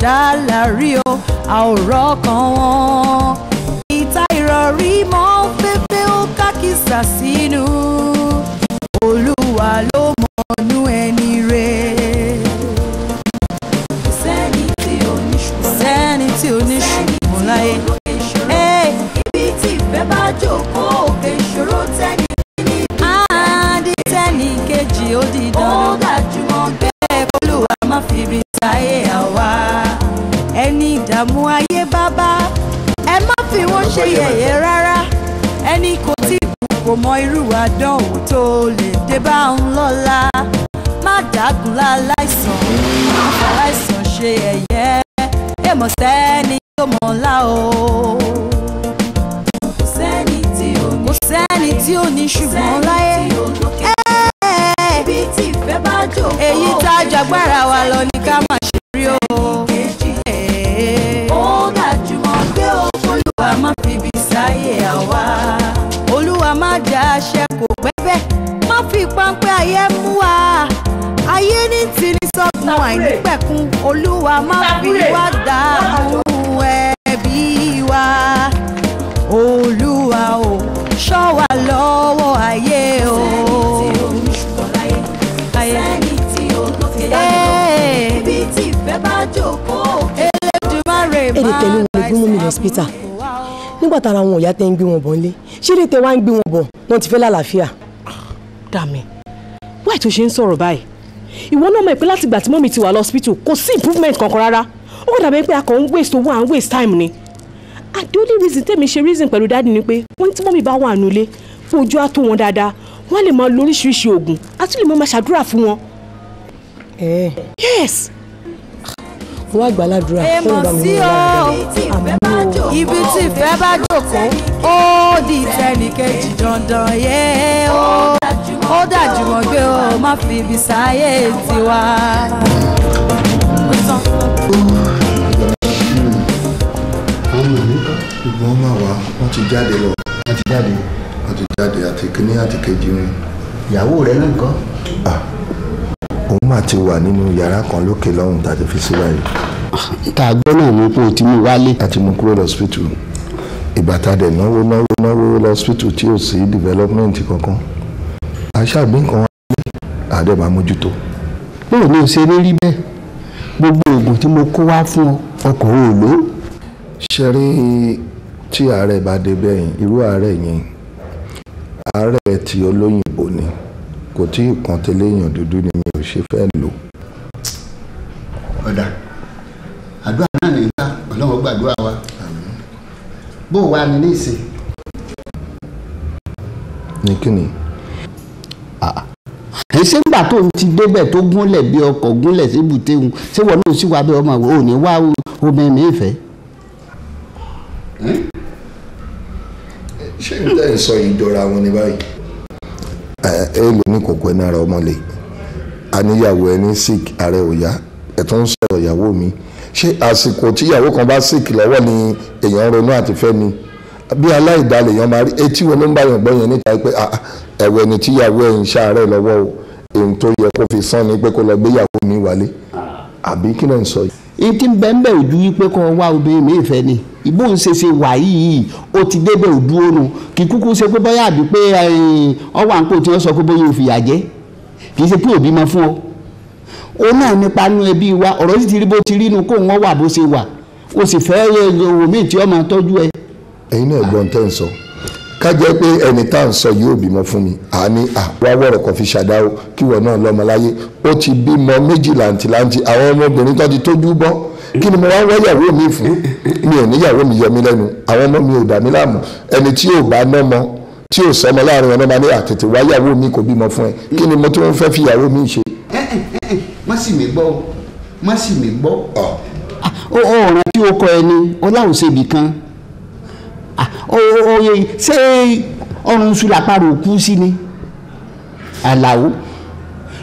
ẹ̀dá lárí o a ò rọ́kàn wọn. ìta ìrọ̀rí mọ́ fẹ́fẹ́ ó kákísà sínú. àdánwò tó lè dé bá ń lọ́la má dákun láláìsàn láláìsàn ṣe ẹ̀yẹ èmọ̀ sẹ́ni tó mọ̀ ọ́lá o. kò sẹ́ni tí ò ní kò sẹ́ni tí ò ní ṣùgbọ́n láyé bí tí ìfẹ́ bá jò kọ́ èyí tá a jagbára wa lọ ní ká sísọ̀tún àìnípẹ̀kun olúwa má fi wá dá ohun ẹbí wa olúwa ò ṣọ́ wa lọ́wọ́ ayé o. sẹ́ni tí o lókè láyé ibi tí ìfẹ́ bá jókòó. Elédùmarè máa ń bá ìsìn àpò wá o nígbà tára wọn ọ̀yá tẹ́ ń gbé wọn bọ̀ nílé ṣeré tẹ wá ń gbé wọn bọ̀ wọn ti fẹ́ lálàáfíà. dàmí wáì tó ṣe ń sọ̀rọ̀ báyìí ìwọ náà mọ̀ pé láti ìgbà tí mọ́mí ti wà lọ́sibítù kò sí improvement kankan rárá ó kàn dàbí pé a kàn ń waste owó à waste time ni and only reason tèmi ṣe reason pẹ̀lú dáàdì ni pé wọ́n tí mọ́mí bá wà nulẹ̀ pé á tó wọn dáadáa wọ́n lè máa lo oríṣiríṣi oògùn àti lè máa ṣàdúrà fún wọn. yes. wọ́n á fún ìbámu ní ọ̀rọ̀ àmọ́ ibi tí ìfẹ́ bá jókòó ó di ìfẹ́ nìkejì dandan yẹ́ ó dájú mọ́ gbé ó má fi ibi sáyé tiwa. ṣùgbọ́n máa wá wọ́n ti jáde lọ. wọ́n ti jáde. wọ́n ti jáde àti kíní àti kejì rin. ìyàwó rẹ náà nǹkan. òun máa ti wà nínú yàrá kan lókè lọ́hùn tá a ti fi síwáyé. tá a gbọ́ náà mú pé o ti mú wálé. a ti mú kúrò lọ́sibítù ìbàtà dẹ̀ náwó náwó náwó lọ́sibítù tí ò sí development kankan. àṣàbí nǹkan àdé máa mójútó. báwo ni o ṣe lè rí bẹ́ẹ̀ gbogbo oògùn tí mo kó wá fún ọkùnrin ò ló. ṣe rí tí ààrẹ bá dé bẹ́ẹ̀ irú ààrẹ yẹn ààrẹ tí olóyìnbó ni kò tí ì kàn tẹ́lẹ̀ èèyàn dúdú ni mi ò ṣe fẹ́ lò. ọ̀dà àdúrà náà ní ìta ọlọ́run gbàdúrà wa bó o wà ní ní ìsìn. ní kíni kì í ṣe ńgbà tó ń ti débẹ̀ tó gúnlẹ̀ bí ọkọ̀ gúnlẹ̀ sí bùtẹ́hùn ṣé wọn náà sì wá bí ọmọ ò ní wá omi mi ìfẹ́. ṣé n tẹ́ ń sọ yìí jọra wọn ní báyìí. ẹ ẹ lò ní kòkó ẹ náà ra ọmọ lè àníyàwó ẹni sick ààrẹ òya ẹ tó ń sọ̀rọ̀ ìyàwó mi ṣé àsìkò tíyàwó kan bá sick lọ́wọ́ ni èèyàn ronú àti fẹ́ ni bí aláìdá lèèyàn máa rí etí wọn ló ń bá yàn gbọ́ níta pé ah, ah, ẹ̀wẹ̀ ni tíyàwó ẹ̀ ń ṣàárẹ̀ lọ́wọ́ o èyí tó yẹ kó fi sán ni pé kó lọ gbéyàwó mi wálé àbí kí ló ń sọ yìí. etí ń bẹ́ẹ̀ bẹ́ẹ̀ ojú wípé kan wá obìnrin mi ìfẹ́ ni ìbò ń ṣe ṣe wà yìí ó ti débẹ̀ òdu oorun kì í kúkú ṣe pé bóyá àbí pé ọwọ́ àǹkó tí wọ́n sọ pé bóyá òfìyà jẹ́ kì í ṣe pé òbí mọ fún ọ. ó náà nípa nú ẹbí wa ọ̀rọ̀ sì ti rí bó ti rí inú kó wọ́n wà bó ṣe wà ó sì fẹ́ òwò míì tí ọmọ tọ́jú ẹ. ẹ̀yin náà gbọ́n tẹ́ ń sọ ká jẹ́ pé ẹni tá à ń sọ yóò bímọ fún mi àní àwa wọ̀rọ̀ kan fi ṣàdáwó kíwọ náà lọ́mọ láyé ó ti bímọ méjì làǹtìlanti àwọn ọmọbìnrin tó ti tójú bọ́ kí ni mo wá wá yàwó mi fún mi ò níyàwó mi yọ mi lẹ́nu àwọn ọmọ mi ò dà mí láàmú ẹni tí ò bá nọ́mọ tí ò sọmọ láàrin ọ̀nà ní àtètè wá yàwó mi kò bímọ fún ẹ kí ni mo tún fẹ́ fi yàwó mi ṣe. má sì mí gbọ́ má sì mí gbọ́. ó rántí o kọ ẹni ó láwùsẹ̀ ibì kan Ah, oyè ṣé ọrùn sùn làpárò kú sí ni àlàó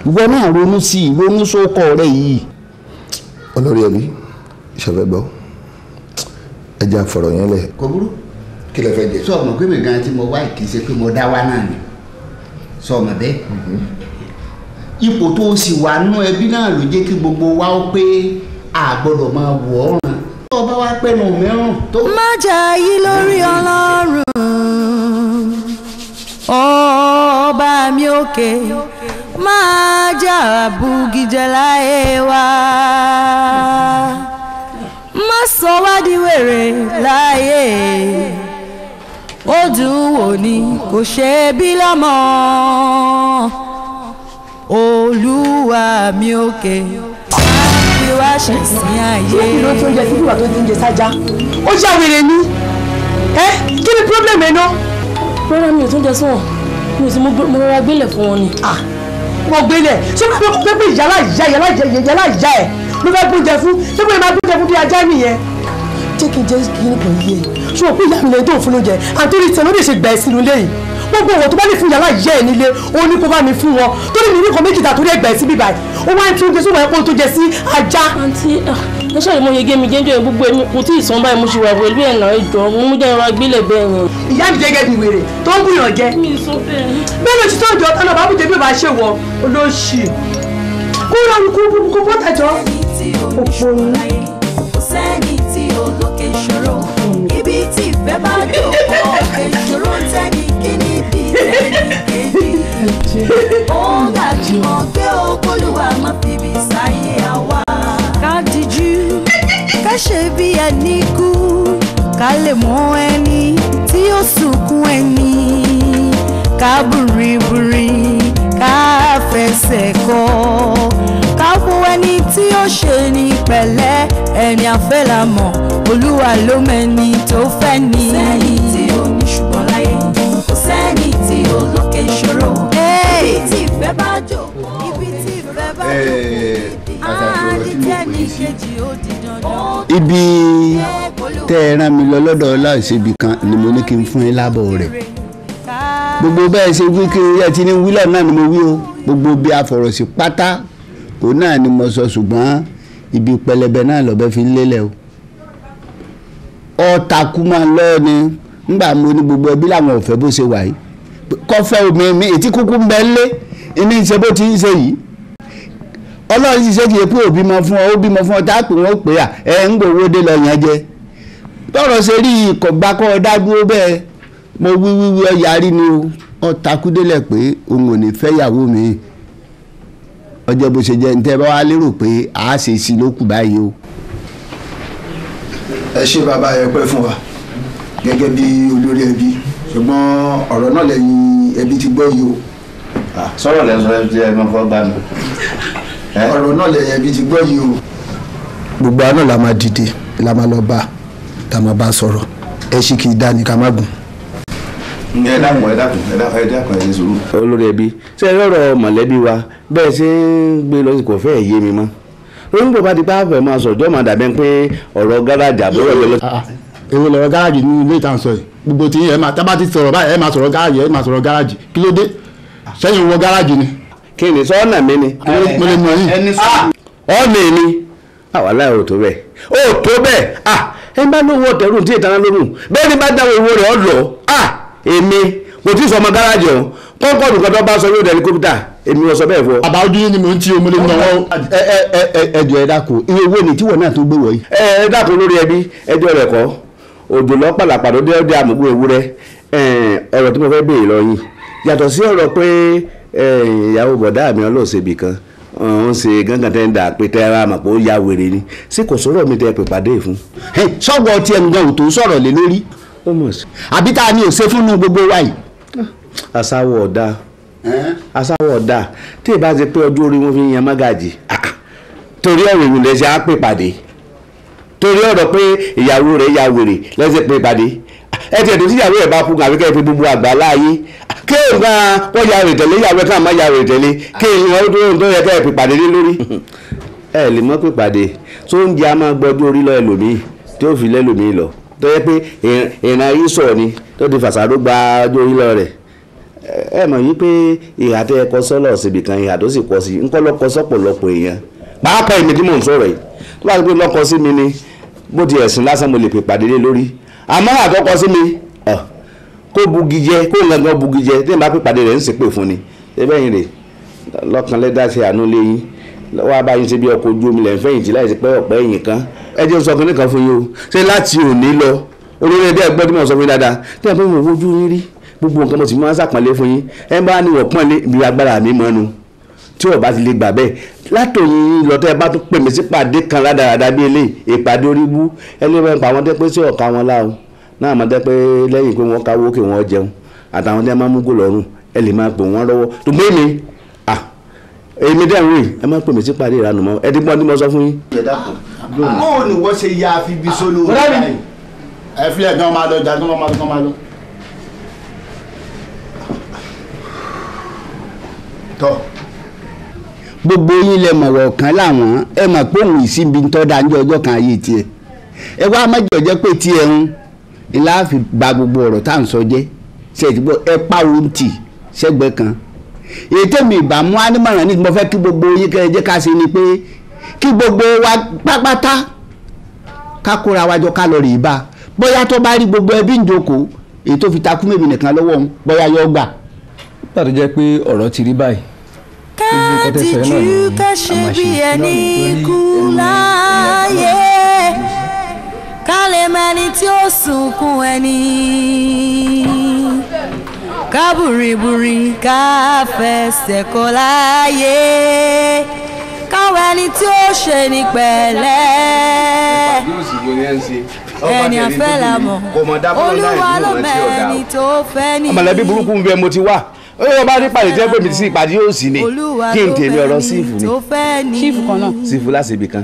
ìwọ náà ronú sí i ronú sókọ rẹ yìí. olórí ẹbí ìṣẹ̀fẹ̀ gbọ́ ẹja fọ̀rọ̀ yẹn lẹ̀. kò burú kí lè fẹ́ jẹ. sọ ọmọ pé mi gan tí mo wá kì í ṣe pé mo dá wá náà ni sọ ọmọ bẹ́ẹ̀ ipò tó o sì wà nú ẹbí náà ló jẹ́ kí gbogbo wa ó pé a máa wọ̀ ọ́ràn tó bá wá pẹ́nu mìíràn tó. má jà yí lórí ọlọ́run ọba mi òkè máa jà bùgìjà láyé wa má sọ wá wèrè láyé ó ni kò ṣe bí lọ́mọ olúwa mi òkè. Okay bí wàá ṣe sin ayé. wọ́n ti lọ tí oúnjẹ síbí wà tó ti ń jẹ sájà ó já wèrè ni ẹ kí ni problem ẹ náà. rárá mi ò tún jẹ sí wọn mi ò sì mo rọra gbélé fún wọn ni. wọ́n gbélé ṣé wọ́n fẹ́ pé pé ìyálà ìyá ìyálà ìyá ìyálà ìyá ẹ̀ ló fẹ́ gbóúnjẹ fún ṣé wọ́n máa gbóúnjẹ fún bí ajá nìyẹn. jẹ́ kí n jẹ́ kí n kò yé e ṣé o pé ìyá mi lè dóòfin ló jẹ àtúntò ìtẹ̀ ló lè ṣe gbà ẹ̀ sínú lẹ́yìn gbogbo owó tó bá lè fún yàrá ìyá ẹ̀ nílé òun ni kó bá mi fún wọn torí mi ní kan méjì tàtúrẹ́ gbà ẹ̀ sí bíbáyìí ó wá tí oúnjẹ sọ̀rọ̀ ẹ̀kọ́ tó jẹ sí ajá. àǹtí ah, ẹ ṣàlè mo yege mi jẹ́jọ́ gbogbo ẹ̀mí kò tí ì sàn báyìí mo ṣe wà pẹ̀lú ẹ̀ náà ìjọ mo mú jẹ́ ìwà gbélé bẹ́ẹ̀ yẹn. ìyá mi jẹ́ gẹ́gẹ́ bí wèrè tó ń bùyàn jẹ. bẹ́ẹ̀ ló ti tó ìjọ náà bá bùjẹ́ bí ó bá ṣe wọ olóṣì. kó rà kó kólúwa má fìbí sáyé àwa. ká dijú ká ṣe bí ẹni kú ká lè mọ ẹni tí ó sunkún ẹni ká buriburi ká fẹsẹ̀ kọ́ ká fún ẹni tí ó ṣe ní pẹ̀lẹ́ ẹni àfẹ́là olúwa ló mẹ́ni tó fẹ́ ni. sẹ́ni tí ó ní ṣùgbọ́n láyé kò sẹ́ni tí ó lókè ìṣòro kò bí tí ibi tẹ́ ẹ rán mi lọ lọ́dọ̀ láìsebì kan ni mo ní kí n fún yín lábọ̀ rẹ̀ gbogbo bẹ́ẹ̀ ṣe wí kí ẹ ti ní wílọ̀ náà ni mo wí o gbogbo bí afọ̀rọ̀sí pátá òun náà ni mo sọ ṣùgbọ́n ibi pẹlẹbẹ náà lọ́bẹ̀ fi ń lélẹ̀ o ọ̀tàkù máa ń lọ́ọ́ ni ńgbà mo ní gbogbo ẹbí làwọn ò fẹ́ bó ṣe wà yìí kọ́fẹ́ omi mi ètí kúkú ń bẹ́ ń lé ní ìṣe bó ti ń ṣe yìí ọlọ́run sì ṣe kì í pé òbí mọ fún ọ ó bímọ fún ọ tá a pè wọ́n pè à ẹ ń gbowó dé lọ yẹn jẹ tọrọ ṣe rí ikọ̀ kọ́ ọ dádúró bẹ́ẹ̀ mo wí wíwí ọ yarí ni o ọ takúdélẹ̀ pé òun ò ní fẹ́ yàwó mi ọjọ́ bó ṣe jẹ́ ní tẹ́ bá wá lérò pé a ṣe sí ló kù báyìí o. ẹ ṣe bàbá ẹ pẹ́ fún wa gẹ́gẹ́ bí olórí ẹbí ṣùgbọ́n ọ̀rọ̀ náà lẹ́yìn ẹbí ti gbọ́ yìí o. sọ̀rọ̀ lẹ́sọ̀rọ̀ ẹ ọ̀rọ̀ náà lẹ́yìn ibi ti gbọ́ yìí o. gbogbo àná la máa dìde la máa lọ bá ta máa bá sọ̀rọ̀ ẹ ṣì kì í dá ní ká má gùn. ẹ dákun ẹ dákun ẹ dákun ẹ dákun ẹ olórí ẹbí ṣé ẹ lọ́rọ̀ mọ̀lẹ́bí wa bẹ́ẹ̀ ṣe ń gbé fẹ́ yé mi mọ́ bá ti máa dàbẹ́ pé ọ̀rọ̀ gáràjì àbúrò ẹ̀ lọ. kí ni sọ́ọ̀nà mi ni. mo lè mọ yín. Ah, ọ̀nà èmi àwa láì ò tó bẹ́ẹ̀ ò tó bẹ́ẹ̀ ah, ẹ bá lówó ọ̀tẹ̀rù tí ìtara lóhùn bẹ́ẹ̀ ni bá dáwọ́ owó rẹ̀ ọ̀ lọ ah, èmi kò tí ì sọ ọmọ gáràjì ọ̀hún kọ́ńkọ́ nǹkan tó bá sọ yóò dẹ̀ ẹlikópítà èmi wọ́n sọ bẹ́ẹ̀ fọ. àbá ojú yín ni mò ń tí omi lómi lọ́wọ́. ẹ ẹ ẹ ẹjọ ẹ dàkú iye owó ni tíwọ náà tó gbé wọ̀nyí. ẹ ẹ dàkú lórí ẹbí ẹjọ rẹ kọ òjò lọ́pàlà pàdé ọdẹ àmúgbó ewúrẹ́ ọ̀rọ̀ tí mo fẹ́ béèrè lọ yìí yàtọ̀ sí ọ̀rọ̀ pé ìyàwó bọ̀dá mi ọlọ́ọ̀ṣẹ́bì kan wọ́n ṣe gángan tẹ́ ń dà pé tẹ́ ara mọ̀ pé ó ya wèrè ni ṣé kò sọ̀rọ̀ mi tẹ́ pè pàdé fún. sọ́gbọ́ tí ẹ̀ ń gan òtò sọ̀rọ̀ lé lórí àbí tá a ní òṣè fún un gbogbo wa yìí. asáwọ̀ ah. ọ̀dà asáwọ̀ ọ̀dà tí ì bá ṣe pé ọjọ́ orí wọn fi ń yan mágàjì ah, torí ọ̀rọ̀ ìwé lẹ́sẹ̀ á pè pàdé torí ọ̀rọ̀ pé ìyàwó rẹ̀ ya wèrè lẹ́sẹ̀ pè pàdé ẹ tiẹ̀ tó tíyàwó ẹ̀ bá fún un àbíkẹ́ fi gbogbo àgbà láàyè kéèyàn wọ́n ya rè tẹ̀lé yàwé ká má ya rè tẹ̀lé kéèyàn wọ́n tó tó yẹ ẹ lè mọ pèpàdé tó ń a máa gbọ́dún orí lọ ẹlòmíì tí ó fi lẹ́lòmíì lọ tó yẹ pé ìran ni tó ti fàṣàrò gba ọjọ́ orí lọ rẹ̀ ẹ mọ̀ yí pé ìhà sọ́lọ̀ síbi kan ìhà kọ sí sọ́pọ̀lọpọ̀ èèyàn pàápàá èmi tí mò ń sọ̀rọ̀ yìí tó bá ti pé lọ́kọ sí mi ni bó ti kó bugi jẹ kó gangan bugi jẹ tí n bá pèpàdé rẹ̀ ń ṣépè fún ni ẹbẹ́ yìí rè lọ́kàn lẹ́dá ṣe àánú léyìn wá bá yín ṣe bí ọkọ̀ ojú omi lẹ̀ ń fẹ̀yìntì láì sí pé ọ̀pẹ́ ẹ̀yìn kan ẹ jẹ́ sọ kinní kan fún yín o ṣé láti òní lọ orílẹ̀-èdè ẹgbẹ́ tí mo sọ fún yín dáadáa tí wọ́n fẹ́ mọ̀ ojú yín rí gbogbo nǹkan mo sì máa ń sàpọ̀nlé fún yín ẹ bá ní wọ̀pọ̀nlé bí agbára mi mọ́nu tí ọba ti lè gbà bẹ́ẹ̀ látòyìn yín lọ ẹ bá tún pè mí sípàdé kan rádaràda bí eléyìí ìpàdé orí bú ẹni bá ń pa àwọn tẹ́ pé sí ọ̀ka wọn láwọn náà máa dẹ́ pé lẹ́yìn pé wọ́n káwó kí wọ́n jẹun àtàwọn tẹ́ máa mú gò lọ́rùn ẹ lè máa pè wọ́n lọ́wọ́ tó gbé mi à èmi dẹ̀ rìn ẹ má pè mí sí pàdé ìranù ẹ tí ya fi bí sólò rẹ̀ ẹ máa lọ da ní kan ayé tiẹ̀ ẹ wá má pé tiẹ̀ ń. láàfin ba gbogbo ọ̀rọ̀ tá à ń sọ jẹ́ ṣètìgbọ́ ẹ pa ohun tì sẹ́gbẹ́ kan ètò ìbámu ánímọ̀ràn ní mo fẹ́ kí gbogbo yín kẹ́ jẹ́ ká ṣe ni pé kí gbogbo wa pápátá ká kóra wa jọ ká lọ rè bá bóyá tó bá rí gbogbo ẹbí ìjókòó èyí tó fi takú mèmí nìkan lọ́wọ́ òun bóyá yọ gbà. nígbà tó jẹ́ pé ọ̀rọ̀ ti rí báyìí káàtì jù ká ṣe bí ẹni kú láàyè ká lè mẹni tí ó sunkún ẹni ká bùrìbùrì ká fẹsẹ̀ kọ́ láàyè káwọn ẹni tí ó ṣe ní pẹ̀lẹ́ ẹni àfẹ́ mọ̀ olúwa ló mẹ́ni tó fẹ́ ní. àmàlẹ́bí burúkú ń bẹ mo ti wá ó yọ bá ní pàdé jẹ́ pé mi ti sí ìpàdé yóò sì ni kí n tèmi ọ̀rọ̀ sífù ni sífù kan náà sífù lásìbì kan.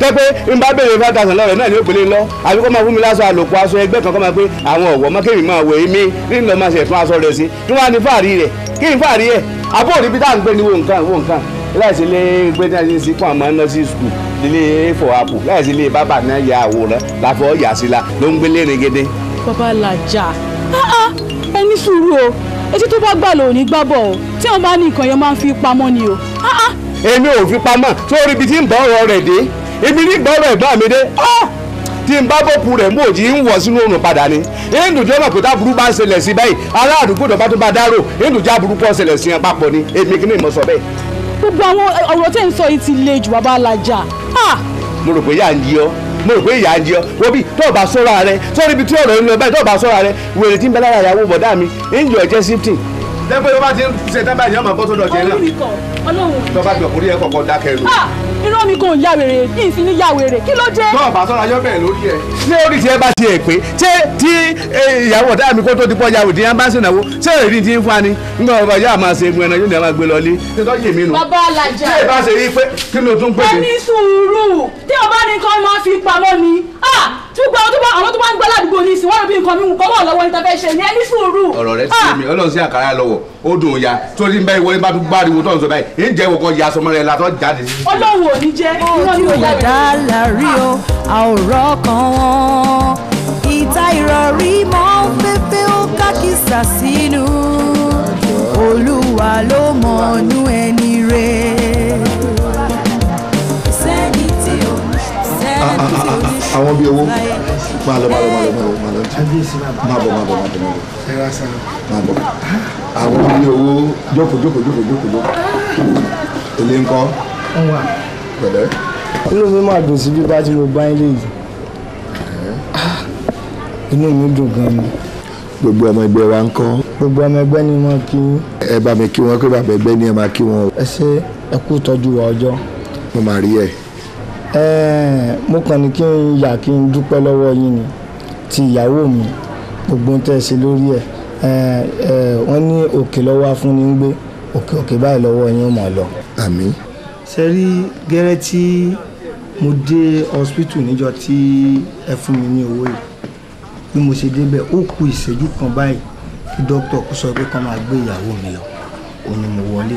tẹ́pẹ́ n bá béèrè five thousand lọ́rẹ̀ náà ní òpèlè lọ àbí kó máa fún mi láṣọ àlòkù aṣọ ẹgbẹ́ kan kó máa pé àwọn ọ̀wọ́ mọ́ kéèmí máa wẹ̀ mí ní lọ́ọ́ máa ṣe fún aṣọ rẹ̀ sí kí wọ́n á ní fàárí rẹ̀ kí n fàárí ẹ̀ àbó òní bí táà ń gbé ní wo nǹkan wo nǹkan láìsí ilé gbé náà ní sí fún àmọ́ nọ́ọ̀sì skul ilé fọ̀ àpò láìsí ilé bábà náà ya àwòrán làfọ̀ yà sí la ló ń gbélé regede. bàbá làjà ah, ah, ẹni sùúrù o etí tó bá gbà lò ní gbàbọ̀ o tí wọ́n bá ní nǹkan yẹn máa ń fi pamọ́ ni o. Ah, èmi ò fi pamọ́ sórí ibi tí ń bọ̀ ọ̀rọ̀ rẹ̀ dé ibi ní gbọ́rọ̀ ẹ̀gbọ́n mi dé tí n bá bọ́pù rẹ̀ mú òjì ń wọ̀ sínú òrùn padà ni ìdùnjẹ́ ọ̀nà kò táburú bá ń ṣẹlẹ̀ sí báyìí ará àdúgbò tó bá tó bá dárò ìdùnjẹ́ àbúrú pọ̀ ṣẹlẹ̀ sí ẹ̀ ni èmi kí ni mo sọ bẹ́ẹ̀. gbogbo àwọn ọ̀rọ̀ tẹ́ ń sọ yìí ti le jù bàbá alájà. mo rò pé yà ń yọ mo rò pé ìyá ń jẹ ọ wo bí tó o bá sọ́ra rẹ sọ́ra ibi tí ọ̀rọ̀ ń lọ báyìí tó o bá sọ́ra rẹ wèrè tí ń bẹ lára ìyàwó bọ̀dá mi ń jọ ẹ̀jẹ̀ sifting lẹ́gbẹ́ yóò bá ti ń ṣe tábà ní ọmọ bọ́tò lọ́jẹ́ náà. orí kọ ọlọ́run. lọ́ba bí ọkùnrin yẹn kọ̀ọ̀kan dákẹ́ lò. Ah, irọ́ mi kò yà wèrè kí n sì ní yà wèrè kí ló jẹ́. tọ́ọ̀ bá sọ́ra yọ bẹ́ẹ̀ lórí ẹ̀. ṣé orí tiẹ̀ bá tiẹ̀ pé ṣé tí ìyàwó ọ̀tá mi kó tó ti pọ̀ yàwó tí yẹn bá sì náwó ṣé èrè ti ń fún ani nígbà wọn bá yà máa ṣe egun ẹran yóò ní a máa gbé lọ lé. ṣé tó yè mí nù. bàbá alájà. ṣé ìbá ṣe yí pé kí ni o tún pè mí. ẹni sùúrù tí ọba nìkan máa fi pamọ́ ni. Ah, túgbà àwọn tó bá ń gbọ́ ládùúgbò ní ìsìn wọ́n rò bí nǹkan mímu kọ́ wọ̀ lọ́wọ́ ní tafẹ́ ṣe ní ẹni sùúrù. ọ̀rọ̀ rẹ ti ah! mi ọlọ́run sí àkàrà lọ́wọ́ ó dùn ó ya torí bá ìwọlé bá tún bá ariwo tó ń sọ báyìí ń jẹ́ ìwọ̀kọ̀ ya sọmọ rẹ látọ̀ jáde. ọlọ́run ò ní jẹ́ ìwọ́n ni ó yà dá lárí o àwòrán kan wọn ìta ìrọ̀rí máa ń fẹ́fẹ́ ó kákìsà sínú olúwa ló mọ̀ ọ́nú ẹni rẹ̀. àwọn bíi owó máa lọ máa lọ máa lọ máa lọ máa bọ̀ máa bọ̀ máa bọ̀ máa bọ̀ àwọn bíi owó jókòó jókòó jókòó jókòó jókòó ilé ńkọ́ pẹ̀lẹ́. inú mi máa dùn sí bí bá ti mo bá ilé yìí inú mi dùn gan ni. gbogbo ọmọ ẹgbẹ́ wa ń kọ́. gbogbo ọmọ ẹgbẹ́ ni mo kí. ẹ bá mi kí wọn pé bàbá ẹgbẹ́ ni ẹ máa kí wọn. ẹ ṣe ẹ kú tọ́jú wa ọjọ́. mo máa rí ẹ mo kàn ní kí n yà kí n dúpẹ́ lọ́wọ́ yín ni ti ìyàwó mi gbogbo ń tẹ̀sí lórí ẹ̀ wọ́n ní òkè lọ́wọ́ afúnni ń gbé òkè òkè báyìí lọ́wọ́ yín mọ̀ lọ. àmín. ṣe gẹ́rẹ́ tí mo dé hospital níjọ́ tí ẹ fún mi ní owó yìí bí mo ṣe débẹ̀ ó kù ìṣẹ́jú kan báyìí kí dókítà kó sọ pé kàn máa gbé ìyàwó mi lọ òun ni mo wọlé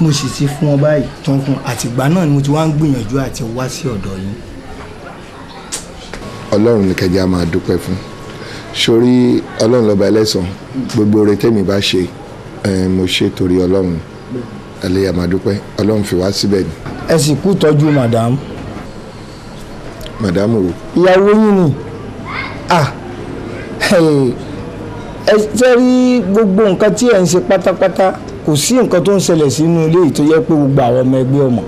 mo sì ti fún wọn báyìí tó ń fún àtìgbà náà ni mo ti wá ń gbìyànjú àti wá sí ọ̀dọ̀ yín. ọlọ́run ní kẹjá máa dúpẹ́ fún sórí ọlọ́run lọ́ba ẹlẹ́sàn gbogbo oore tèmi bá ṣe mo ṣe torí ọlọ́run ẹlẹ́yà máa dúpẹ́ ọlọ́run fi wá síbẹ̀ ni. ẹ sì kú tọ́jú madam. madam o. ìyàwó yín ni ah ẹ ṣe rí gbogbo nǹkan tí ẹ ń ṣe pátápátá. kò sí nǹkan tó ń ṣẹlẹ̀ sínú ilé yìí tó yẹ pé gbogbo àwọn ọmọ ẹgbẹ́ ọmọ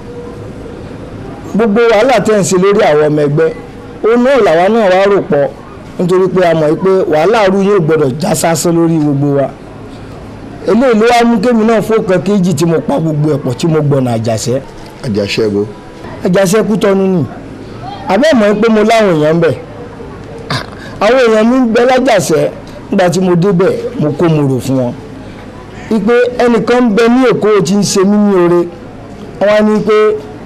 gbogbo wàhálà tẹ̀ ń ṣe lórí àwọn ọmọ ẹgbẹ́ O náà làwa náà wá rò pọ̀ nítorí pé a mọ̀ pé wàhálà arú yóò gbọ́dọ̀ já sásán lórí gbogbo wa eléyìí ló wá mú kémi náà fọkàn kéjì tí mo pa gbogbo ẹ̀pọ̀ tí mo gbọ̀nà àjàṣẹ́. àjàṣẹ́ bo. àjàṣẹ́ kú tọ́nu ipe ẹnìkan bẹ ní èkó tí ń ṣe mí ní oore wọn ni pé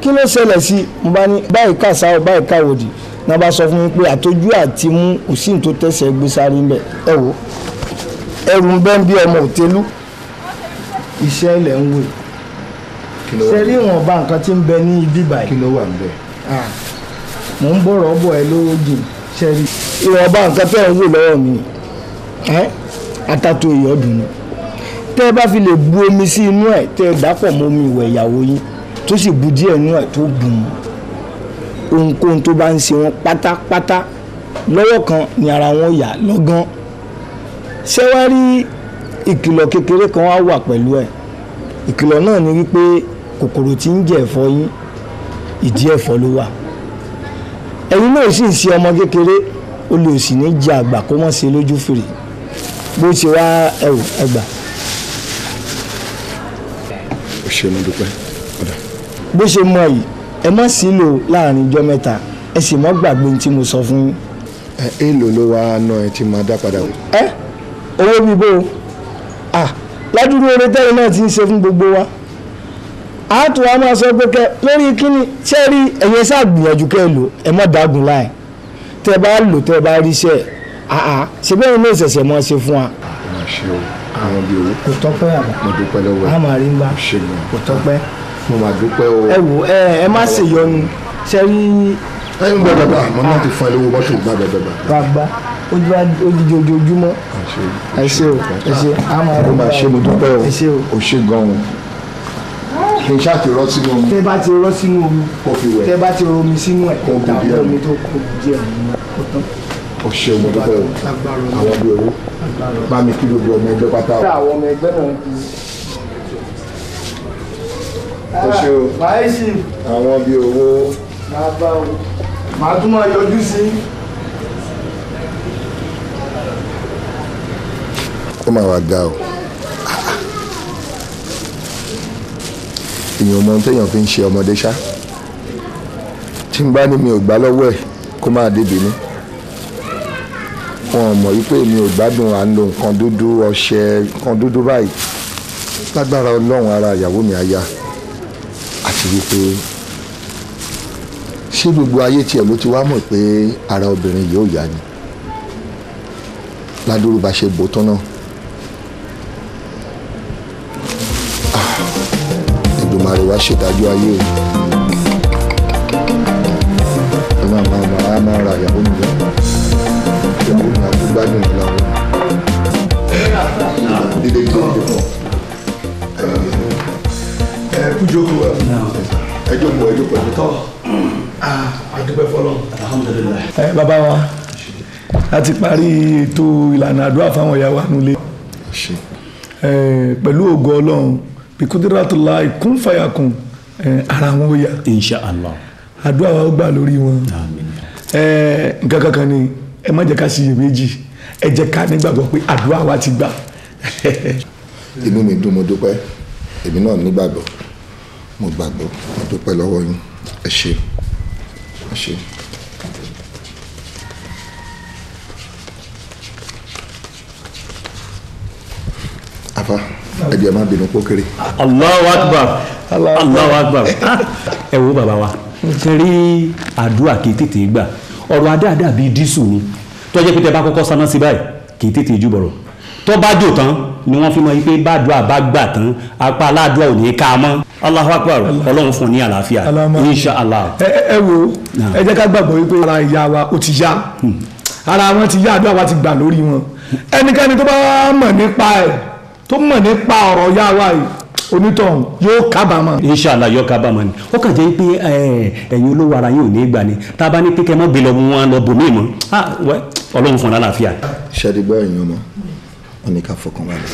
kí ló ṣẹlẹ̀ sí mo bá ní báyìí kàṣà ò báyìí káwòdì náà bá sọ fún mi pé àtọ́jú àti mú òsín tó tẹ̀sẹ̀ gbé sáré ń bẹ̀ ẹ wò ẹrù ń bẹ́ ń bí ọmọ òtẹ́lú iṣẹ́ ilẹ̀ ń wò ṣe rí ìwọ̀nba nǹkan tí ń bẹ ní ibi báyìí kí ló wà ń bẹ̀ mò ń bọ̀rọ̀ bọ̀ ẹ lóògì ṣe rí ìwọ̀nba nǹkan tẹ̀ ń wò lọ́wọ́ mi àtàtò ìyọ́dún ni tẹ́ ẹ bá fi lè bu omi sí inú ẹ̀ tẹ́ ẹ dàpọ̀ mọ́ omi ìwẹ̀ ìyàwó yín tó sì bu díẹ̀ inú ẹ̀ tó gùn ohunkóhun tó bá ń ṣe wọn pátápátá lọ́wọ́ kan ni ara wọn yà lọ́gán ṣé wàá rí ìkìlọ̀ kékeré kan wá wà pẹ̀lú ẹ̀ ìkìlọ̀ náà ni wípé kòkòrò tí ń jẹ ẹ̀fọ́ yín ìdí ẹ̀fọ́ ló wà ẹ̀yin náà sì ń ṣe ọmọ kékeré o lè sì ní jẹ àgbà kó mọ̀ ṣe lójú fèrè bó ṣe wá ẹ̀wò ẹgbàá ṣe mo dúpẹ́ padà. bó ṣe mọ yìí ẹ má sílò láàrin ijọ́ mẹ́ta ẹ sì mọ́ gbàgbé tí mo sọ fún yín. ẹ èèlò ló wá ná ẹ tí máa dá padà wò. ẹ owó bíbó ah ládùúgbò eré tẹ́lẹ̀ náà ti ń ṣe fún gbogbo wa àátù wa máa sọ pé kẹ lórí kíni ṣé rí ẹ̀yẹ ṣàgbìyànjú kẹ́ ẹ lò ẹ má dágùn láì tẹ́ bá lò tẹ́ bá ríṣẹ́ àá ṣe bẹ́ẹ̀ ní ìṣẹ̀ṣẹ̀ máa ṣe fún wa àwọn bíi owó. kò tọ́pẹ́ àmọ́ mo dúpẹ́ lọ́wọ́ ẹ̀ àmọ́ àrí ń bá kò tọ́pẹ́. mo máa dúpẹ́ o. ẹ wo ẹ ẹ má ṣèyọnu ṣe rí. ẹ ń gbàgbà bá àmọ́ náà ti fún ẹ lówó mọ́tò gbàgbà bàbà. bàbá ojúbà ojoojúmọ́ ẹ ṣé o ẹ ṣé àmọ́ àrí ń bá ṣe o ẹ ṣé o ò ṣe gan-an kì í ṣáà ti rọ sínú omi. tẹ bá ti rọ sínú omi. kò fi wẹ̀. tẹ bá ti rọ omi sínú ẹ̀. kò kù díẹ̀ kò tán ọṣẹ ogun tó fẹ́ àwọn ọdún owó bá mi kí gbogbo ọmọ ẹgbẹ́ pátá. tá àwọn ọmọ ẹgbẹ́ náà kú. ọṣẹ o máìsì. àwọn bíi owó. máa bá o màá tún máa yọjú sí. ó máa wá ga o èèyàn mọ téèyàn fi ń ṣe ọmọdé ṣá tí n bá ní mi ò gbá lọ́wọ́ ẹ̀ kó máa débi ní wọn ò mọ̀ wípé mi ò gbádùn à ń lo nǹkan dúdú ọṣẹ nǹkan dúdú báyìí lágbára ọlọ́run ara ìyàwó mi á yá àti wípé ṣé gbogbo ayé tiẹ̀ ló ti wá mọ̀ pé ara obìnrin yìí ò yá ni ládùúrú bá ṣe bò tán náà. Ah, Èdùmàrè wá ṣèdájọ́ ayé o. Ẹ máa máa máa máa ra ìyàwó mi lọ gbádùn ìlànà dídé tó ń dìbò. ẹ kú jókòó ẹ ẹ jókòó ẹ jókòó ẹ tọ́ a dúpẹ́ fọlọ́. alhamdulilayi. ẹ bàbá wa láti parí ètò ìlànà àdúrà fáwọn ìyá wa nulẹ̀ pẹ̀lú ògo ọlọ́run bíkúndínláàtúlá ìkún ara wọn ó yá. àdúrà wa ó gbà lórí wọn. nǹkan kankan ni ẹ má jẹ́ ká ṣiyèméjì ẹ jẹ́ ká nígbàgbọ́ pé àdúrà wa ti gbà. inú mi dùn mo dúpẹ́ èmi náà nígbàgbọ́ mo gbàgbọ́ mo dúpẹ́ lọ́wọ́ yín ẹ ṣé ẹ ṣé. afa ẹbí ẹ má bínú pókéré. Allahu Akbar Allahu Akbar ah, ẹ wo bàbá wa ṣe rí àdúrà kì tètè gbà ọ̀rọ̀ adáadáa bíi dísù ni tó jẹ́ pé tẹ bá kọ́kọ́ saná sí báyìí kì í tètè ju bọ̀rọ̀ tó bá jò tán ni wọ́n fi mọ̀ pé bàdúrà bá gbà tán apá aládùúrà ò ní ká mọ́ Allahu Akbar ọlọ́run fún ní àlàáfíà insha Allah. ẹ wo ẹ jẹ́ ká gbàgbọ́ wípé ara ìyá wa ó ti yá hmm. ara wọn ti yá àdúrà wa ti gbà lórí wọn ẹnikẹ́ni tó bá mọ̀ nípa ẹ̀ tó mọ̀ nípa ọ̀rọ̀ yá wa yìí onítọ̀hún yóò kábàámọ̀. inshàlá yóò kábàámọ̀ ni ó kàn jẹ́ pé ẹ̀yin olówó ara yóò ní gbà ni tá a bá ní pé kẹ́ ẹ gbé lọ wọn lọ bòmí mọ́ ah, ọlọ́run fún lálàáfíà. ṣẹ́dígbọ́ ẹ̀yìn ọmọ wọn ni ká fọkàn wà lọ.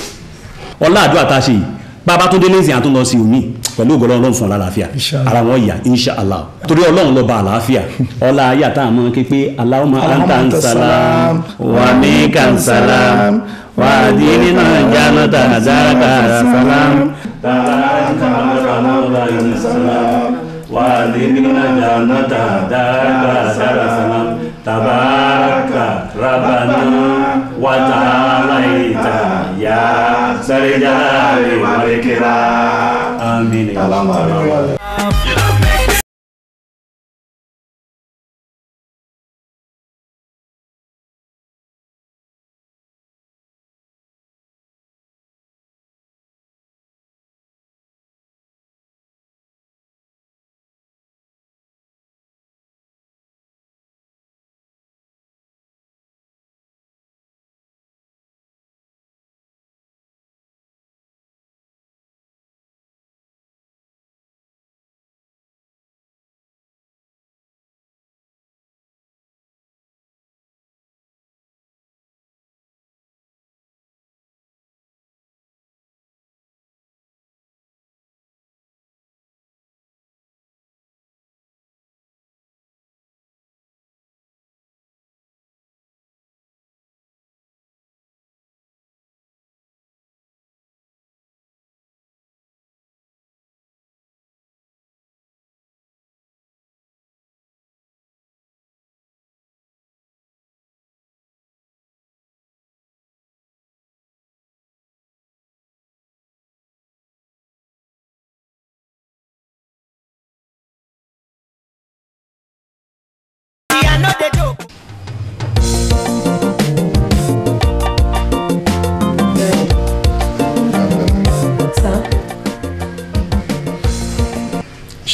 ọlá àdúrà tá a ṣe yìí bàbá tó délé ìsìn àtúntò sí omi pẹ̀lú ògbọ́n ọlọ́run fún lálàáfíà ara wọn yà inṣàlá torí ọlọ́run lọ́ba àlàáfíà ọlá ayé àtàwọn ọmọ képe aláwọ̀mọ antansalam wà ní kansalam wà dínní náà jáná tàzára kàràsálám tàzára kàràsálám wà dínní náà jáná tàzára kàràsálám tàbára Rabbana wa ta'alaita ya Sarijali wa Amin. Ya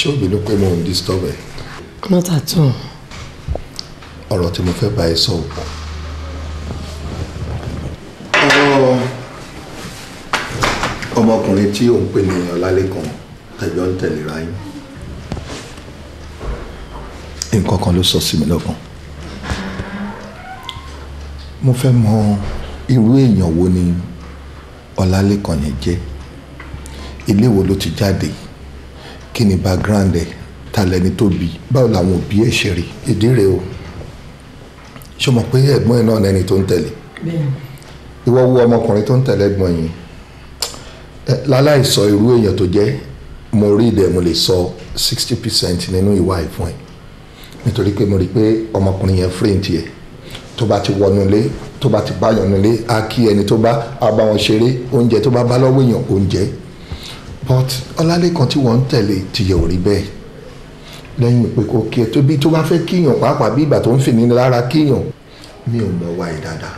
ṣé òbí ló pé mo ń disturb ẹ. not at all. ọ̀rọ̀ tí mo fẹ́ bá ẹ sọ ò pọ̀. ọmọkùnrin tí òun pè ní ọlálẹ́kan tẹ̀jọ́ ń tẹ̀léra yín nǹkan kan ló sọ sí mi lọ́kàn mo fẹ́ mọ irú èèyàn wo ni ọlálẹ́kan yẹn jẹ́ ilé wo ló ti jáde yìí kí ni background ẹ̀ ta lẹni tó bí báwo làwọn òbí ẹ̀ ṣe rí ìdí rèé o ṣé o mọ̀ pé ẹ̀gbọ́n ẹ̀ náà lẹni tó ń tẹ̀lé ìwọ wo ọmọkùnrin tó ń tẹ̀lé ẹ̀gbọ́n yìí láláìsọ irú èèyàn tó jẹ́ mo rí ìdẹ̀ mo lè sọ sixty percent nínú ìwà ìfún ẹ̀ nítorí pé mo rí i pé ọmọkùnrin yẹn fírin tiẹ̀ tó bá ti wọnú ilé tó bá ti báyọ̀ nílé á kí ẹni tó bá á bá wọn ṣeré oúnjẹ tó bá bá lọ́wọ́ èèyàn oúnjẹ but ọlálẹ́kan tí wọ́n ń tẹ̀lé tìyẹ̀ ò rí bẹ́ẹ̀ lẹ́yìn pé kò kí ẹ tó bí tó bá fẹ́ kíyàn pàápàá bí ìgbà tó ń fìní lára kíyàn mi ò mọ̀ wáyé dáadáa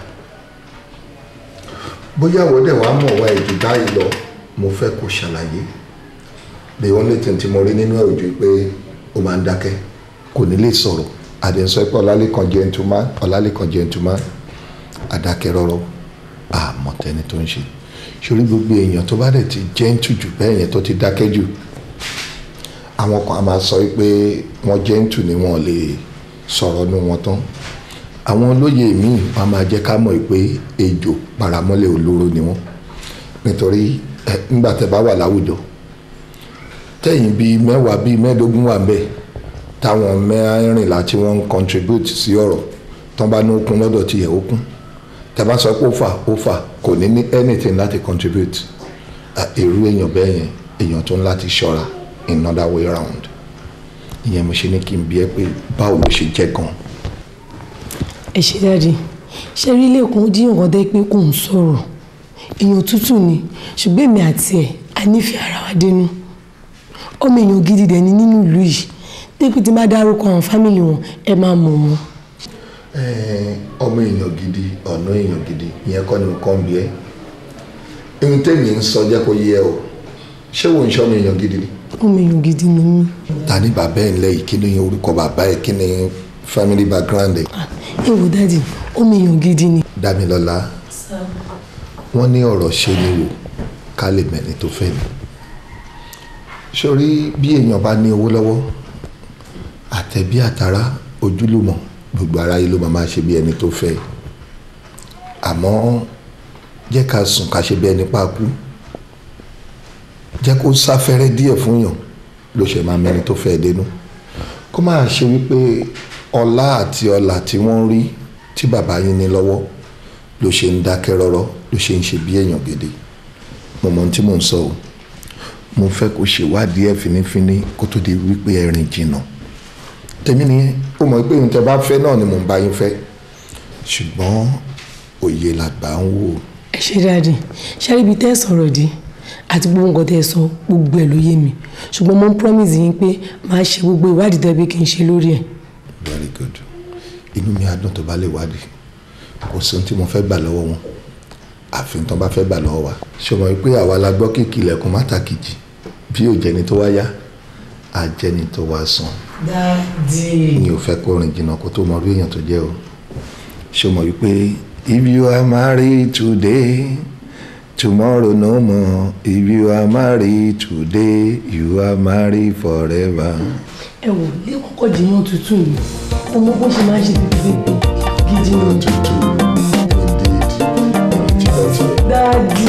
bóyá àwọn dẹ̀ wàá mọ̀ wáyé jù báyìí lọ mo fẹ́ kó ṣàlàyé the only thing tí mo rí nínú ẹ̀ ojú pé ó máa ń dákẹ́ kò ní lè sọ̀rọ̀ àdẹ̀sọ pé ọlálẹ́kan gentleman ọlálẹ́kan gentleman àdákẹ́ rọ́rọ́ àmọ̀tẹ́ni tó ń ṣe ṣorí gbogbo èèyàn tó bá dẹ̀ ti gentle jù bẹ́ẹ̀ yẹn tó ti dákẹ́ jù àwọn kan a máa sọ pé wọ́n gentle ni wọ́n lè sọ̀rọ̀ nu wọn tán àwọn olóye míì wọ́n máa jẹ́ ká mọ̀ pé ejò paramọ́lẹ̀ olóró ni wọ́n nítorí nígbà tẹ́ bá wà láwùjọ tẹ́yìn bíi mẹ́wàá bíi mẹ́ẹ̀ẹ́dógún wà bẹ́ẹ̀ táwọn mẹ́rìnlá tí wọ́n ń contribute sí ọ̀rọ̀ tán bá ní okun lọ́dọ̀ tiẹ̀ okun tàbá sọ pé ó fà ó fà kò ní ní anything láti contribute èrú èèyàn bẹ́ẹ̀ yẹn èèyàn tó ń láti ṣọ́ra in another way round ìyẹn mo ṣe ní kí n bi ẹ pé báwo ló ṣe jẹ́ gan. ẹ ṣe dáadé ṣe rí lẹ́kùn jí nǹkan dẹ́ pé kò ń sọ̀rọ̀ èèyàn tútù ni ṣùgbọ́n èmi àti ẹ̀ a nífẹ̀ẹ́ ara wa dénú ọmọ èèyàn gidi dẹ̀ ni nínú ìlú yìí dépò tí má dárúkọ àwọn fámìlì wọn ẹ máa mọ̀ wọn Eh, ọmọ èèyàn gidi ọ̀nà èèyàn gidi ìyẹn kọ́ ni mo kọ́ ń bí ẹ́ irun tèmi ń sọ jẹ́ kó yé ẹ ṣé wo ń ṣe ọmọ èèyàn gidi ni. ọmọ èèyàn gidi ni mí. ta ni bàbá ẹ̀ ńlẹ́ yìí kí ni orúkọ bàbá ẹ̀ kí ni family background ẹ̀. Ah, ẹ wo dáàdi ọmọ èèyàn gidi ni. Dámilọ́lá wọ́n ní ọ̀rọ̀ ṣe ni wò ká lè mẹ́ni tó fẹ́ ni sórí bí èèyàn bá ní owó lọ́wọ́ àtẹ̀bí àtàrà ojúlùmọ̀ gbogbo aráyé ló máa ṣe bí ẹni tó fẹ́ àmọ́ jẹ́ ká sùn ká ṣe bí ẹni pa kú jẹ́ kó sáfẹ́rẹ́ díẹ̀ fún yàn ló ṣe máa mẹ́ni tó fẹ́ dénú kó máa ṣe wípé ọlá àti ọlà tí wọ́n rí tí bàbá yín ní lọ́wọ́ ló ṣe ń dákẹ́ rọ́rọ́ ló ṣe ń ṣe bí èèyàn gidi mo mọ ohun tí mò ń sọ o mo fẹ́ kó ṣèwádìí ẹ̀ fínífíní kó tó di wípé ẹ̀rìn jìnnà tèmi nìyẹn ó mọ̀ pé ohun tẹ bá fẹ́ náà ni mò ń bá yín fẹ́ ṣùgbọ́n òye làgbà ń wò. ẹ ṣe dáadé ṣáríbi tẹ́ ẹ sọ̀rọ̀ dé àti gbogbo nǹkan tẹ́ ẹ sọ gbogbo ẹ̀ ló yé mi ṣùgbọ́n mo ń promise yín pé màá ṣe gbogbo ìwádìí tẹ́ bí kí n ṣe lórí ẹ̀. very good inú mi á dùn tó bá lè wádìí kò sí ohun tí mo fẹ́ gbà lọ́wọ́ wọn àfi tán bá fẹ́ gbà lọ́wọ́ wa ṣọmọ pé àwa la gbọ́ kéèkì ilẹ̀kùn mátàkìjì bí òjẹni tó wá yá àjẹni tó wá san dáàdì. mi ò fẹ́ kó rìn jìnnà kó tó mọ orí èèyàn tó jẹ́ o ṣé o mọ̀ wípé if you are married today tomorrow no more if you are married today you are married forever. ẹ wò ní kọ́kọ́ jìnnà tútù mi ọmọ bó ṣe máa ń ṣe tètè gidi ni. dáàdì.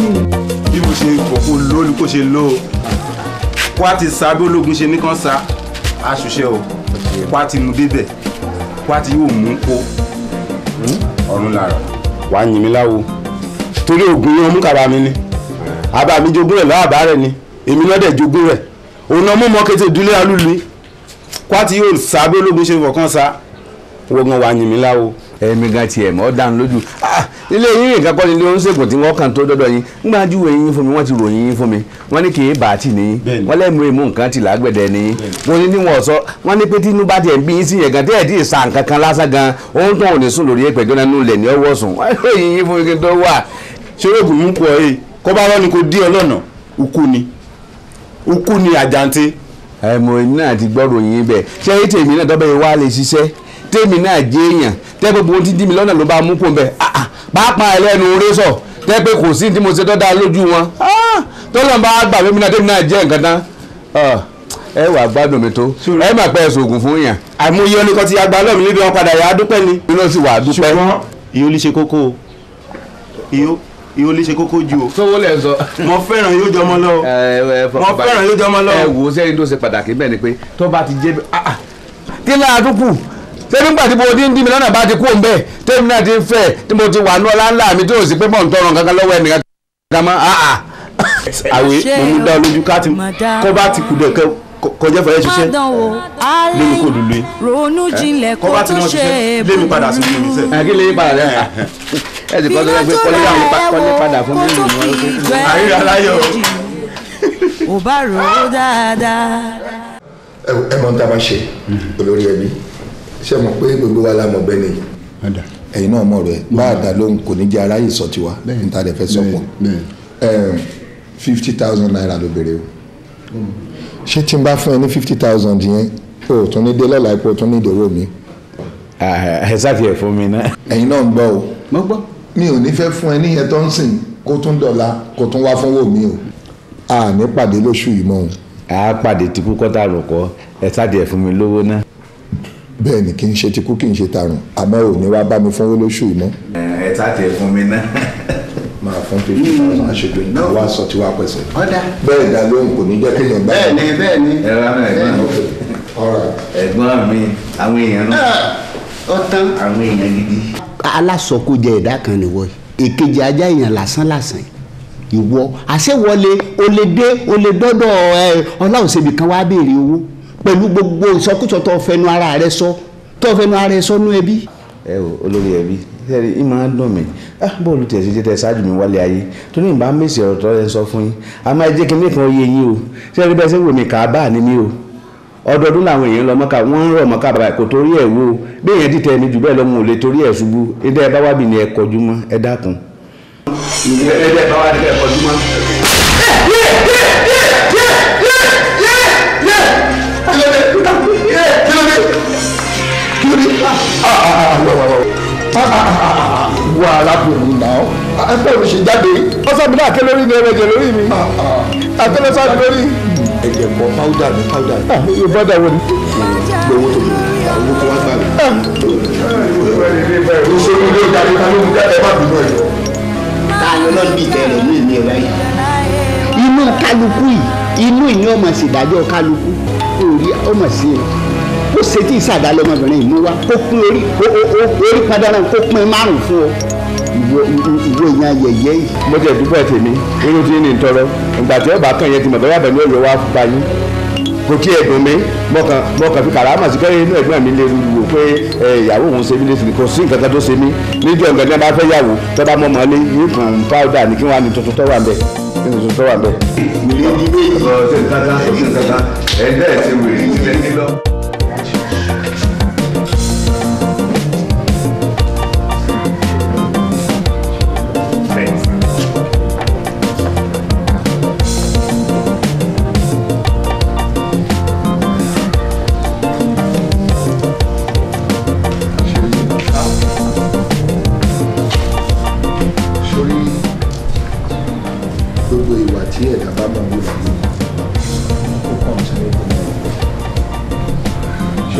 bí mo ṣe kọ̀ọ̀kan lónìí kó ṣe lò ó wá ti sa bí ológun ṣe ní kan sa aṣùṣe o wá ti mu débẹ̀ wá ti yóò mú kó hmm? ọ̀run lára. wàá yìn mí láwo torí oògùn yẹn mú kàrà mi ni àbá mi jogún rẹ̀ lọ́wọ́ àbá rẹ̀ ni èmi náà dẹ̀ jogún rẹ̀ òun náà mú mọ́ kété ìdúlé alúlé wá ti yóò sábẹ́ ológun ṣe fọkàn sa wọ́n gan wàá yìn mí láwo. ẹ̀mí gan tiẹ̀ mọ́ dáhùn ilé yín nǹkan kọ́ ni ilé oníṣègùn tí wọ́n kàn tó dọ́dọ̀ yín ńgbà ju eyín fún mi wọ́n ti ròyìn yín fún mi wọ́n ní kì í bàá tì níyìn wọ́n lẹ́mú èmú nǹkan ti lágbẹ̀dẹ níyìn wọ́n ní níwọ̀n ọ̀sọ́ wọ́n sa nǹkan kan lásán gan ohun tó ń sùn lórí ẹ̀pẹ̀ jọ́nà nulẹ̀ ní ọwọ́ sùn wọ́n n pàápàá ẹlẹ́nu rẹ́sọ̀ jẹ́ pé kò sí tí mo ṣe tó dáa lójú wọn ah, tó lọ́n bá gbà mí náà tẹ́mi náà jẹ́ nǹkan tán ah, ẹ wà gbádùn mi tó ẹ mà pẹ́ sògùn fún yàn. àìmọye oníkan ti agbá lọ́mí níbi wọn padà yà á dúpẹ́ ni. iná sì wà á dúpẹ́. ṣùgbọ́n ìyó lè ṣe kókó o ìyó lè ṣe kókó ju o. sówó lẹ sọ. mo fẹ́ràn yóò jọmọ lọ. mo fẹ́ràn yóò jọmọ lọ. ẹ wò ó sẹ́yìn tó ṣe pàtàkì bẹ́ẹ̀ ni pé tó bá ti jẹ́ ah, kí láàdúkù tẹ́bí gbàtí mo ti ń dí lọ́nà bá ti kú òun bẹ́ẹ̀ tẹ́bí náà ti fẹ́ tí mo ti wà ní ọlá ńlá mi tí ò sí pé mò ń tọrọ nǹkan kan lọ́wọ́ ẹnìkan kan mọ́ àà. Ah, ah. àwẹ̀ mo mú dá lójú ká ti kọ́ bá ti kù dẹ̀ kọjá fẹ́ ṣiṣẹ́ lémi kò lulú kọ́ bá ti mọ ṣiṣẹ́ lémi padà sí mi sẹ́. kí lè padà rẹ̀ ẹ ti kọ́ sọ́dọ̀ pé kọ́lé padà fún mi nìyẹn. àríra láyọ̀. ẹ mọ̀ ní ta bá ṣe mm-hmm. olórí ẹbí ṣe mọ̀ pé gbogbo wa la mọ̀ bẹ́ẹ̀ ni ẹ̀yin náà mọ̀ rẹ̀ bá a dà lóhùn kò ní jẹ́ aráyè sọ tiwa níta lè fẹ́ sọ pọ̀ fifty thousand naira ló béèrè o hmm. ṣé tí n bá fún ẹ ní fifty thousand yẹn o tún ní dé lọ́la ipò tún ní ìdòwò mi. Ah, ẹ sáfì ẹ fún mi náà. ẹ̀yin náà ń gbọ́ o mo gbọ́ mi ò ní fẹ́ fún ẹ níyẹn tó ń sìn kó tún dọ̀la kó tún wá fún wò mí o a ní pàdé lóṣù yìí mọ́ o. a pàdé tí kúkọ́ tààrọ̀ kọ́ ẹ sáfì ẹ fún mi lówó náà bẹ́ẹ̀ ni kì í ṣe tikú kì í ṣe tarùn àmọ́ ò ní wá bá mi fún olóṣù iná. ẹ ta tiẹ̀ fún mi náà. máa fún tó hmm. ṣe fún àwọn aṣojú ní wàá sọ tí wàá pẹ̀sẹ̀. bẹ́ẹ̀ dá lóhùn kò ní jẹ́ kí èèyàn bá wọn. bẹ́ẹ̀ni bẹ́ẹ̀ni ẹ̀rọ náà ẹ̀gbọ́n mi ẹ̀gbọ́n mi àwọn èèyàn náà ah! ó tán àwọn èèyàn gidi. alásọkójẹ ẹ̀dá kan nìwọ èkejì ajá èèyàn lásán lásán ìwọ àṣewọlé o lè dé o lè dọ́dọ̀ ọlọ́run ṣebìkan béèrè owó pẹ̀lú gbogbo ìsọkúsọ tó fẹnu ara rẹ sọ tó fẹnu ara rẹ sọ nú ẹbí. ẹ o olórí ẹbí tẹ́lẹ̀ ìmọ̀ á dùn mí ah, bọ́ọ̀lù tẹ̀ sí tẹ̀ ṣáájú mi wálé ayé tó ní ìbá mèsì ọ̀rọ̀ tọ́lẹ̀ ń sọ fún yín a máa jẹ́ kíní kan yé yín o tẹ́lẹ̀ bẹ́ẹ̀ sẹ́wọ̀n mi kà á bá ní mí o ọdọọdún làwọn èèyàn lọ mọ́ka wọ́n ń rọ̀ mọ́ka bàbá kò torí ẹ̀ wo bí èèyàn dìtẹ̀ mi jù bẹ́ẹ̀ lọ́mọ ò lè torí ẹ̀ ṣubú ẹ̀dá ẹ bá wà bí ni ẹ kọjú mọ́ ẹ dákun. ìwé ẹ̀dá wà arábìnrin náà ẹgbẹ́ òun ṣe jáde. ọ̀sàbílẹ̀ akẹ́lórí ni ẹ̀rẹ̀jẹ̀ lórí mi akẹ́lẹ́sà ni lórí. ẹ̀jẹ̀ bọ̀ pàwùdà ni pàwùdà ni. yóò bá dàwọ̀ ni. gbowó tó lò àwọn olùkọ́ wa gbà mí. ìṣòro ilé ìdájọ́ ta ló ń jáde má bínú ẹ̀. táyọ̀ lọ́dún bíi tẹ̀lé ní ìní ọ̀la yìí. inú kálukú yìí inú ìní ọmọ ṣèdájọ́ kálukú òòrí ọmọ sí i ṣe tí ìsàdálẹ̀ ọmọbìnrin mú wá kó pín orí orí kan dáná kó pín márùn fún ọ ìwé ìyá yẹyẹ yìí. mo tẹ dúpẹ́ tèmi irú tí ní tọrọ ìgbà tí ọba kan yẹn ti mọ̀ bẹ́ẹ̀ yàtọ̀ ní òye wa bá yín kò tí ẹ̀ dùn mí mọ̀kàn mọ̀kàn fi kàrà àmàsí kẹ́rin inú ẹ̀gbọ́n mi lè wò pé ìyàwó òun ṣe mí lè sìn kò sí nǹkan kan tó ṣe mí níjọ́ nǹkan ní a bá fẹ́ yàwó tó bá mọ̀ mọ́ lé yín kàn ń pàwọ́dà ní kí wọ́n á ní tuntun tó wà bẹ́ẹ̀ ní tuntun tó wà bẹ́ẹ̀. ìlú ìdílé yìí. ọ̀sẹ̀ kankan ọ̀sẹ̀ kankan ẹ̀ẹ́dẹ́ẹ̀ṣẹ̀ wèrè ìtìlẹ́sílọ́.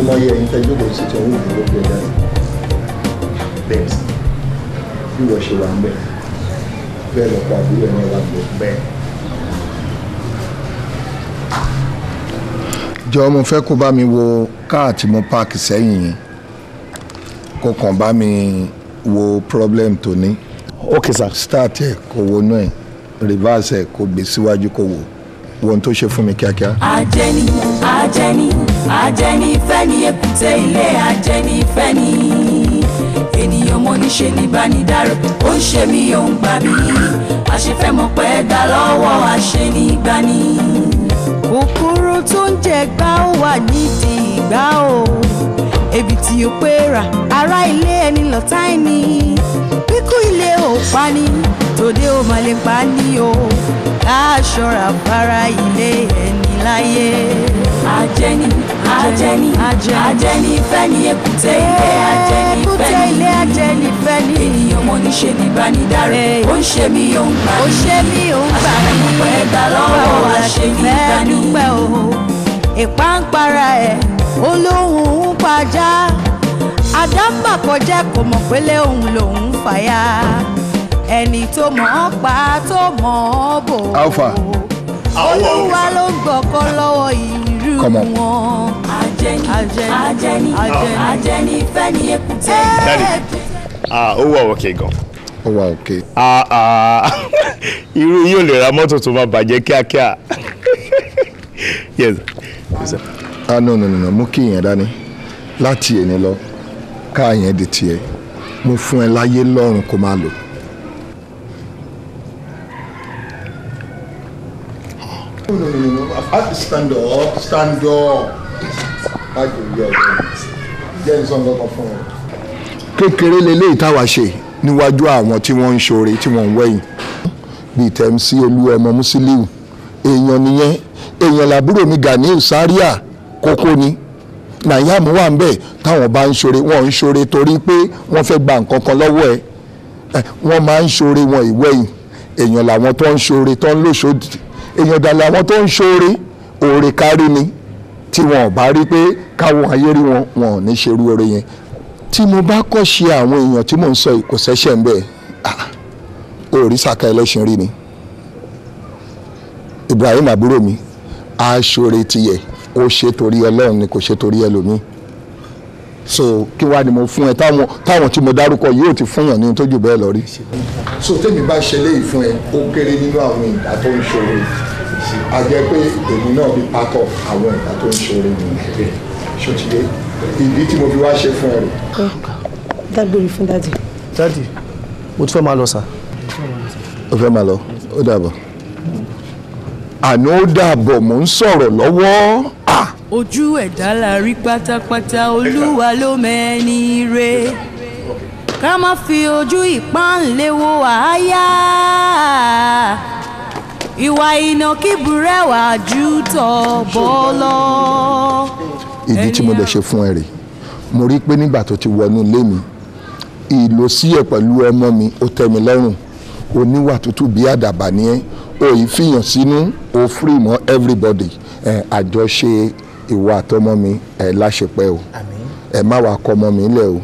mọ iye ẹ̀yin tẹ́jú kò sí ti ọ̀hún ìdúró pé ẹ̀dá bẹ́ẹ̀ sí bí wọ́n ṣe wà ń bẹ̀ bẹ́ẹ̀ lọ́pọ̀ àbúrò ẹ̀ náà wà gbọ́ bẹ́ẹ̀. jọ mo fẹ́ kó bá mi wo káà tí mo páàkì sẹ́yìn yẹn kó kàn bá mi wo problem tó ní. ok sir. start ẹ kó wọnú ẹ reverse ẹ kó gbé síwájú kó wò wo ohun tó ṣe fún mi kíákíá. ajẹni ajẹni ajẹnifẹ́ ni èkúté ilé ajẹnifẹ́ ni ènìyàn mo níṣe ní banidáró ó ń ṣe mí òun gbà mí àṣefẹ́ mọ̀ pé dá lọ́wọ́ àṣenigbani. kòkòrò tó ń jẹ gbá ó wà nídìí ìgbà o ebi tí ó pé rà ará ilé ẹni lọ́tá ẹni kíkú ilé ò pa ni tòde ò mà lè pa ni o ká ṣọ́ra ilé ẹni láyé. ajẹni ajẹni ajẹni ìfẹ́ ni ilé ajẹni ìfẹ́ ni ajẹni ìfẹ́ ènìyàn mo ní ṣe ní ìbánidárò ó ń ṣe mí ó ń gbà mí ó ṣe mí ó ń gbà mí àṣàyẹ̀mọ̀pẹ́ gbà lọ́wọ́ àṣeyí ìdánimọ̀. ìpàǹpara ẹ̀ olóhùn ń pajá àdámbà kọjá kò mọ̀ pélé òun lòun fàyà ẹni tó mọ̀ ọ́ pa tó mọ̀ ọ́ bò olúwa ló ń gbọ́kọ́ lọ́wọ́ yìí irú wọn. ajẹni ajẹni ajẹni fẹ́ni èkúté. ó wà òkè gan. ó wà Ah, ah. irú you lè ra mọ́tò tó máa bàjẹ́ kia yes. yes ah no no no mú kí dani, dání láti èní lọ ká yẹn di tiẹ̀ mo fún ẹ láyé lọ́rùn kó máa lò. No, no, no, no, no. I've had to stand up. Stand up. Bájú ìyá ọ̀rẹ́ jẹ́ nsọ́n kankan fún Kékeré leléyìí táwa ṣe níwájú àwọn tí wọ́n ń ṣoore tí wọ́n ń wẹ̀yìn bíi tẹ̀mísí olú ọmọ Musiliu èèyàn nìyẹn èèyàn làbúrò mi Ganiu Zaria kókó ni nàyàmú wà ń bẹ̀ táwọn bá ń ṣoore wọ́n ń ṣoore torí pé wọ́n fẹ́ gba nǹkan kan lọ́wọ́ ẹ̀ wọ́n máa ń ṣoore wọn ìwẹ̀yìn èèyàn làwọn tó ń ṣoore tó ń lòṣòdì èèyàn dàlẹ́ àwọn tó ń ṣoore òòrè kárí ni tí wọn ò bá rí pé káwọn ayé rí wọn wọn ò ní ṣerú oore yẹn tí mo bá kọ́ ṣe àwọn èèyàn tí mò ń sọ kò ṣẹ́ṣẹ́ ń bẹ̀ ah, òòrí sàkà ẹlẹ́ṣin rí ni Ibrahim àbúrò mi aṣoore tiyẹ̀ ó ṣe torí Ọlọ́run ni kò ṣe torí ẹlòmíì so kí wàá ni mo fún ẹ táwọn táwọn tí mo dárúkọ yìí ò ti fún yàn ní tó jù bẹ́ẹ̀ lọ rí. so tèmi bá ṣe léyìí fún ẹ ó kéré nínú àwọn ìgbà tó ń ṣòro a jẹ pé èmi náà bí pátọ àwọn ìgbà tó ń ṣòro ni ṣòtìlẹ ìdí tí mo fi wá ṣe fún ẹ rè. dágbére fún dáàdì. dáàdì mo tún fẹ́ máa lọ sà. o fẹ́ máa lọ ó dàbọ̀ àná ó dàbọ̀ mò ń sọ̀rọ̀ lọ́wọ́ ojú ẹ̀dá la rí pátápátá olúwa ló mẹ́ni re ká má fi ojú ìpáǹlé wo àáyá ìwà ìnàkí burẹ́wà jù tọ̀ bọ́ lọ. ìdí tí mo lè ṣe fún ẹ rèé mo rí i pé nígbà tó ti wọnú ilé mi ìlòsíyẹ̀ pẹ̀lú ọmọ mi ó tẹ́ lọ́rùn oníwà tútù bí àdàbà ni ẹ́ òyìn fìyàn sínú òfurì mọ́ everybody àjọṣe. Eh, ìwà àtọmọ mi ẹ láṣepẹ o ẹ má wàá kọ ọmọ mi lẹ o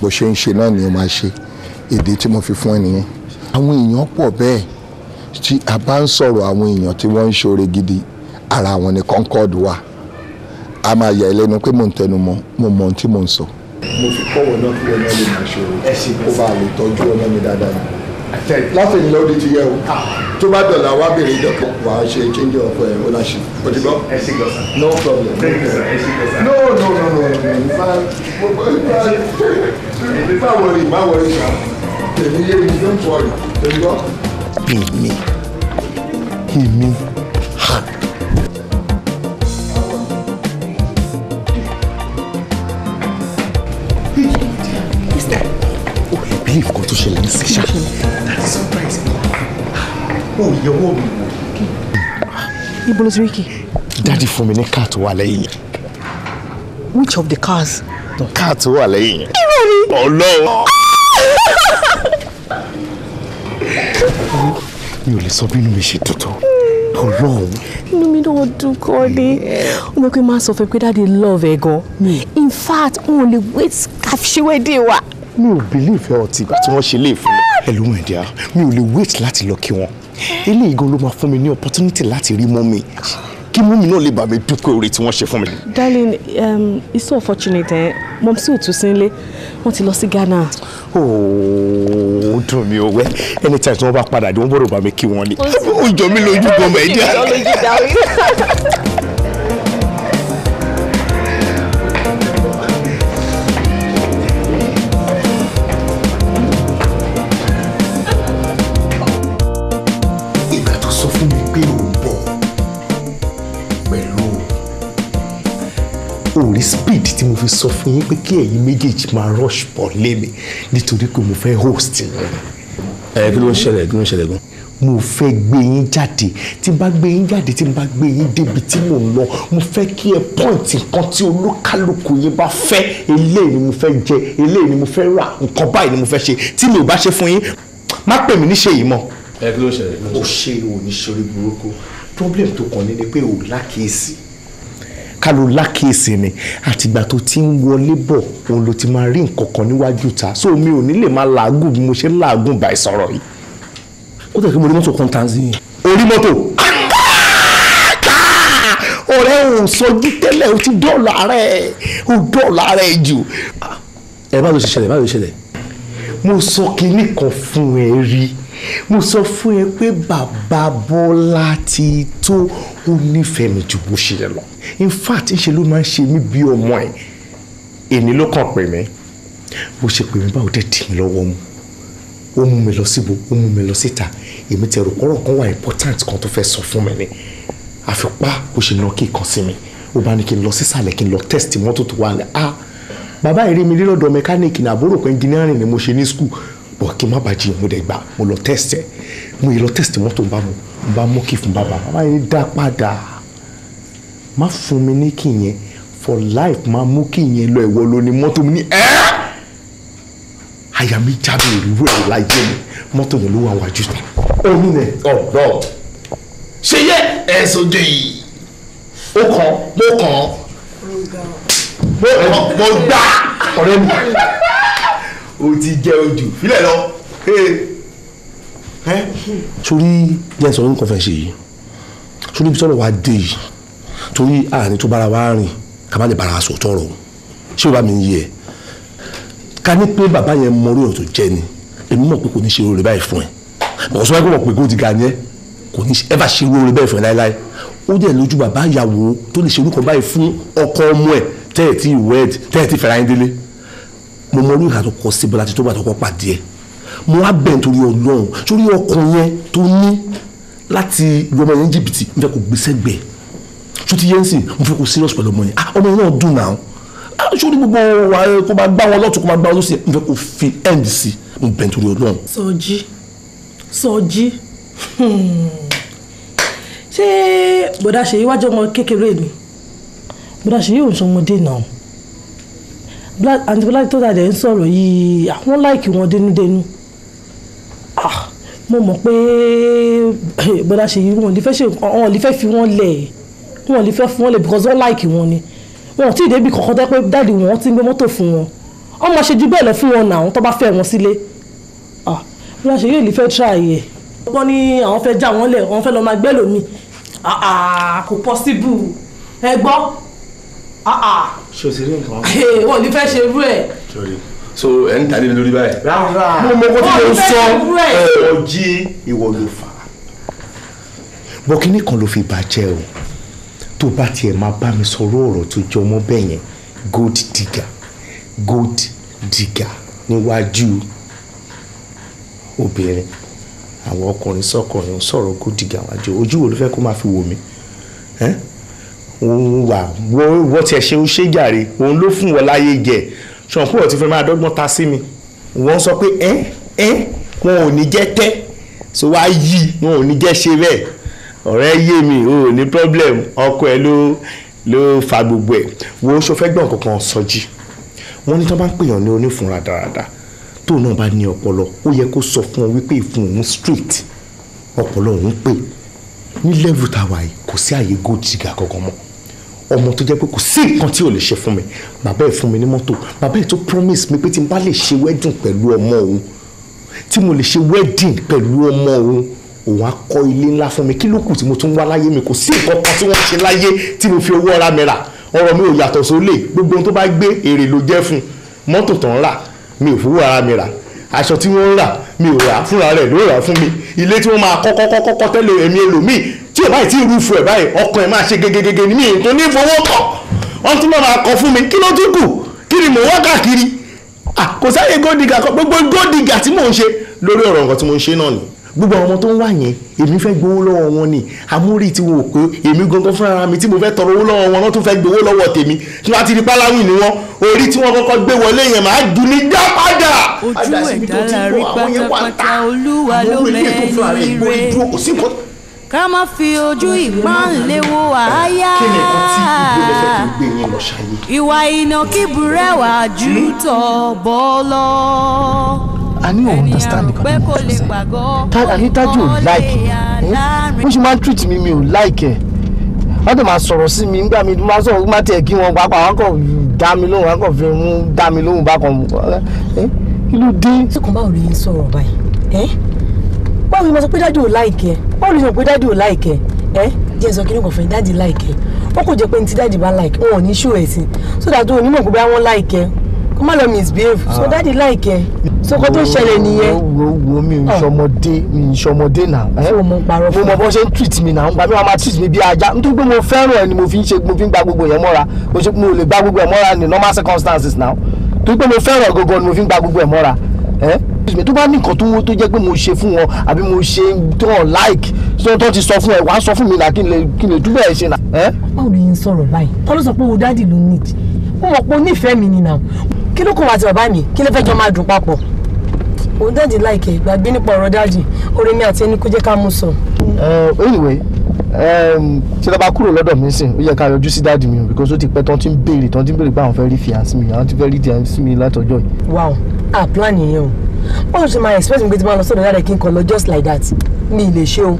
bó ṣe ń ṣe náà ni o máa ṣe èdè tí mo fi fún ẹ nìyẹn àwọn èèyàn pọ̀ bẹ́ẹ̀ tí a bá ń sọ̀rọ̀ àwọn èèyàn tí wọ́n ń ṣoore gidi ara wọn ni concord wà a máa yà ẹ lẹ́nu pé mò ń tẹnu mọ́ mo mọ ohun tí mò ń sọ. mo fi kọ́wọ́ náà kí wọ́n náà lè máa ṣòro kó bá a lè tọ́jú ọmọ mi dáadáa láti ní lóde ti yẹ o ah. tó bá dọ̀là wá béèrè dọ́kọ̀ wà á ṣe change of uh, ownership o ti gbọ́ no problem no no no no má wọrí má wọrí sá èmi yé mi don't worry èmi gbọ́. èmi èmi. believe nǹkan tó ṣẹlẹ̀ ní sísá. that ibo ló ti rí kì. dáàdi fún mi ní káà wà lẹ́yìn yẹn. which of the cars. káà tó wà lẹ́yìn yẹn. irọ́ ni. ọlọ́run. Ah! mi ò lè sọ bí inú mi ṣe tuntun ọlọ́run. inú mi náà dùn kọ́ ni ó mọ̀ pé máa sọ fún ẹ pé dáàdi love ẹ gan. in fact n ò lè wait ká fi ṣe wedding wa mi ò believe ọtí ìgbà tí wọ́n ṣe lè fún mi. hello my dear mi ò lè wait láti lọ kí wọn eléyìí gan ló máa fún mi ní opportunity láti rí mummy kí mummy náà lè bá mi dúpẹ́ oore tí wọ́n ṣe fún mi. darling um, it's so unfortunate ẹ eh? mọ sí òtún sínlé wọ́n ti lọ sí Ghana. ooo dùn mí owó anytime tí wọ́n bá padà dé wọ́n gbọ́dọ̀ bá mi kí wọ́n ni ó jọ mí lójú gan-an my ò rí speed tí mo fi sọ fún yín pé kí ẹ̀yin méjèèjì máa rush pọ̀ lé mi nítorí pé mo fẹ́ host ni. ẹ kí ló ń ṣẹlẹ̀ kí ló ń ṣẹlẹ̀ gan mo fẹ́ gbé yín jáde tí n bá gbé yín jáde tí n bá gbé yín débi tí mò ń lọ mo fẹ́ kí ẹ pọ́ǹtì nǹkan tí olúkálùkù yín bá fẹ́ eléyìí ni mo fẹ́ jẹ eléyìí ni mo fẹ́ rà nǹkan báyìí ni mo fẹ́ ṣe tí mi ò bá ṣe fún yín má pè mí níṣe yìí mọ́. problem tó kàn ní ni pé ò lákèésí ká ló lákèésí ni àtìgbà tó ti ń wọlé bọ̀ òun ló ti máa rí nǹkan kan níwájú ta so mi ò ní lè máa làágùn bí mo ṣe ń làágùn bá ìsọ̀rọ̀ yìí. ó tẹ̀ kí mo rí mọ́tò kan tanzi yìí. orí mọ́tò. ọ̀rẹ́ ò sọjú tẹ́lẹ̀ o ti dọ́ọ̀lù ara ẹ̀ o dọ́ọ̀lù ara jù. ẹ bá ló ṣe ṣẹlẹ̀ bá ló ṣe ṣẹlẹ̀. mo sọ kinní kan fún ẹ rí mo sọ fún ẹ pé bàbá Bọ́lá ti tó ó nífẹ̀ẹ́ mi ju bó ṣe lọ in fact ńṣe ló máa ń ṣe mí bí ọmọ ẹ̀ èmi ló kàn pè mí bó ṣe pè mí báwo dé tì mí lọ́wọ́ mu ó mú mi lọ síbo ó mú mi lọ síta èmi tẹ̀rù kọ́rọ̀ kan wà important kan tó fẹ́ sọ fún mi ni àfipá bó ṣe nà kí kan sí mi ó bá ní kí n lọ sísàlẹ̀ kí n lọ test mọ́tò tó wà ní a bàbá ìrí mi lélọ́dọ̀ mẹkáníìkì ní àbúrò pé engineering ni mo ṣe ní school bọ̀ kí n má bàjẹ́ ìmú dẹ̀ gbà mo lọ test ẹ̀ mo yẹ lọ test mọ́tò ń bá mu ń bá mọ́kì fún bàbá bàbá yìí dá padà má fún mi ní kì yẹn for life má mú kì yẹn lọ ìwọ ló ní mọ́tò mi ní ẹ́ àyà mi jáde ìrírú ẹ̀rọ láyé mi mọ́tò yẹn ló wà wájú tán omi rẹ̀ ọ̀rọ̀ ṣe yẹ ẹ sojú yìí ó kàn mo kàn mo kàn mo gbà ọ̀rẹ́ mi o ti jẹ ojú filẹ̀ lọ sórí jẹ́ sọ orúkọ fẹ́ ṣe yìí sórí ibi sọ́dọ̀ wa dé yìí torí àárín tó bára wa rìn ká má lè bára aṣọ tọrọ ṣé o bá mi yí ẹ ká ní pé bàbá yẹn mọ orí ọ̀rọ̀ tó jẹ ni èmi mọ̀ pé kò ní ṣe oore báyìí fún ẹ bọ̀ sọ wáyé pé kò ti ga ni ẹ kò ní ẹ bá ṣe oore báyìí fún ẹ láéláé ó dẹ̀ lójú bàbá ìyàwó tó lè ṣe orúkọ báyìí fún ọkọ ọmọ ẹ tẹ́ wed tẹ́ ẹ mo mọ orí ìhà kọ síbi láti tó bá kọ pàdé ẹ mo wá bẹ̀ nítorí ọlọ́run sórí ọkùnrin yẹn tó ní láti lu ọmọ yẹn jìbìtì n fẹ́ gbèsè gbẹ̀ẹ́ ṣùtì yẹn sì mo fẹ́ kó serious pẹ̀lú ọmọ yẹn ah, ọmọ yẹn náà dùn náà ah, ṣó ní gbogbo wa kó máa gbá wọn lọ́tún kó máa gbá wọn lọ́sì mo fẹ́ kó fi end sí mo bẹ̀ nítorí ọlọ́run. sọjí sọjí hmm. ṣé bọ̀dá ṣèyí wájú ọmọ kékeré mi bọ̀dá ṣèyí ò ń sọmọdé náà àǹtí tó dàdé ń sọ̀rọ̀ yìí àwọn ah, láìkì wọn dénúdénú mo mọ̀ pé eh, bọ́dá ṣèyí wọn ò lè fẹ́ fi wọn lẹ̀ ẹ́ wọn lè fẹ́ fún wọn lè because wọ́n like wọn ni wọn ò tí ì débi kankan tẹ́ pé dáàdi wọn ti ń gbé mọ́tò fún wọn wọ́n máa ṣe ju bẹ́ẹ̀ lọ fún wọn náà tó bá fẹ́ wọn sílé ah bí wọ́n ṣe yóò lè fẹ́ try ẹ̀ wọ́n ní àwọn fẹ́ já wọn lẹ̀ wọ́n fẹ́ lọ́ọ́ máa gbẹ́ lómi ah ah kò possible ẹ gbọ́ ah ah. ṣé o ti rí nǹkan wọn. wọn ò ní fẹ́ ṣe irú ẹ̀ so ẹ ń tàlẹ́ lórí báyìí. rárá mo mọ kó tí mo sọ ọjí ìwọ ló fà á. bọ́kínì kan ló fi bàjẹ́ o tó bá tiẹ̀ máa bá mi sọ̀rọ̀ ọ̀rọ̀ tó jọ mọ́ bẹ́ẹ̀ yẹn gold digger gold digger níwájú obìnrin àwọn ọkùnrin sọkùnrin sọ̀rọ̀ gold digger wájú ojú wo ló fẹ́ kó máa fi wò mí òun wà wọ́n tiẹ̀ ṣe ó ṣe jàre òun ló fún wọn láyé jẹ ṣùgbọ́n pọ̀ tí fẹ́ máa dọ́gbọ́n ta sí mi wọ́n sọ pé ẹ́ ẹ́ wọn ò ní jẹ́ tẹ́ so wá yí wọn ò ní jẹ́ ṣe bẹ́ẹ̀ ọ̀rẹ́ yé mi o ní problem ọkọ ẹ ló ló fa gbogbo ẹ̀ wo ṣo fẹ́ gbọ́n kankan sọjí wọ́n ní tí wọ́n bá ń pèèyàn ní onífúnra dáradára tóun náà bá ní ọpọlọ ó yẹ kó sọ fún ọ wípé ìfun òun straight ọpọlọ òun pè ní level tá a wà yìí kò sí àyè gold digger kankan mọ́ ọmọ tó jẹ́ pé kò sí nǹkan tí ò lè ṣe fún mi bàbá ẹ̀ fún mi ní mọ́tò bàbá ẹ̀ tó promise mi pé tí n bá lè ṣe wedding pẹ̀lú ọmọ òun tí mo lè ṣe wedding pẹ̀lú ọmọ òun òun á kọ́ ilé ńlá fún mi kí ló kù tí mo tún wá láyé mi kò sí nǹkan kan tí wọ́n ṣe láyé tí mo fi owó ọ̀rá mi rà ọ̀rọ̀ mi ò yàtọ̀ sólè gbogbo ohun tó bá gbé èrè ló jẹ́ fún mọ́tò tó ń rà mi ò fowó ara mi rà aṣọ tí wọ́n ń rà mi ò rà fúnra rẹ̀ ló rà fún mi ilé tí wọ́n máa kọ́kọ́ kọ́kọ́ tẹ́lẹ̀ ẹ̀mí ẹlòmíì tí ò báyìí tí irúfẹ́ ẹ̀ báyìí ọkàn ẹ̀ máa ṣe gegegege ní mi tó ní fowó kọ̀ wọ́n tún máa kọ fún mi kí ló tún kù kí ni mò ń wá káàkiri kò sáyé gódìgà gbogbo gódìgà tí mò ń ṣe lórí ọ̀rọ̀ nǹkan tí mò ń ṣe náà nìyí gbogbo àwọn ọmọ tó ń wà yẹn èmi fẹ́ gbowó lọ́wọ́ wọn ni àmúrí tí wọn pé èmi gangan fúnra mi tí mo fẹ́ tọrọ owó lọ́wọ́ wọn náà tún fẹ́ gbowó lọ́wọ́ tèmi tí wọ́n ti di pálawìn ni wọ́n orí tí wọ́n kọ́kọ́ gbé wọlé yẹn máa dùn dá padà. ojú ẹ̀dá la rí pátápátá olúwa ló mẹ́ni rẹ̀ ká má fi ojú ìpánlé àáyá ìwà ìnà jù tọ̀ bọ́ lọ. I need to understand the community I need Tájù ò like bó ṣe máa ń treat mi mi ò like ẹ̀ wọ́n tẹ̀ máa sọ̀rọ̀ sí mi nígbà mi máa sọ̀rọ̀ máa tiẹ̀ kí wọn pàápàá wọn kàn dá mi lóhùn wọn kàn fi mú dá mi lóhùn bákan kí ló dé. sọkàn báwo ni yín sọ̀rọ̀ báyìí báwo ni mo sọ pé dájú ò láìkẹ́ báwo ni mo sọ pé dájú ò láìkẹ́ ẹ jẹ́ sọ kí ni kò fẹ́ dájú láìkẹ́ ó kò jẹ́ pé ní ti dájú bá láìkẹ́ wọn ò ní ṣó ẹ̀ sí sódà tó onímọ̀ pé bá like láìkẹ́ kó má lọ misbehave so dáàdi láìkẹ́ sókó tó ṣẹlẹ̀ nìyẹn. wo wo mi n ah. ṣọmọdé mi n ṣọmọdé náà. Eh? mo mọ parọ́ fún mi. mo mọ bó ṣe ń treat mi náà nígbà mi wọn máa treat mi bí ajá nítorí pé mo fẹ́ràn ẹ ni mo fi ń ṣe mo fi ń gba gbogbo yẹn mọ́ra mo ṣe mo lè gba gbogbo ẹ̀ mọ́ra ní normal circumstances now torí pé mo fẹ́ràn gọ́gọ́ ni mo fi ń gba gbogbo ẹ̀ mọ́ra eh? mi tó bá ní nǹkan tó wó tó jẹ́ pé mo ṣe fún wọn àbí mo ṣe tán like tó tó ti sọ fún ẹ wàá sọ fún mi là kí n lè kí n lè túbọ̀ ẹ ṣe nà. Eh? báwo ni n sọ̀rọ̀ báyìí kọ́ ló sọ pé wo dáàdì ló ní ìdí mo mọ̀ pé o nífẹ̀ẹ́ mi nìyà kí ló kàn wá àti bàbá mi kí ló fẹ́ jọ máa dùn papọ̀ òun dáàdì láìkẹ́ gbàgbé nípa ọ̀rọ̀ dáàdì orí mi àti ẹni kó jẹ́ ká mú sọ. anyway tí lọ́ba kúrò lọ́dọ̀ mi sìn ó yẹ ká yọjú sí dáàdì mi o because ó ti pẹ́ tán ti ń béèrè tán ti ń béèrè pé àwọn fẹ́ rí fiance mi àwọn ti fẹ́ rí fiance mi látọjọ́ yìí. wow a plan yẹn o báwo ṣe máa expect mi pé tí mo lọ sọ́dọ̀ dáàdì kí n kàn lọ just like that mi ì lè ṣe o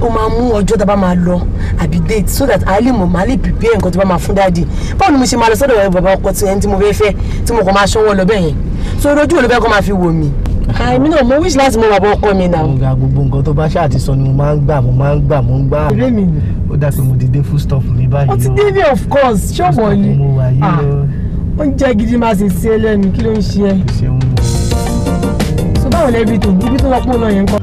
ó máa mú ọjọ́ tá bá máa lọ àbí date so that a mọ̀ máa lè prepare nǹkan tó bá máa fún dáàdì báwo ni mo ṣe máa lọ sọ́dọ̀ ẹ bàbá ọkọ tí ẹni tí mo fẹ́ fẹ́ tí mo kàn máa ṣọwọ́ lọ bẹ́ẹ̀ yẹn so ojú ò ló máa fi wò mí àìmí náà mo wish láti mọ bàbá ọkọ mi náà. ọ̀gá gbogbo nǹkan tó bá ṣáà ti sọ ni mo máa ń gbà mo máa ń gbà mo ń gbà. ilé mi ni. ó dà pé mo ti dé full stop mi báyìí o. ti dé ní of course ṣọ́ọ̀bù yìí ah, oúnjẹ gidi máa sì sí ẹlẹ́nu kí ló ń ṣe ẹ́. ṣé báwo lẹ́bi tó ibi tó lọ pọ̀ lọ yẹn kọ́.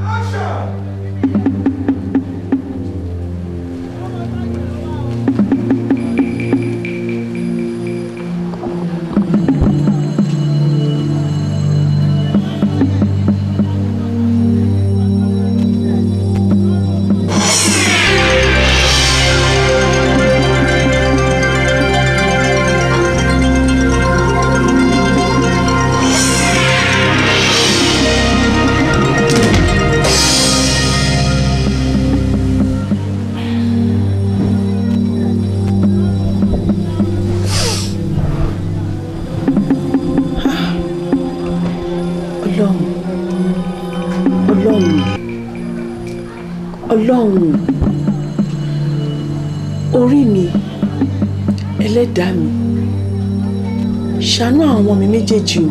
méjèèjì o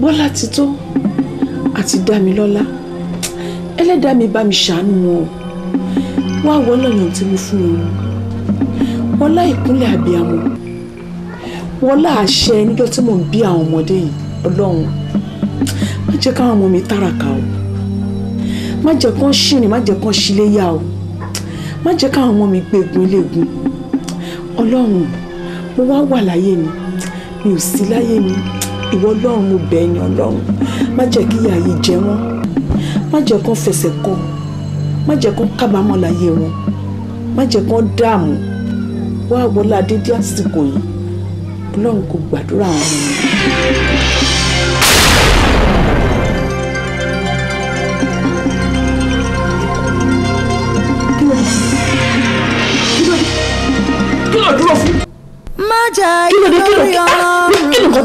bọ́lá ti tó àti dámilọ́lá ẹlẹ́dàá mi bá mi ṣàánú wọn o wá wọ lọ́yàn tí mo fún wọn wọlá ìkúnlẹ̀ àbíamọ wọlá àṣẹ níjọ́ tí mò ń bí àwọn ọmọdé yìí ọlọ́run má jẹ́ káwọn ọmọ mi tàràkà o má jẹ́ kán ṣìrìn má jẹ́ kán ṣiléyà o má jẹ́ káwọn ọmọ mi gbégun ilégun ọlọ́run mo wá wà láyé mi mi ò sí láyé mi ìwọ ọlọ́run mo bẹ̀ ẹ̀yàn ọlọ́run má jẹ́ kí ìyà yìí jẹ wọ́n má jẹ́ kó fẹsẹ̀ kọ má jẹ́ kó kábàámọ̀ láyé wọn má jẹ́ kó dààmú wá wọlé adédé àsìkò yìí ọlọ́run kò gbàdúrà àwọn ọmọ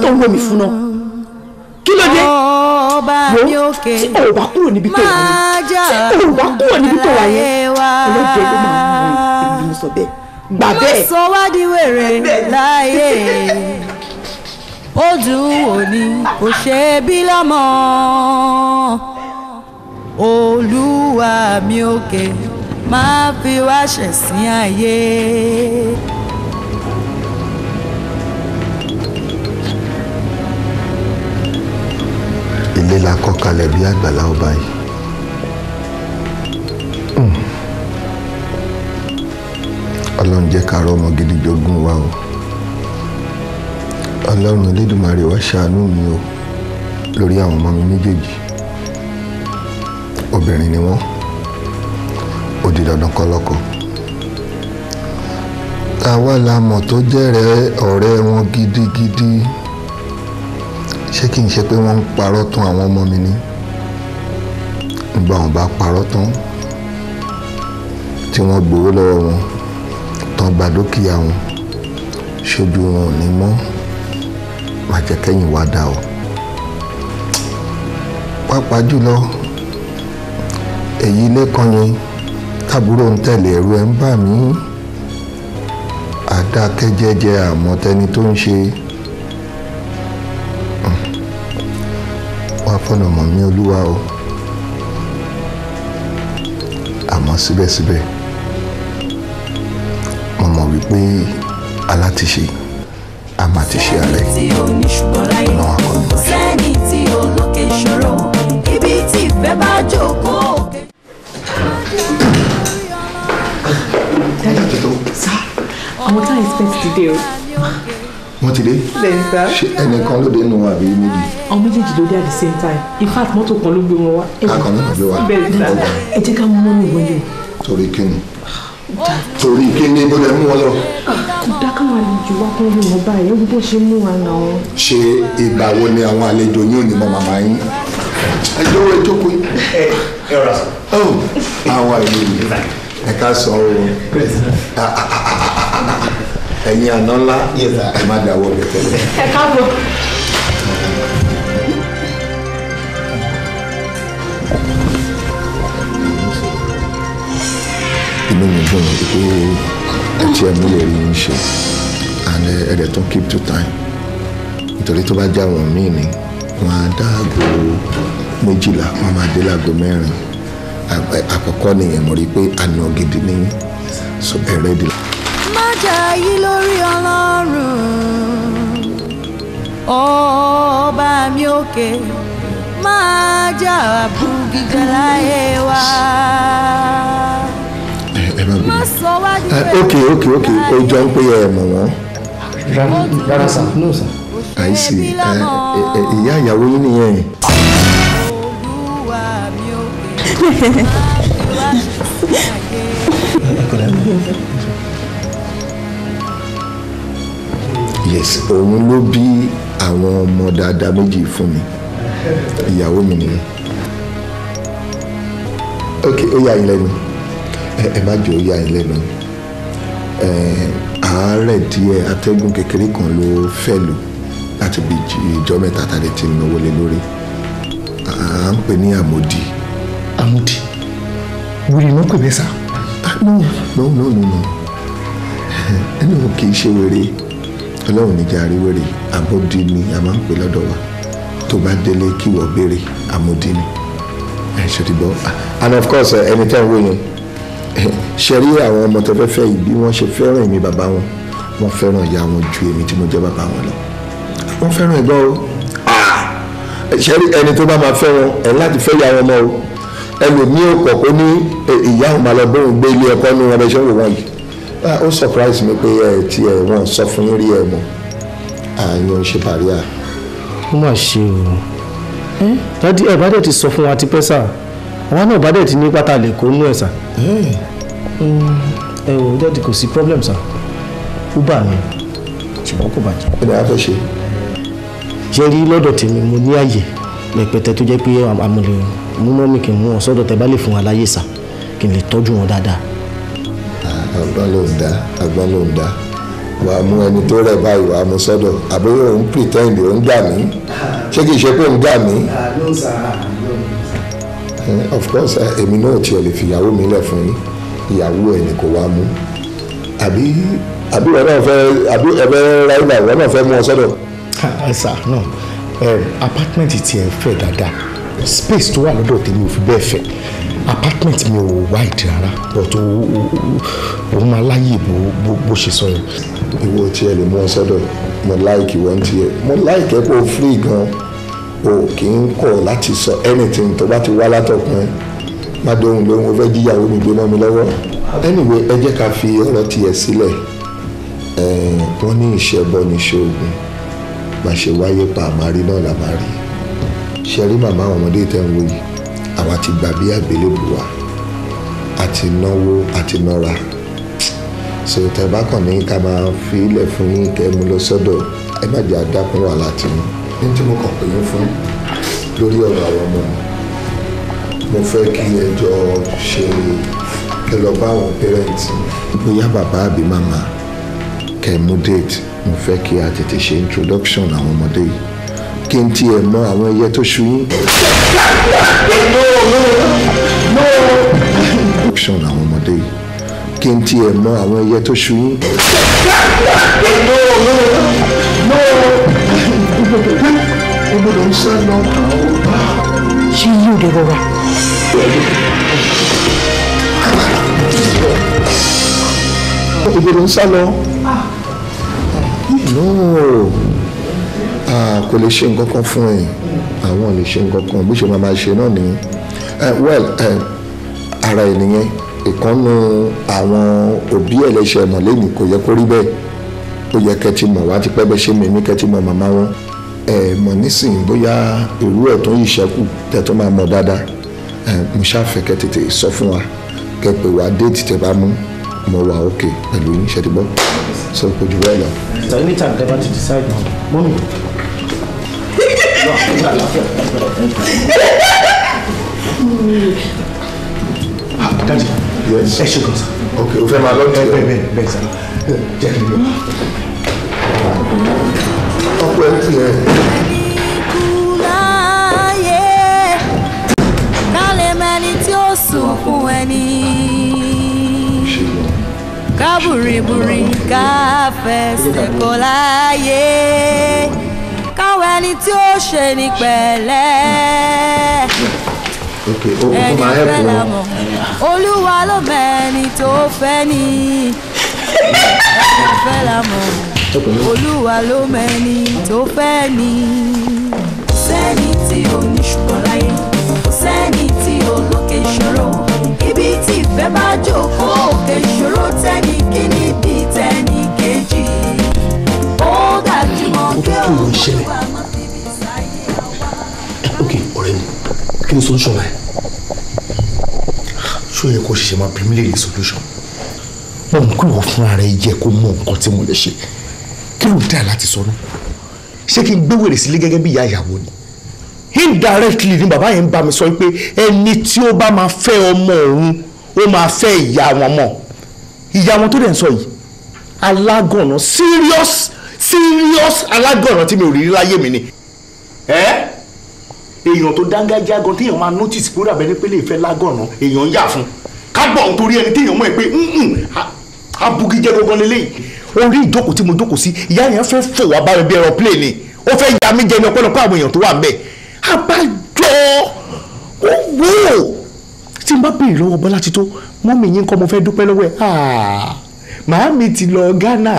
tó ń wò mí fún náà kí ló dé wo tí o wá kúrò níbi tó wà yẹn tí o wá kúrò níbi tó wà yẹn ọlọ́dẹ ló máa mú èmi ló sọ bẹ́ẹ̀ gbà bẹ́ẹ̀. mo sọ wá di wèrè láyé ó dùn wò ni kò ṣe bí lọ́mọ olúwa mi òkè máa fi wá ṣẹ̀sín ayé. ilé la kọ́ kalẹ̀ bí àgbàlá ọba yìí. Hmm. ọlọ́run jẹ́ ká rọ́mọ gidi jogún wa o ọlọ́run elédùnmarè wá ṣàánú mi o lórí àwọn ọmọ mi méjèèjì obìnrin ni wọ́n ó di dandan kọ́lọ́kọ́ àwa la mọ̀ tó jẹ́rẹ̀ẹ́ ọ̀rẹ́ wọn gidigidi. gidi ṣé kí n ṣe pé wọ́n ń parọ́ tán àwọn ọmọ mi ni nígbà wọn bá parọ́ tán tí wọ́n gbowó lọ́wọ́ wọn tán gba dúkìá wọn ṣojú wọn ò ní mọ́ màjẹ̀kẹ́yìn wá dà o pàápàá jùlọ èyí lẹ́kàn yẹn tábúrò ń tẹ̀lé ẹ̀rù ẹ̀ ń bà mí àdákẹ́jẹ́jẹ́ àmọ́ tó ń ṣe fọ̀nà mọ̀ mí olúwa o àmọ́ síbẹ̀síbẹ̀ mo mọ̀ wípé alátiṣe a máa ti ṣe ààrẹ ọ̀nà àkọ́nù. sẹ́ni tí olókè ṣòro sir, I was not expecting today wọ́n ti dé ṣe ẹnìkan ló dé nù wọn àbí méjì. ọmọ méjèèjì ló dé at the same time in fact mọ́tò kan ló gbé wọn wá. akọni kan gbé wa ẹ jẹ́ ká mú mọ́nì wọlé. torí kíni torí kíni bó lè mú wọn lọ. Ah, kò dáká wọn àlejò wá kó wọn báyìí ewu bó ṣe mú wa nà wọn. ṣé ìgbà wo ni àwọn àlejò yóò ní mọ màmá yín. ẹ jọ̀wọ́ ẹ jókòó. ẹ ẹ rà sọ. Oh, àwọn ìlú ẹ ká sọ ọ ẹ̀yin àná ńlá ẹ má dáwọ́ bẹ̀ tẹ́lẹ̀. ẹ káàbọ̀. inú mi dùn pé ẹ tí ẹ mú lè rí yín ṣe and eh, ẹ dẹ̀ keep to time nítorí tó bá já wọn míì ni wọn á dáàbò méjìlá wọn máa dé láago mẹ́rin àkọ́kọ́ nìyẹn mo rí i pé àná gidi ní so ẹ rẹ́dì ìjà yìí lórí ọlọ́run ọba mi òkè máa jà bùgìjà láyé wa. ok ok ok ó jọ ń pé ẹ mọ̀ wọ́n. rárá sá no sá. àìsí ìyá ìyàwó yín nìyẹn. Hehehe yes òun ló bí àwọn ọmọ dáadáa méjì fún mi ìyàwó mi nìyẹn ok ó yà yín lẹ́nu ẹ má jọ ó yà yín lẹ́nu àárẹ̀ díẹ̀ atẹ́gùn kékeré kan ló fẹ́ lò láti bí ìjọ mẹ́ta tàbí ti náwó lé lórí à ń pè ní àmódì. àmódì wèrè ló pè bẹ́ẹ̀ sá. Ah, no no no no no kì í ṣe wèrè ọlọ́run níjà àríwèrè àbódì ni a máa ń pè lọ́dọ̀ wa tó bá délé kí wọ́n béèrè àmódì ni and of course anytime eh, tẹ́ ń wò yẹn ṣe rí àwọn ọmọ tó fẹ́ fẹ́ yìí bí wọ́n ṣe fẹ́ràn èmi bàbá wọn wọ́n fẹ́ràn ìyá wọn ju èmi tí mo jẹ́ bàbá wọn lọ wọ́n fẹ́ràn ẹ̀gbọ́n o ah! ṣe rí ẹni tó bá máa fẹ́ wọn ẹ̀ láti fẹ́ ìyá wọn mọ́ o ẹlòmíì ò pọ̀ kó ní eh, ìyá òun máa lọ bóun gbé ilé ẹ̀kọ́ ní wọn bẹ́ẹ̀ wò wọ́n yìí Ah, ó surprise mi pé ẹ ti ẹ wọn sọ fún yín rí ẹ mọ àyàn ah, ń ṣe pàríà. ó mà ṣe o dádì ẹ bá dẹ̀ ti sọ fún wa tipẹ́ sà àwa náà bá dẹ̀ ti ní pátá lè kó nú ẹ̀ sà. Eh. ẹ wò dádì kò sí problem sà uber mi ṣùgbọ́n kò bàjẹ́. ẹ dẹ̀ á fẹ́ ṣe. ṣe rí lọ́dọ̀ tèmi mo ní àyè lẹ́pẹ̀tẹ̀ tó jẹ́ pé àmọ̀lẹ̀ mú mọ́mí kì í mú ọ sọ́dọ̀ tẹ bá lè fún wa láyè sà kí n lè tọ́jú wọn dáadáa àgbà ló ń dá àgbà ló ń dá wà á mú ẹni tó rẹ̀ báyìí wà á mú sọ́dọ̀ àbúrò òun pretend òun dà mí ṣé kìí ṣe pé òun dà mí. of course èmi náà tiẹ̀ lè fìyàwó mi lẹ̀ fún yín ìyàwó ẹ̀ ní kò wá mú àbí àbí wọn náà fẹ́ àbí ẹ̀fẹ́ ráìlà wọn náà fẹ́ mú ọ sọ́dọ̀. ẹ sà náà apartment tiẹ̀ fẹ̀ dáadáa space tó wà lọ́dọ̀ tèmi ò fi bẹ́ẹ̀ fẹ̀ apartment mi ò wáìdì rárá but òun máa láyè bó ṣe sọ yẹn. ìwọ tí ẹ lè mú ọ sọ́dọ̀ mo láìkì wọn ti ẹ mo láìkì ẹ kó o free gan o kì í kọ̀ láti sọ anything tó bá ti wá látọkùnrin má dóhùn lóhùn o fẹ́ jíyàwó mi gbé mọ́ mi lọ́wọ́ anyway ẹ jẹ́ ká fi ọ̀rọ̀ tiẹ̀ sílẹ̀ wọ́n ní ìṣẹ́bọ ní ṣoògùn bá wáyé pa àmárí náà làmárí ṣe rí màmá àwọn ọmọdé tẹ́ ń wò àwa ti gbà bí àgbélébù wa àti náwó àti nọra so tẹ bá kàn ní ká máa fi ilẹ̀ fún yín kẹ́ mú lọ sọ́dọ̀ ẹ má jẹ́ àdákùn wà láti mú ní tí mo kàn pè yín fún lórí ọ̀rọ̀ àwọn ọmọ mo fẹ́ kí ẹjọ́ ṣe kẹ lọ bá àwọn parents bóyá bàbá àbí màmá kẹ́ mú date mo fẹ́ kí a tètè ṣe introduction àwọn ọmọdé yìí kí n tiẹ̀ mọ àwọn ẹyẹ tó ṣu yín. option làwọn ọmọdé yìí kí n tiẹ̀ mọ àwọn ẹyẹ tó ṣu yín. Obodo ń sá lọ àwọn Ṣé yóò dé rọra? Obodo ń sá lọ. No. Ah, kò lè ṣe nǹkan kan fún ẹ̀yin àwọn ò lè ṣe nǹkan kan bó ṣe máa máa ṣe náà nìyẹn eh, well eh, ara ẹ̀ nìyẹn ìkànnù àwọn òbí ẹlẹ́ṣẹ̀ mọ̀lẹ́ni kò yẹ kó rí bẹ́ẹ̀ ó yẹ kẹ́ ti mọ̀ wá ti pẹ́ bẹ́ ṣe mímí kẹ́ ti mọ̀ màmá wọn ẹ mọ̀ nísìnyí bóyá irú ẹ̀ tó ń yìṣẹ́kù tẹ́ tó máa mọ̀ dáadáa eh, mo ṣàfẹ́ kẹ́ tètè sọ fún wa kẹ́ pé wá déètì tẹ́ bá mú mo wà òkè pẹ̀lú yín ṣe ti gbọ́ so kò jù bẹ́ẹ̀ lọ. anytime tẹ́ bá ti decide mọ́mí Dadi, ẹ ṣe kan sa. Ok, o fẹ́ máa lọ tiẹ̀. Bẹ́ẹ̀ bẹ́ẹ̀ bẹ́ẹ̀ sa. Jẹ́ kí n lọ. Ọ̀pọ̀ ẹ̀ tiẹ̀. Láyé ká lè mẹ́ni tí ó sùn fún ẹni. Ká ká fẹsẹ̀ kọ́ láyé ẹni tí ó ṣe ní pẹ̀lẹ́. ẹni fẹ́ la mọ̀ olúwa ló mọ̀ ẹni tó fẹ́ ni ẹni fẹ́ la mọ̀ olúwa ló mọ̀ ẹni tó fẹ́ ni. sẹ́ni tí o ní ṣùgbọ́n láyé sẹ́ni tí o lókè ìṣòro ibi tí ìfẹ́ bá jókòó òkè ìṣòro tẹ́ni kíní bíi tẹ́ni kejì ó dàbí mọ́ kí òun wà. kí ni solution rẹ ṣó yẹ kó ṣiṣẹ́ máa bí mi léèrè solution mo mọ̀ pé ìwọ fúnra rẹ yẹ kó mọ nǹkan tí mo lè ṣe kí ló dá láti sọnù ṣé kí n gbé wèrè sílé gẹ́gẹ́ bí ìyá ìyàwó ni indirectly ni bàbá yẹn ń bá mi sọ pé ẹni tí ó bá máa fẹ́ ọmọ òun ó máa fẹ́ ìyá wọn mọ̀ ìyá wọn tó dẹ̀ ń sọ yìí alágọ̀nà serious serious alágọ̀nà tí mi ò rí láyé mi ni. Eh? èèyàn tó dángájá gan téèyàn máa notice kó dàbẹ́ ní pé lè fẹ́ lágànnà èèyàn yà fún kábọ̀ nítorí ẹni téèyàn mọ̀ ẹ́ pé abugijẹ́ gbogbo lélẹ́yìí orí ìjókòó tí mo jókòó sí ìyá yẹn fẹ́ fò wá bá mi bí aeroplane ni ó fẹ́ ya mí jẹ ní àwọn èèyàn tó wà ń bẹ̀ ó wò ó tí n bá béèrè lọ́wọ́ Bọ́lá ti tó mọ́mì yín kọ́ mo fẹ́ dúpẹ́ lọ́wọ́ ẹ̀ ah, màámi ti lọ Ghana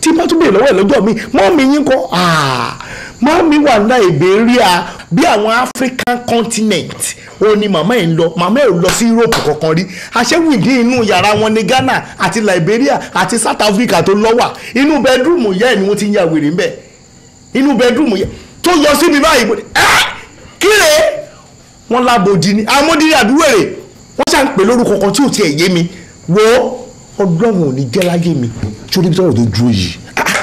tí n bá tún béèrè lọ́wọ́ ẹ̀ lọ́jọ́ mi mọ́mì yín kọ́ ah, mọ́mí wà ní Liberia bí àwọn African continent ó ní màmá ẹ̀ ń lọ màmá ẹ̀ ò lọ sí Europe kankan rí àṣẹ́wìndí inú yàrá wọn ní Ghana àti Liberia àti South Africa tó lọ́wà inú bẹ́ẹ̀dúrúmù yẹ́ ẹ̀ ni wọ́n ti ń ya wèrè ń bẹ̀ inú bẹ́ẹ̀dúrúmù yẹ́ tó yọ sí mi báyìí ẹ́ kíre wọ́n lábòdì ni amódìrí àdúrà rẹ̀ wọ́n ṣà ń pè lórúkọ kan tí ò tiẹ̀ yé mi wo ọlọ́run ò ní jẹ́ láyé mi sórí ibi tí wọ́n tó dúró yìí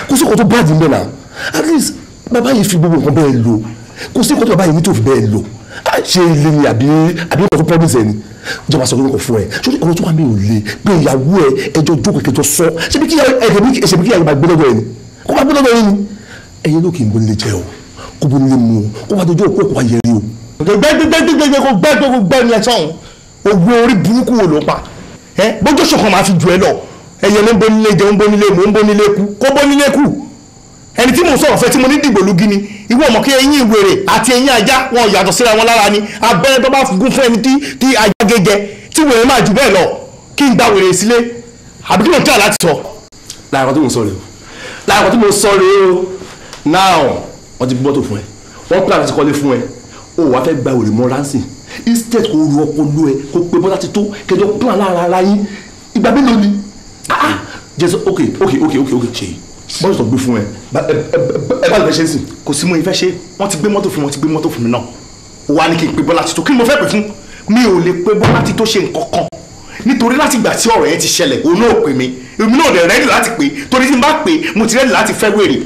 kó ah, sókò tó báàdì ń bẹ̀ náà at least bàbá yìí fi gbogbo nǹkan bẹ́ẹ̀ lò kò sí nǹkan tí bàbá yìí ní tó fi bẹ́ẹ̀ lò á ṣe ilé ni àbí àbí ìtọ́jú promise ẹ̀ ni ìjọba sọ lórúkọ fún ẹ sórí ọ̀rọ̀ tó wà mí ò le pé ìyàwó ẹ ẹjọ́ jókòó kẹjọ sọ ṣebí kí ìyàwó máa gbé lọ́dọ̀ ẹ ni kó máa gbé lọ́dọ̀ ẹ ni ẹ̀yin ló kì í bó lè jẹ o kó bó lè mu o kó wá dojú òkú òkú ayẹ o. gbẹgbẹgbẹgbẹgbẹ kó gbẹgbẹ kó gbẹ ní ẹtọ ògùn orí burúkú wo ló pa ẹ bójú ṣọkan máa fi ẹni tí mò ń sọ̀rọ̀ fẹ́ tí mo ní dìgbòlugi ni ìwọ ọmọ kí eyín ìwèrè àti eyín ajá wọn yàtọ̀ síra wọn lára ni abẹ́rẹ́ tó bá gún fún ẹni tí tí ajá gẹ́gẹ́ tí wèrè máa jù bẹ́ẹ̀ lọ kí n gba wèrè sílé àbí kí mo tẹ́ àláti sọ. láàkọ́ tí mo sọ rèé o láàkọ́ tí mo sọ rèé o now wọ́n ti gbọ́tò fún ẹ wọ́n plan ti kọ́lé fún ẹ o wàá fẹ́ gba wèrè mọ́ ransom instead kò lu ọpọlọ ẹ kò pe bọ́lá ti tó kẹjọ plan lára ara yín bọ́ọ̀lù tó gbé fún ẹ ẹ bá lè ṣe é sìn kò sí mo ìfẹ́ ṣe wọ́n ti gbé mọ́tò fún wọ́n ti gbé mọ́tò fún mi náà wà ní kí n pe Bọ́lá Tító kí ni mo fẹ́ pè fún mi ò lè pe Bọ́lá Tító ṣe nǹkan kan nítorí láti ìgbà tí ọ̀rọ̀ yẹn ti ṣẹlẹ̀ òun náà pè mí èmi náà dẹ̀ rẹ́dì láti pè torí tí n bá pè mo ti rẹ́dì láti fẹ́ wèrè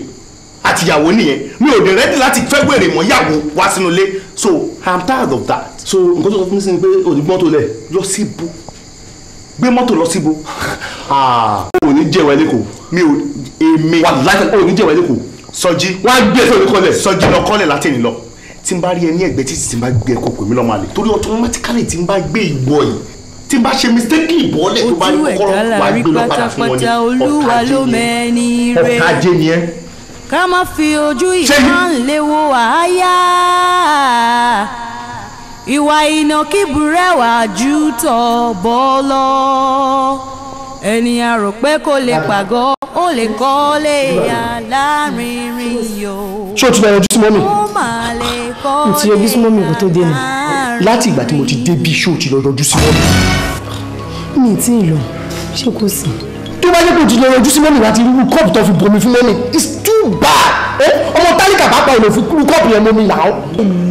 àtìyàwó nìyẹn mi ò dẹ̀ rẹ́dì láti fẹ́ wèrè mọ́ yàwó wá sínú ilé so i'm tired of that. so nǹkan tó sọ fún mi sí ni pé òdìgbọ́n tó lẹ̀ lọ síbo gbé mọ́tò lọ síbo ah ò ní jẹ̀wọ́ ẹ mi ò èmi wà láti ò ní jẹ̀wọ́ ẹ sọjí wọ́n á gbé ẹ̀sọ́ oníkọ́lẹ̀ sọjí lọ kọ́lẹ̀ látẹ̀yìn lọ tí n bá rí ẹ ẹgbẹ́ títí tí n bá gbé ẹ kó lọ́mọ àlè torí automatically tí n bá gbé ìgbọ́ yìí tí n bá ṣe mistake ìbọ́lẹ̀ tó bá ní kọ́kọ́rọ́ wà gbé lọ fún wọn ni ọ̀kájé ìwà ìnàkí burẹ́wà jù tọ̀ bọ́ lọ ènìyàn rò pé kò lè pàgọ́ ó lè kọ́lé alárinrin yò. ṣé o ti lọ yọjú sí mọ́mì. ó máa lè kọ́lé alárinrin yò. n ti yọjú sí mọ́mì kó tó dé ni láti ìgbà tí mo ti débi ṣé o ti lọ yọjú sí mọ́mì. mi ì tí lọ ṣé kò sí. tó bá yẹ kó o ti lọ yọjú sí mọ́mì láti irú kọ́ọ̀pù tó fi bomi fún mọ́mì it's too bad eh? ọmọ tálíkà bá pa ìlò fún irú kọ́ọ̀pù yẹn mọ́mì là ó.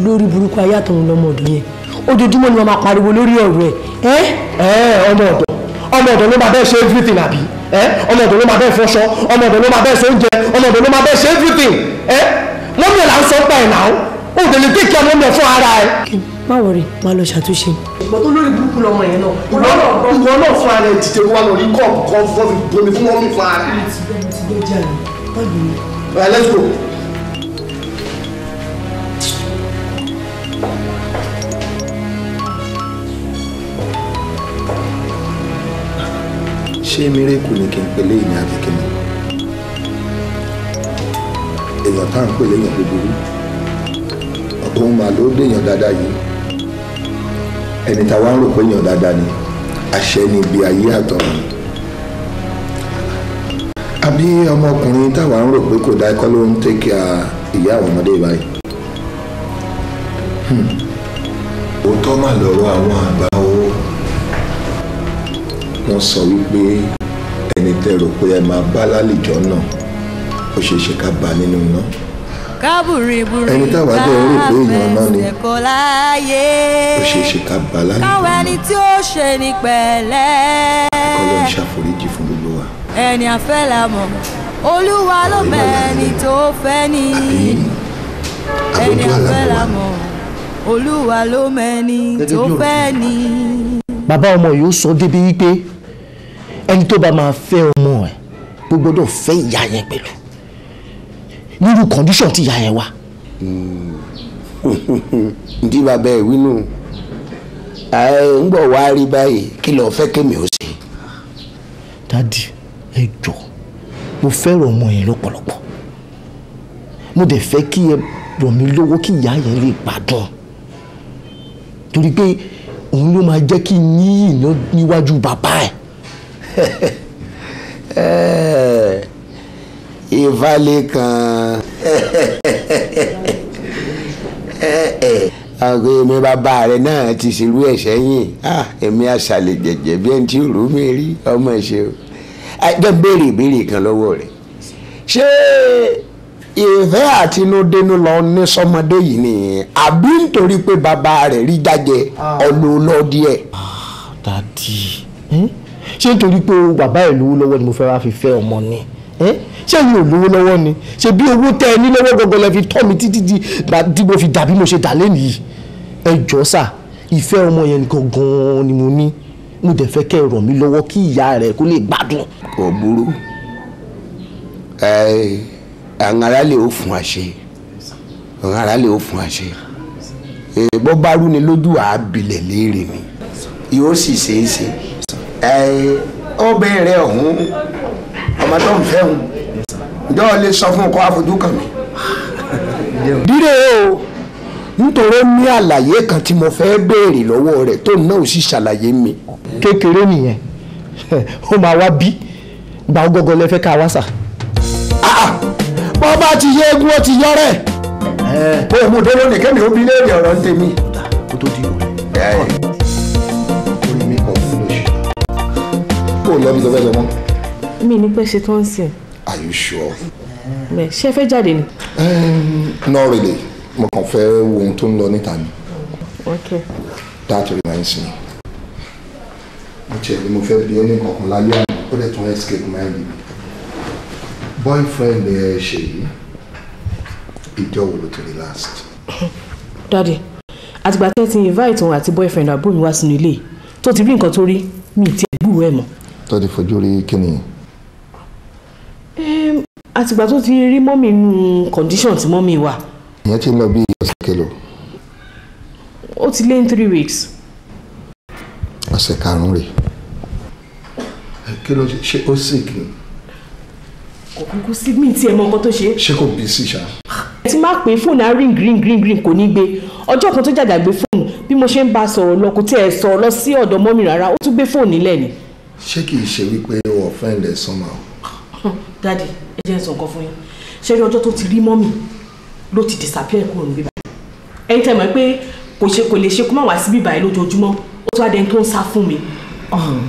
lórí burúkú ayé àtọ̀hún lọmọ ọ̀dọ́ yẹn ojoojúmọ́ ni wọ́n máa pariwo lórí ọ̀rọ̀ ẹ̀. ẹ eh? ẹ eh, ọmọ ọ̀dọ́ ọmọ ọ̀dọ̀ ló máa bẹ́ẹ̀ ṣe everything àbí ọmọ ọ̀dọ̀ ló máa bẹ́ẹ̀ fọṣọ ọmọ ọ̀dọ̀ ló máa bẹ́ẹ̀ ṣe oúnjẹ ọmọ ọ̀dọ̀ ló máa bẹ́ẹ̀ ṣe everything mọ́mí ẹ̀ là ń sọ pa ẹ̀ náà ó ò tẹ̀lé kéèké ọmọ mi fún ara ẹ̀. má wọrí má lọ ṣàtúnṣe. ìgbọ́n tó lórí burúkú lọmọ yẹn náà ìwọ náà fún ara ẹ̀ dìde wà lórí kọ́ọ̀bù kan fún mi bomi fún mọ́mí fún ara ẹ̀. let's go. ṣé mírèkù ni kí n pè léyìn ní àbíkíni èèyàn tá à ń pè léyìn búburú ọ̀pọ̀ màá ló déyàn dáadáa yìí ẹni tá a wá ń rò pé èèyàn dáadáa ni àṣẹ ni ibi ayé àtọ̀run àbí ọmọkùnrin táwa ń rò pé kò dá ẹkọ ló ń tẹ́kí ìyá àwọn ọmọdé báyìí hmm. òótọ́ mà lọ́rọ̀ àwọn àgbà o wọ́n sọ wípé ẹni tẹ́ rò pé ẹ máa bá lálejò náà ó ṣeé ṣe ká bá nínú iná. kábùrìbùrì ẹni táwa dẹ̀ rò pé èèyàn náà ni ó ṣeé ṣe ká bá lálejò náà. káwọn ẹni tí ó ṣe ní pẹ̀lẹ́. kọ́lọ́ ń ṣàforíjì fún gbogbo wa. ẹni àfẹ́ la mọ̀ olúwa ló mẹ́ni tó fẹ́ ni ẹni àfẹ́ la mọ̀ olúwa ló mẹ́ni tó fẹ́ ni. bàbá ọmọ yìí ó sọ débi wípé ẹni tó bá máa fẹ́ ọmọ ẹ̀ ó gbọ́dọ̀ fẹ́ ìyá yẹn pẹ̀lú nírú condition tí ìyá yẹn wà. ǹdí bàbá ẹ̀ wínú ń bọ̀ wá rí báyìí kí lọ́ọ́ fẹ́ kémi ó ṣe. dádì ẹ jọ mo fẹ́ràn ọmọ yẹn lọ́pọ̀lọpọ̀ mo dẹ̀ fẹ́ kí ẹ rọ̀ mí lọ́wọ́ kí ìyá yẹn lè gbádùn torí pé òun ló máa jẹ́ kí n yíyìn níwájú bàbá ẹ̀. ìfalẹ̀ kan àgọ́ èmi bàbá rẹ̀ náà ti ṣerú ẹ̀ sẹ́yìn ah, èmi àṣàlẹ̀ jẹ̀jẹ̀ bí ẹni tí òru mi rí ọmọ ẹ̀ ṣe o ẹgbẹ́ béèrè ìbéèrè kan lọ́wọ́ rẹ̀ ṣé ìfẹ́ àtinúdénú lọ ní sọmọdé yìí ni àbí nítorí pé bàbá rẹ̀ rí jáde ah. ọ̀nà ọlọ́dí ẹ̀. Ah, dadi. Eh? Hmm? ṣé nítorí pé bàbá ẹ̀ lówó lọ́wọ́ ni mo fẹ́ wá fi fẹ́ ọmọ ni ṣé mi ò lówó lọ́wọ́ ni ṣe bí owó tẹ ẹ ní lọ́wọ́ gọ́gọ́ lẹ fi tọ́ mi títí di mo fi dàbí mo ṣe dà lẹ́nu yìí ẹ jọ sà ìfẹ́ ọmọ yẹn nìkan gan-an ni mo ní mo dẹ̀ fẹ́ kẹ́ ẹ ràn mí lọ́wọ́ kí ìyá rẹ̀ kó lè gbádùn. kò burú àwọn aráàlú ò fún àṣẹ àwọn aráàlú ò fún àṣẹ bó bá rú lójú àábilẹ̀ léèrè mi yóò sì ṣeé ṣe. obìnrin ọ̀hún ọmọ tó ń fẹ́ hun ǹjọ́ lè sọ fún ọkọ àfojú kàn dídé o nítorí ní àlàyé kan tí mo fẹ́ béèrè lọ́wọ́ rẹ̀ tó náà ò sì ṣàlàyé mi. kékeré nìyẹn ó máa wá bí gba ọgọgọ lẹ ká wá sà. Ah, ah. bọ́ ti yé egun ó ti yọrẹ̀. mo kó o lọ bí lọ́fẹ́ mọ́. mi ní pẹ́ ṣe tó ń sìn. are you sure. mẹ ṣé ẹ fẹ́ jáde ni. not really mo kàn fẹ́ wo ohun tó ń lọ níta ni. okay. that reminds me. mo tiẹ̀ ni mo fẹ́ bí ẹni kankan lálẹ́ àná ó lè tún escape my baby. boyfriend ẹ ṣe yìí ìjọ wo ló ti rí last. daddy àtìgbà tí ẹ ti invite òun àti boyfriend àbúrò mi wá sínú ilé tó ti rí nǹkan tó rí mi ì tiẹ̀ gbúròó ẹ̀ tó ti fojú rí kíni. àtìgbà tó ti rí mọ́mì nu condition tí mọ́mì wà. ìyẹn ti lọ bí ọ̀sẹ̀ kẹlò. ó ti lé ní three weeks. ọ̀sẹ̀ karùn-ún rèé kí ló ṣe ṣe ó sick ni. kò sí mi tí ẹ mọ nǹkan tó ṣe. ṣé kò bí sí ṣá. ẹ ti máa pè fóònù á ring green green ring kò ní gbé ọjọ́ kan tó jàjà gbé fóònù bí mo ṣe ń bá a sọ̀rọ̀ lọ kò tí ẹ sọ̀rọ̀ lọ sí ọ̀dọ̀ mọ́mì rárá ó tún gbé fóònù nílẹ̀ ni ṣé kì í ṣe wípé o offend ẹ somehow. dadi ẹ jẹ́ sọ nǹkan fún yín ṣé ọjọ́ tó ti rí mọ́mì ló ti disappear kúrò níbí báyìí ẹni tẹ́ mọ̀ pé kò ṣe kò lè ṣe kó má wá síbí báyìí lójoojúmọ́ ó tún adẹni tó ń sá fún mi. Um.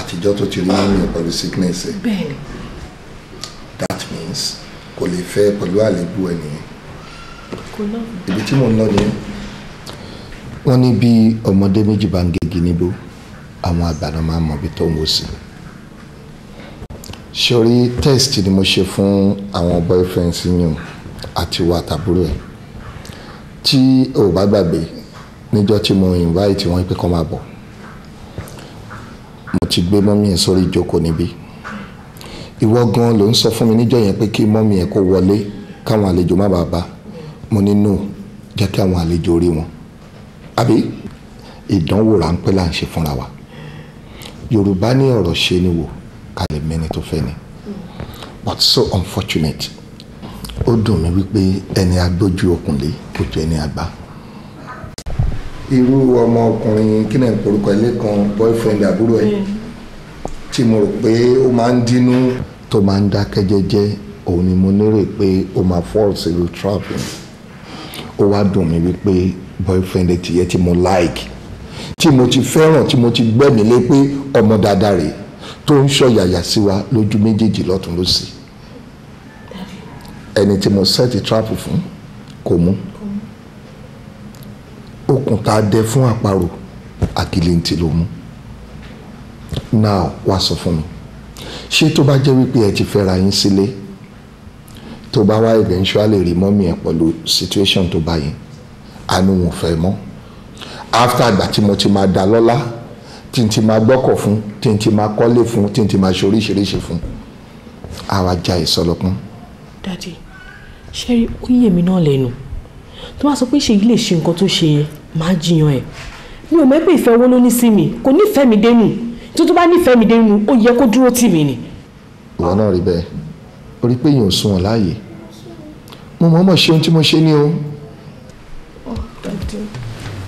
àtijọ́ tó ti rí mọ́mì pẹ̀lú sickness bẹ́ẹ̀ni that means kò lè fẹ́ pẹ̀lú àlébù ẹ̀ nìyẹn ibi tí mò ń lọ nìyẹn wọ́n ní bí ọmọdé méjì bá ń gégi níbo àwọn àgbàdo máa ń mọbi tó ń wò sí sórí test ni mo ṣe fún àwọn boyfriends yìnyín àti wà tàbúrò ẹ̀ tí ò bá gbàgbé níjọ́ tí mo invite wọn pé kó máa bọ̀ mo ti gbé mọ́mí ẹ̀ sórí ìjókòó níbí ìwọ gan ló ń sọ fún mi níjọ́ yẹn pé kí mọ́mí ẹ̀ kó wọlé káwọn àlejò má bàa bá mo ní no jẹ́ kí àwọn àlejò rí wọn àbí ìdánwò ráńpẹ́ là ń ṣe fúnra wa yorùbá ní ọ̀rọ̀ ṣe ni wò ká lè mẹ́ni tó fẹ́ ni but so unfortunate ó dùn mí wípé ẹni agbójú okùnlé kò jẹ́ ẹni àgbà irú ọmọ ọkùnrin kí náà porúkọ ilé kan boyfriend àbúrò ẹ hmm. tí mo rò pé ó máa ń dínú tó máa ń dákẹ́ jẹ́jẹ́ òun ni mo nírè pé ó máa fall sí irú trap ó wá dùn mí wípé boyfriend tìyẹ tí mo like tí mo ti fẹ́ràn tí mo ti gbẹ́mílé pé ọmọ dáadáa rèé tó ń sọ yàyà sí wa lójú méjèèjì lọ́tún lọ́sì ẹni tí mo sẹ́ẹ̀tì tíráàpù fún kò mú okùn tá a dẹ fún àparò àkìlẹ̀ǹtì ló mú now wá sọ fún mi ṣé tó bá jẹ́ wípé ẹ ti fẹ́ra yín sílé tó bá wá eventually rí mọ́mí ẹ pẹ̀lú situation tó bá yín àánú wọn fẹ́ mọ́ after àgbà tí mo ti máa dá lọ́lá tí n ti máa gbọ́kọ̀ fún tí n ti máa kọ́lé fún tí n ti máa ṣe oríṣiríṣi fún àwa ja ìsọlọpọ́n. dadi ṣẹ́rí ó yé mi náà lẹ́nu tó bá sọ pé ṣèyí lè ṣe nǹkan tó ṣe yẹn máa jiyàn ẹ̀ mi ò mẹ́pẹ́ ìfẹ́ owó ló ní sí mi kò nífẹ̀ẹ́ mi dénú tó tó bá nífẹ̀ẹ́ mi dénú ó yẹ kó dúró tì mí ni. ìwọ náà rí bẹ́ẹ̀ orí pé èèyàn ò sunwọ̀n láàyè mo mọ̀ọ́mọ̀ ṣe ohun tí mo ṣe ní o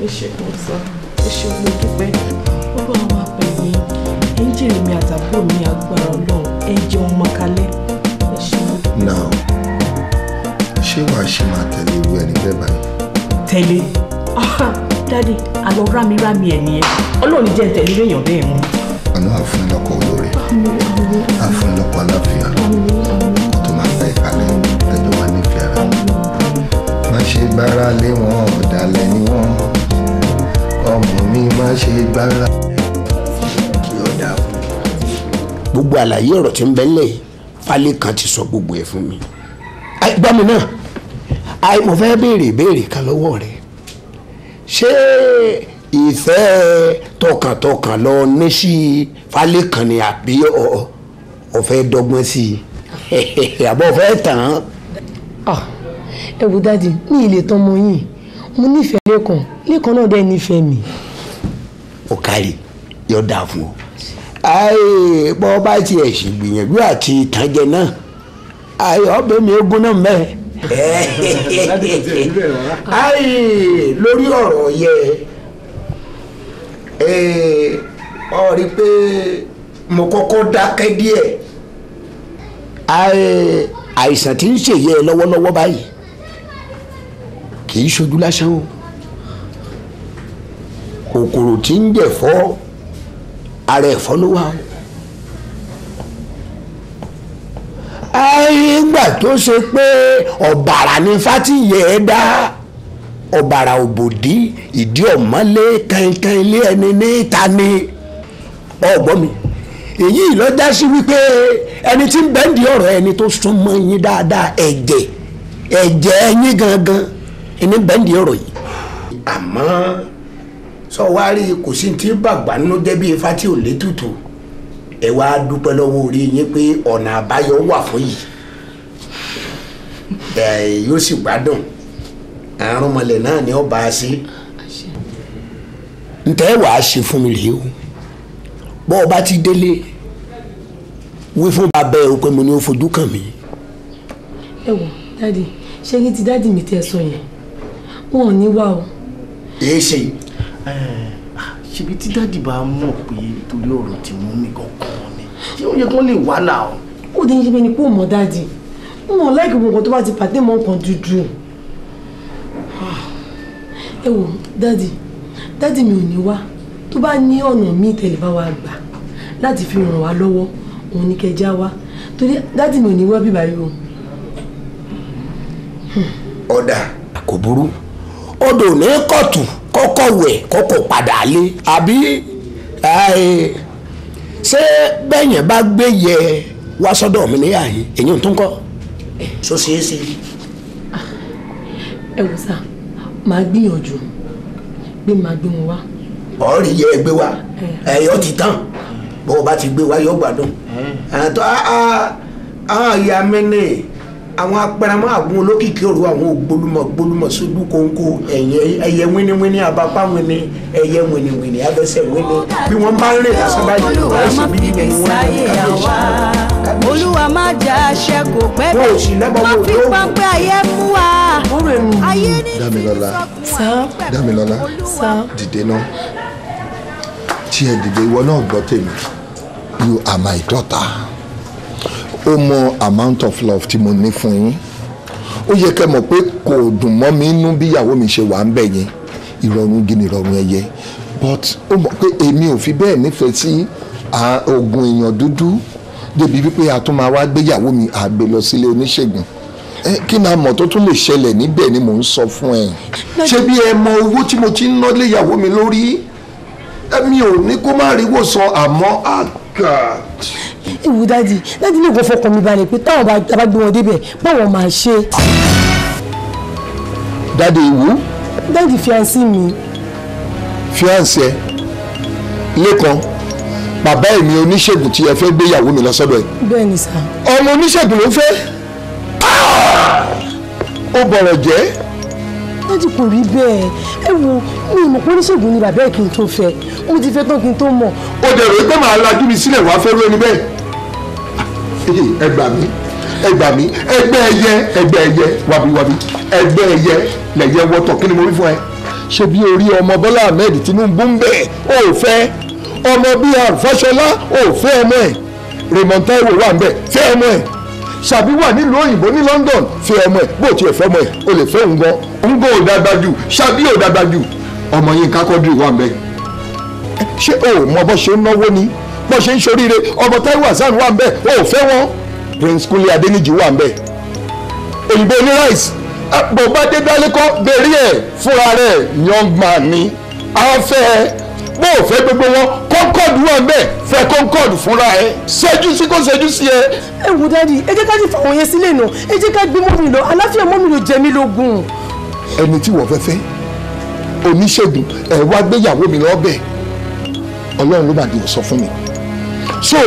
ẹ ṣe kò sọ ẹ ṣe mo dúpẹ́ ọlọ́run àwọn àpẹẹrẹ ẹ̀ ń jèrè mi àtàbúrò mi agbára ọlọ́run ẹ jẹun mọ́kálẹ́ ẹ ṣe mo dúpẹ́. now ṣé wàá ṣe máa tẹ̀lé irú ẹni bẹ́ẹ̀ báyìí. tẹ̀lé dáàdi àlọ́ rámírámí ẹ̀ nìyẹn ọlọ́run jẹ́ tẹ̀lé lóyún bẹ́ẹ̀ mú. àná àfúnilọ́kọ̀ lé wọn ọ̀dàlẹ̀ ni wọ́n mi má ṣe gbára yọ̀dà fún mi. gbogbo àlàyé ọ̀rọ̀ tí ń bẹ lẹ̀ falẹ̀ kan ti sọ gbogbo ẹ̀ fún mi. gbá mi náà àì mo fẹ́ béèrè ìbéèrè kan lọ́wọ́ rẹ ṣé ìfẹ́ tọkàntọkàn lọ ní sí falẹ̀ kan ni àbí ọ̀fẹ́ dọ́gbọ́n sí i àbọ̀ ọ̀fẹ́ tàn án. Ah, ẹ wo dáàdi ní ilé tọmọ yìí mo nífẹ̀ẹ́ lẹ́kàn lẹ́kàn náà dẹ́ nífẹ̀ẹ́ mi ọ̀kárì yóò dà fún ọ. ayé bọ́ ọ bá tiẹ̀ sì gbìyànjú àti ìtànjẹ náà ayé ọbẹ̀ mi egun náà mẹ́ẹ̀. ayé lórí ọ̀rọ̀ yẹ ọ rí i pé mo kọ́kọ́ dákẹ́ díẹ̀ ayé àìsàn tí ń ṣèyẹ lọ́wọ́lọ́wọ́ báyìí kì í ṣojú lásán o kòkòrò tí ń jẹ̀fọ́ ara ẹ̀fọ́ ló wà o. àìgbà tó ṣe pé ọ̀bàrà ni fátìyẹ ẹ dá ọ̀bàrà òbòdì ìdí ọ̀mọ́lé kankan ilé ẹni níta ni ọ̀gbọ́n mi èyí ìlọ́jà sí wípé ẹni tí ń bẹ́ǹdì ọ̀rọ̀ ẹni tó súnmọ́ yín dáadáa ẹ̀jẹ̀ ẹ̀jẹ̀ yín gangan ẹni bẹ́ǹdì ọ̀rọ̀ yìí àmọ́ sọ wá rí kò sí ti bàgbà nínú débi ifá tí ò létùtù ẹ wá dúpẹ́ lọ́wọ́ orí yín pé ọ̀nà àbáyọ wà fún yìí ẹ yóò sì gbádùn àrùn mọ̀lẹ̀ náà ni ọba ṣe ntẹ́ wàá ṣe fún mi rèé o bọ́ ọba ti délé wí fún bàbá ẹ o pé mo ní o fojú kàn mí. ẹ wò dáàdi ṣé ní ti dáàdi mi tẹ sọ yẹn wọn ò ní wá o. èé ṣe yìí Eh, ah, ṣebí tí dáàdì bá mọ̀ pé torí ọ̀rọ̀ tí mo ní kankan ni ṣé oúnjẹ kan lè wà náà. ó ní ṣe ni kó mọ dáàdì mo láìkí gbogbo tó bá ti pàdé mọ nǹkan dúdú ah, ẹ wò dáàdì dáàdì mi ò ní wá tó bá ní ọ̀nà míì tẹ̀lé bá wa gbà láti fi ràn wá lọ́wọ́ òun ní kẹjá wá torí dáàdì mi ò ní wá bíbá yìí o. ọ̀dà kò burú odò ní kọ̀tù kọ́kọ́ wẹ̀ kọ́kọ́ padà lé àbí ṣé bẹ́yẹn bá gbé yẹ wá sọ́dọ̀ mi níyà yìí èyí ò tún kọ́ so ṣeé ṣe. ẹ wò sá màá gbìyànjú gbé màá gbé wọn wá. ọ̀rì yẹ ẹ gbé wá ẹ̀yọ́ ti tán bọ́ọ̀ bá ti gbé wá yóò gbádùn. àwọn ìyá mi nìyí àwọn apẹramọ àgún olókìkí òru àwọn ògbólúmọ gbólúmọ sójú kóńkó ẹyẹ wíníwíní abapá wíní ẹyẹ wíníwíní abẹsẹ wíní bí wọn bá ń rìn lásán wọn á sì bí ní wọn kábíyèsí. olúwa má jà àṣẹ kò pẹ́ bí wọ́n fi pápẹ́ ayé fún wa ayé ní ìfisọ́kùn àpẹ́. Dámilọ́lá dìde náà tí ẹ dìde ìwọ náà gbọ́ tèmi you are my daughter ó mọ amount of love tí mo ní fún yín ó yẹ kẹ́ mọ̀ pé kò dùn mọ́ mi nínú bí ìyàwó mi ṣe wà ń bẹ̀ yẹn ìrọ̀rùn gini ìrọ̀rùn ẹyẹ but ó mọ̀ pé èmi ò fi bẹ́ẹ̀ nífẹ̀ẹ́ sí oògùn èèyàn dúdú débi wípé a tún máa wá gbéyàwó mi àgbè lọ sílé oníṣègùn kí ni a mọ̀ tó tún lè ṣẹlẹ̀ níbẹ̀ ni mò ń sọ fún ẹ ṣé bí ẹ mọ owó tí mo ti ń ná léyàwó mi lórí mi ò ní kó má rí wòsàn àmọ́ àgàd. Ah, ìwù dáàdì dáàdì lè gbọ́ fọkàn mi balẹ̀ pé táwọn bá gbé wọn débẹ̀ báwọn máa ṣe. dáàdì ìwù. dáàdì fiancé mi. fiancé lẹ́kàn bàbá ẹ̀ ni oníṣègùn tí ẹ fẹ́ gbé ìyàwó mi lọ sọ́dọ̀ ẹ̀. bẹ́ẹ̀ ni sà. ọmọ oníṣègùn ló fẹ́. ó bọ̀rọ̀ jẹ́ dájú kò rí bẹ́ẹ̀ ẹ wo mi ò mọ̀ pé oníṣègùn ni bàbá ẹ̀ kí n tó fẹ́ mo ti fẹ́ tán kí n tó mọ̀. ó dẹ̀ rò pé màá lajú mi sílẹ̀ wá fẹ́ rú ẹni bẹ́ẹ̀ ẹ gbà mí ẹ gbà mí ẹgbẹ́ ẹyẹ ẹgbẹ́ ẹyẹ wàbíwàbí ẹgbẹ́ ẹyẹ lẹ̀yẹ wọ́tọ̀ kí ni mo rí fún ẹ. ṣé bí orí ọmọ bọ́lá ahmed tinubu ń bẹ̀ ò fẹ́ ọmọ bíi àfọ́ṣọlá ò fẹ́ ọmọ ẹ̀ raymond taiwo wà ń bẹ̀ fẹ́ ọmọ ẹ̀ ṣàbí wà nílùú òyìnbó ní london fẹ́ ọmọ ẹ̀ bó tiẹ̀ fẹ́ ọmọ ẹ̀ o lè fẹ́ òun gan òun gan ò dàgbà jù ṣàbí ò dàgbà jù ọmọ yín kákọ́dù wà ń bẹ̀ ṣé o mọ bó ṣe ń náwó ni bó ṣe ń ṣoríire ọmọ Táíwò Hassan wà ń bẹ̀ ó fẹ́ wọn Prince Kúnlé Adéníjì wà ń bẹ̀ òyìnbó ní rice ah, bọ̀bá dédálékọ́ bẹ̀rí ẹ̀ fúnra rẹ̀ young man ni afẹ́ bó o fẹ́ gbogbo wọn concord wà ń bẹ̀ fẹ́ concord fúnra ẹ̀ ṣẹ́jú sí kó ṣẹ́jú sí ẹ. ẹ wò dáàdi ẹ jẹ́ ká ti fàwọn yẹn sílẹ̀ nà ẹ jẹ́ ká gbé mọ́mì lọ aláfíà mọ́mì ló jẹ mí lógún. ẹni tí wọ́n fẹ́ fẹ́ oníṣègùn ẹ̀ wá gbéyàwó mi lọ́bẹ̀ ọlọ́run ló bá di òsọ fún mi so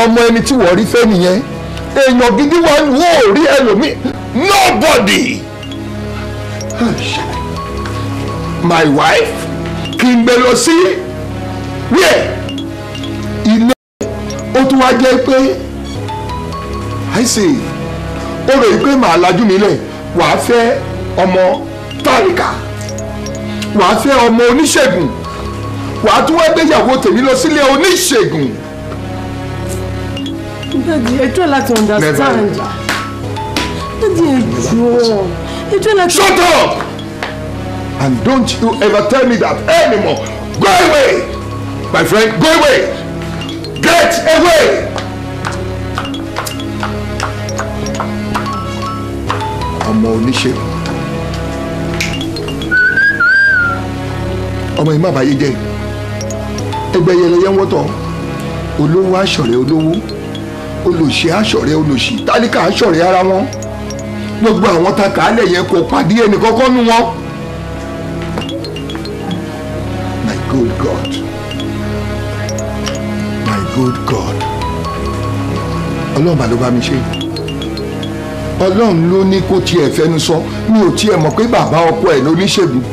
ọmọ ẹni tí wọ́n rí fẹ́ nìyẹn èèyàn gidi wà ní wọ́n ò rí ẹlòmíì nobody my wife kì í gbé lọ sí wíẹ̀ ilé ó tún wá jẹ́ pé i say, ó rò yìí pé màá lajú nílẹ̀ wàá fẹ́ ọmọ tálíkà wàá fẹ́ ọmọ oníṣègùn wàá tún wá gbéyàwó tèmi lọ sílé oníṣègùn. Daddy, ẹ try láti understand. Shut up! And don't you ever tell me that anymore. Go away! My friend, go away! Get away! ọmọ oníṣe ọmọ yìí má bàa yé jẹ ẹgbẹ́ yẹlẹyẹ ń wọ́tọ̀ olówó aṣọ̀rẹ́ olówó olòṣì aṣọ̀rẹ́ olòṣì tálíkà aṣọ̀rẹ́ ara wọn gbogbo àwọn ta kàálẹ̀ yẹn kò pàdé ẹnì kọ́kọ́ nu wọn. my good God my good God ọlọ́run bá ló bá mi ṣe ọlọ́run ló ní kó tiẹ̀ fẹ́nu sọ mi ò tiẹ̀ mọ̀ pé bàbá ọkọ ẹ̀ lóníṣègùn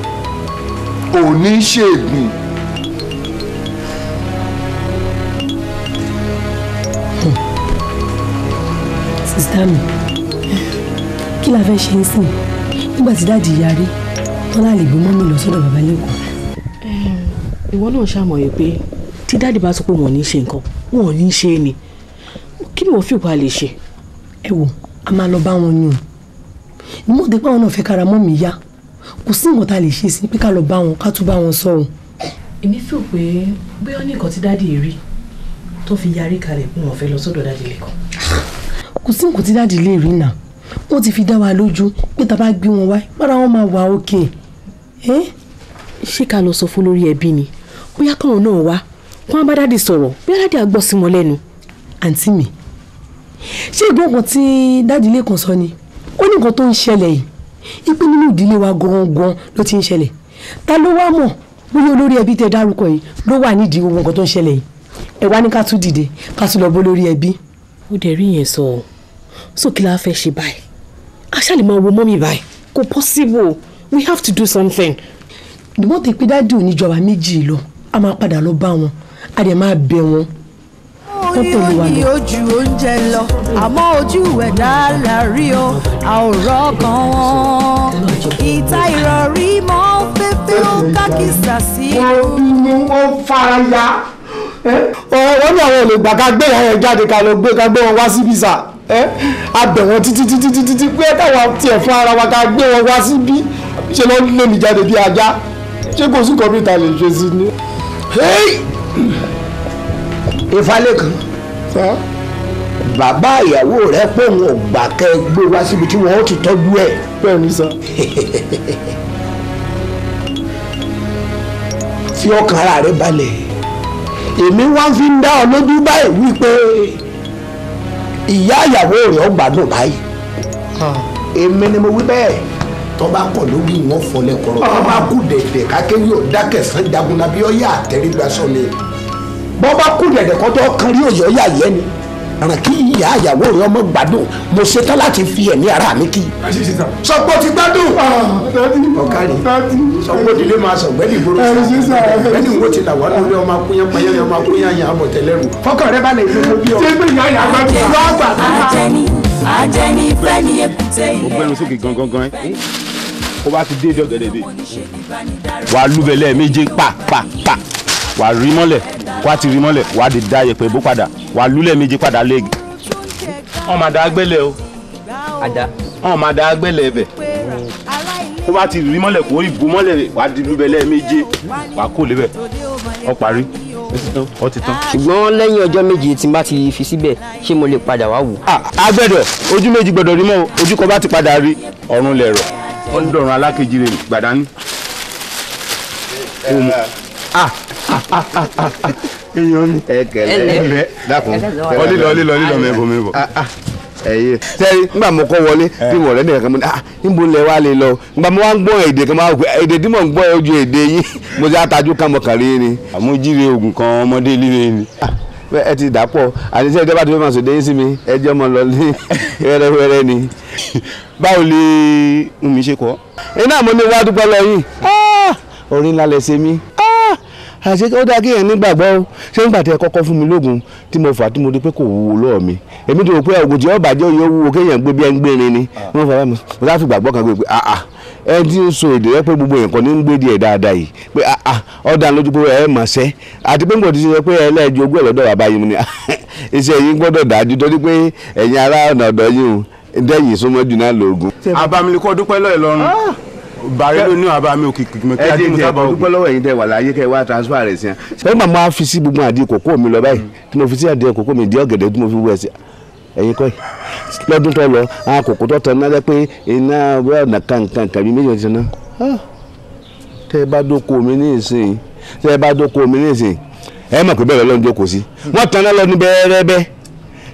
oníṣègùn. mami kí la fẹ́ ṣe ń sìn nígbà tí dáàdì yarí wọn láà lè gbé mọ́mí lọ sọ́dọ̀ bàbá lẹ́kọ̀ọ́. ìwọ náà ṣàmọ̀yé pé tí dáàdì bá sọ pé wọn ò ní ṣe nǹkan wọn ò ní ṣe é ni kí ni wọ́n fi wà lè ṣe. ẹ wo a máa lọ bá wọn ni o ni mo dé pé àwọn náà fẹ́ kára mọ́mí yá kò sí nǹkan tá a lè ṣe sí pé ká lọ bá wọn ká tún bá wọn sọ o. èmi feel pé bóyá ní nǹkan tí dáàdì rí tó fi yarí kalẹ̀ bí wọn lọ sọ́dọ̀ dáàdì lẹ́kọ̀ọ́ kò sí nǹkan tí dáàdì lè rí nà wọ́n ti fi dá wa lójú pé tá a bá gbé wọn wá mọ́ra wọn máa wà òkè. ṣé ká lọ sọ fún lórí ẹbí ni bóyá káwọn náà wá wọn bá dáàdì sọ̀rọ̀ bóyá dáàdì àgbọ̀ sí wọn lẹ́nu. àǹtí mi ṣé ìgbọ́n kan tí dáàdì lè kàn sọ ni ó ní nǹkan tó ń ṣẹlẹ̀ yìí ipe nínú ìdílé wa gangan ló ti ń ṣẹlẹ̀ ta ló wá mọ̀ bóyá olórí ẹbí tẹ dárúkọ yìí ló wà nídìí gbogbo nǹkan tó ń ṣẹlẹ̀ yìí ẹ wá ní ká tún dìde ká tún lọ bó lórí ẹbí. ó dẹ̀ rí yẹn sọ ọ́ so kí la fẹ́ ṣe báyìí aṣáà lè máa wo mọ́mì báyìí kò possible we have to do something. ìbọn ti pín dájú níjọba méjì lọ a máa padà lọ bá wọn a dẹ̀ máa bẹ̀ wọn. ó ní ojú oúnjẹ lọ àmọ́ ojú ẹ̀dá la rí o àwòrán kan wọn ìta ìrọ̀rí mọ́ fẹ́fẹ́ ó kákìsà sí. inú ó fara ya. ọ̀rọ̀ ní àwọn olùgbà ká gbé ìyá yẹn jáde ká lọ gbé ká gbé wọn wá síbí sáà abẹ̀wọ̀n títí títí títí tí pé káwọn tiẹ̀ fún ara wa ká gbé wọn wá síbí ṣe lọ́ lé mi jáde bí ajá ṣé kò sí kọ́mítà lè ṣe sí ni. ìfálẹ́kàn bàbá ìyàwó rẹ pé òun ò gbà kẹ́ ẹ gbé wá síbi tí wọn ó ti tọ́jú ẹ̀. bẹ́ẹ̀ ni sá. fi ọkàn ara rẹ balẹ̀ èmi wá fi ń dá ọ lójú báyìí wípé ìyá ìyàwó rẹ̀ ó gbádùn báyìí èmi ni mo wí bẹ́ẹ̀ tó bá kọ̀ lógún wọn fọlẹ̀ kọ̀rọ̀ tó bá kú dẹ̀dẹ̀ kákéwì ọ̀dákẹ̀sán jagunlabi ọ̀yà àtẹ̀rígbàsọ ni bọ́ bá kú dẹ̀dẹ̀ kọ́tọ́ kan rí òyọ́ yà yẹ́ ni ràn kí ìyá àyàwó rẹ ọmọ gbádùn mo ṣetán láti fi ẹ̀mí ara mi kí. sọpọ́ ti gbádùn. Ah, ọ̀kárí sọpọ́ ìdílé máa sọ gbẹ́ni ìgboro gbẹ́ni ìwọ ti là wà lórí ọmọ akúnyán payán ọmọ akúnyán yàn àbọ̀ fọkàn rẹ balẹ̀ ìlú ló bí ọ. ṣé ìyá ìyá bá ti lọ àgbà. ajẹni ajẹni fẹni èkúté ilé. mo gbẹnu sókè gangan ẹ kó bá ti dé ìjọ gẹ́gẹ́ bí wàá lúbẹ̀ lẹ́ẹ̀mejì pa pa wà á rí mọ́lẹ̀ kó a ti rí mọ́lẹ̀ wà á di dá yẹpẹ̀ bó padà wà á lúlẹ̀ méjì padà léegi. wọn máa da agbẹ́lẹ̀ o wọn máa da agbẹ́lẹ̀ ẹbẹ̀ kó bá ti rí mọ́lẹ̀ kó ìbú mọ́lẹ̀ wà á di lúbẹ̀lẹ̀ méje wà á kó lébẹ̀ ọ parí ó ti tán. ṣùgbọ́n lẹ́yìn ọjọ́ méje tí n bá ti fi síbẹ̀ ṣé mo lè padà wá wò. a gbẹ́dọ̀ ojú méjì gbọ́dọ̀ rí mọ́ ojú kan bá ti padà rí ọ̀run lẹ̀rọ̀ ó ń alákejì rẹ̀ gbàdání èèyàn ni ẹlẹ ọlí lọ ọlí lọ ọlí lọ mẹbọ mẹbọ. ẹyẹ sẹ́yìn nígbà mo kọ́ wọlé bí eh. mo ní ẹ̀ka mo ní ah níbo lẹ wá lè lọ nígbà mo wá ń gbọ́ èdè kan máa wò ah, èdè tí mò ń gbọ́ ẹ ojú èdè yín mo ti àtàjú ká mo kàn rí ni. àmọ́ jíire oògùn kan ọmọdé líle ni. Ah, ẹ ti dàpọ̀ àti sẹ́yìn ìjọba ti fẹ́ máa sòdè yín sí mi ẹ jẹ́ ọmọ lọ ní wẹ́rẹ́wẹ́rẹ́ ni. báwo lè ń ṣe kọ́. iná mo ní wá dúpẹ́ lọ yìí ah, orin ńlá ṣe mí àṣé ó dáa kéèyàn nígbàgbọ́ ó ṣé nígbà tí ẹ kọ́kọ́ fún mi lóògùn tí mo fà tí mo rí pé kò wúwo lọ́ọ̀ mi èmi tó rò pé ògùn tí ọba jẹ́ yóò wúwo kéèyàn gbé bí ẹ ń gbérin ni ah. mo fà bá mi mo láfi gbàgbọ́ kan gbé pé àà ẹ ti ń sọ èdè rẹ pé gbogbo èèyàn kan ní ń gbé díẹ̀ dáadáa yìí pé àà ah, ọ̀dà ah, lójú pé ẹ mọ̀ sẹ́ àti pé nǹkan ti sọ pé ẹlẹ́ẹ̀jọ ogún ẹ̀lọ́dọ̀ bàbá yìí ni iṣẹ́ yìí gbọ́dọ̀ dájú torí pé ẹ̀yin ará ọ̀nà ọ̀dọ́ yìí ń dẹ́yìn súnmọ́ náà lóògùn. abamilikọ dúpẹ́ lọ́ọ̀ lọ́rùn bàrẹ ló ní àbá mi ò kìkì mi kí adé mi sábà ògùn. ẹ jẹ́ lọ́wọ́ ẹ̀yin tẹ wà láyé kẹ́ wá transfer rẹ̀ sí ẹ. sẹ́yìn màmá a fi sí gbogbo àdìẹ kòkó mi lọ báyìí tí mo fi sí àdìẹ kòkó mi di ọ̀gẹ̀dẹ̀ tí mo fi wú ẹ̀ sí ẹ̀yin kọ́ lọ́dún tó lọ àwọn kòkó tó tán náà pé iná ọ̀nà kankan kàbí méjì ti ná. tẹ́ ẹ bá dóko mi ní ìsìn tẹ́ ẹ bá dóko mi ní ìsìn ẹ mọ̀ pé bẹ́ẹ̀ lọ́dún jókòó sí wọ́n tan náà lọ́dún bẹ́ẹ̀rẹ́bẹ́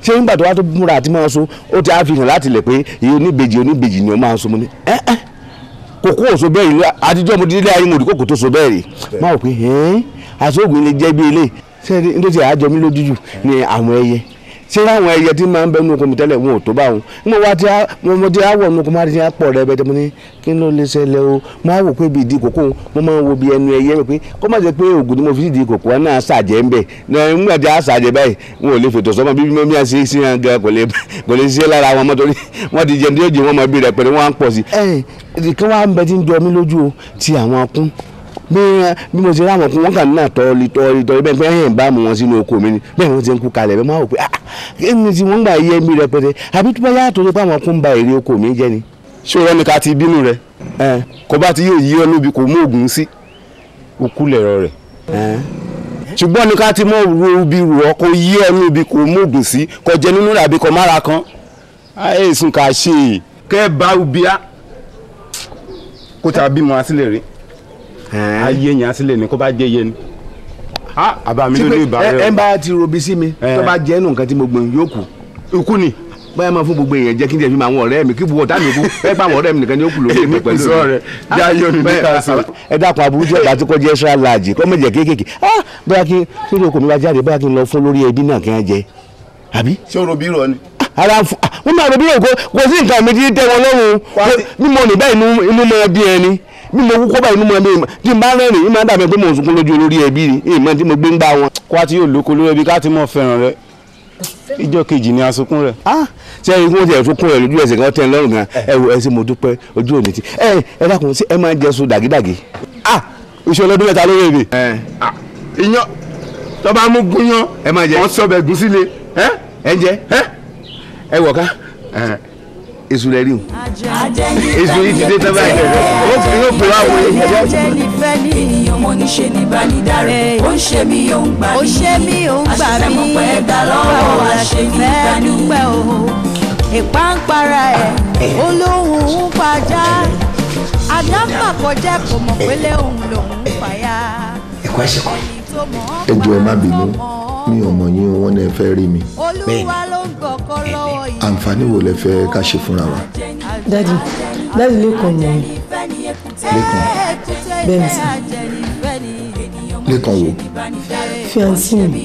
ṣé nígbà tó wá tó múra àti máa so ó ti á láti lẹ̀ pé ìyẹn oníbejì oníbejì ni ó máa so mo ní ẹ́ ẹ́ kókó òso bẹ́ẹ̀ rí àtijọ́ mo dídílé ayé mo rí kókó tó so bẹ́ẹ̀ rí máa wò pé àṣọ ògùn ilé jẹ́ bí ilé sẹ́ni nítorí àjọmí lójú jù ni àwọn ẹyẹ ṣé láwọn ẹyẹ tí máa ń bẹ nínú okun mi tẹ́lẹ̀ wọn ò tó bá wọn mo wá tí mo ti àwọ̀ nínú okun máa ti pọ̀ rẹ bẹ́tẹ̀ mo ní kí ló lè ṣẹlẹ̀ o máa wò pé ibi ìdí kòkó mo máa ń wo bí ẹnu ẹyẹ pé kó má jẹ́ pé oògùn tí mo fi ìdí kòkó náà ṣàjẹ́ ń bẹ̀ nígbà tí a ṣàjẹ́ báyìí wọn ò lè fètò sọ́mọ bíbí mọ́ míà sí hàn gan kò lè ṣe lára wọn mọ́ torí ti jẹun tí yóò jẹ wọn mọ́ bí rẹ̀ pẹ̀lú wọn á pọ̀ sí. ẹ bí bí mo ti ráwọn kún wọn kàn náà tọ́ọ̀lì tọ́ọ̀lì tọ́ọ̀lì bẹ́ẹ̀ bẹ́ẹ̀ ń bá mu wọn sínú oko mi ni bẹ́ẹ̀ wọ́n ti ń kú kalẹ̀ bẹ́ẹ̀ máa wò pé ah ẹni tí wọ́n gbà yẹ mi rẹpẹtẹ àbí tó bá yá tó tó pàmò kún ba èrè oko mi jẹ́ ni. ṣé o rẹ́ni ká ti bínú rẹ kò bá ti yóò yí ọ níbi kò mú òògùn sí okú lẹ̀rọ rẹ̀ ṣùgbọ́n ni ká ti mọ ro ibi rù ọ kó yí ọ níbi kò mú òògùn sí kò jẹ nínú rẹ̀ àbí kò mára kan àìsùn kà ṣe kẹ́ bá ubi á kó ta bímọ asílẹ̀ rèé ayé yẹn sílẹ̀ ni kó bá jẹ́ yẹn ni àbá mi ló ní ìbára rẹ. ẹ bá ti robi sí mi tó bá jẹ́ nù nǹkan tí mo gbìn yóò kù. ikú ni. báyà máa fún gbogbo èèyàn jẹ́ kí n jẹ́ fi máa wọn ọ̀rẹ́ mi kí buwọ́ táàmì kú ẹ bá wọn ọ̀rẹ́ mi nìkan ni ó kù lórí mi pẹ̀lú rẹ. yáyọ ni ní ká sọ. ẹ dákun aburú tí ọ̀gá tó kọjá extra large kọ́ méje kéékèèké ah, bóyá kí lórí okòó mi bá jáde bóyá kí n lọ fún lórí ẹbí náà kí n jẹ àbí. ṣé o robi rọ ni ara wọn ah, máa robi rẹ kò sí nǹkan mi ti tẹ wọn lọ́rùn mímọ nígbà inú mọ ẹbí ẹni mi lè wúkọ́ báyìí inú mọ́ mi tí n bá rẹ́rìn yín máa dàbí pé mò ń sunkún lójú olórí ẹbí ni èèmọ̀ e tí mo gbé ń gbá wọn. kwá tí yóò lóko lórí ẹbí ká ti mọ̀ fẹ́ràn rẹ ìjọ kejì ni asunkún rẹ. ṣé ah, ẹyin kún tiẹ̀ tún e kún rẹ lójú ẹsẹ̀ kan tẹ̀ lọ́rùn gan ẹ e wo ẹsẹ̀ mo dúpẹ́ ojú òní ti ẹ eh, ẹ dákun sí ẹ máa ń jẹ so dàgídàgí. iṣẹ́ ọlọ́dún mẹ́ta ló rèé mi. iyán tó bá mú gúnyán wọ́n sọ bẹ̀ gún ẹ jẹ ẹ wọ̀ ká èṣù rẹ̀ rí o èṣù yìí ti dé tán báyìí ó fi yóò pè wá wò ó. ìyá jẹ́ fẹ́ ní ìyàn mo ní ṣe ní bánidáre ó ń ṣe mí ó ń gbà mí àṣìṣe mo pẹ́ gbà lọ́wọ́ àṣemí ìdánù. ìpàǹpara ẹ̀ olóhùn ń pajá àdámà kò mọ̀ pé lẹ́hùn lòún fàyà. ẹ̀kọ́ ẹ̀ṣẹ̀ kan ẹjọ́ ẹ má bínú mi ò mọ̀ yín o wọ́n náà fẹ́ rí mi. bẹ́ẹ̀ni àǹfààní wo lẹ fẹ́ ká ṣe fúnra wa. dadi dadi lẹ́kàn mọ̀ ọ́. lẹ́kàn bẹ́ẹ̀ sá. lẹ́kàn wo. fiancé mi.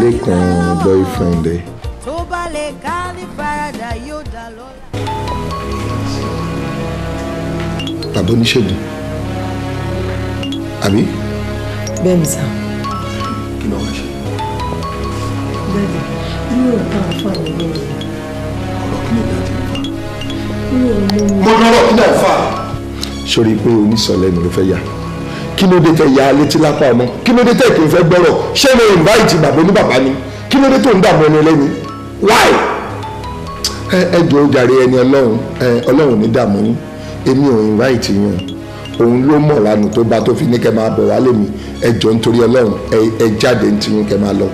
lẹ́kàn boyfriend ẹ. tó bá lè oníṣègùn àbí bẹ́ẹ̀ ni sà. kí ló wá ṣe. bẹ́ẹ̀ni mi ò bá àfa ọ̀rọ̀ rẹ̀. ọ̀rọ̀ kí ló dé àti ìfà. mi ò mú mi. mo lọ́rọ̀ kí náà fà. sori pé onísọ̀lẹ̀ mi ló fẹ́ yà kí ló dé tẹ ya létí lápá ọmọ kí ló dé tẹ kò fẹ́ gbọ́rọ̀ ṣé mo invite bàbá oníbàbá ni kí ló dé tó ń dààmú ẹni ẹlẹ́ni why ẹ ẹ jọ̀ọ́ jàre ẹni ọlọ́run ẹ ọlọ́run ní dààmú yín èmi ò invite yín o òun ló mọ̀ lánàá tó bá tó fi ní kẹ́ máa bọ̀ wálé mi ẹ jọ nítorí ọlọ́run ẹ jáde ní tiyín kẹ́ máa lọ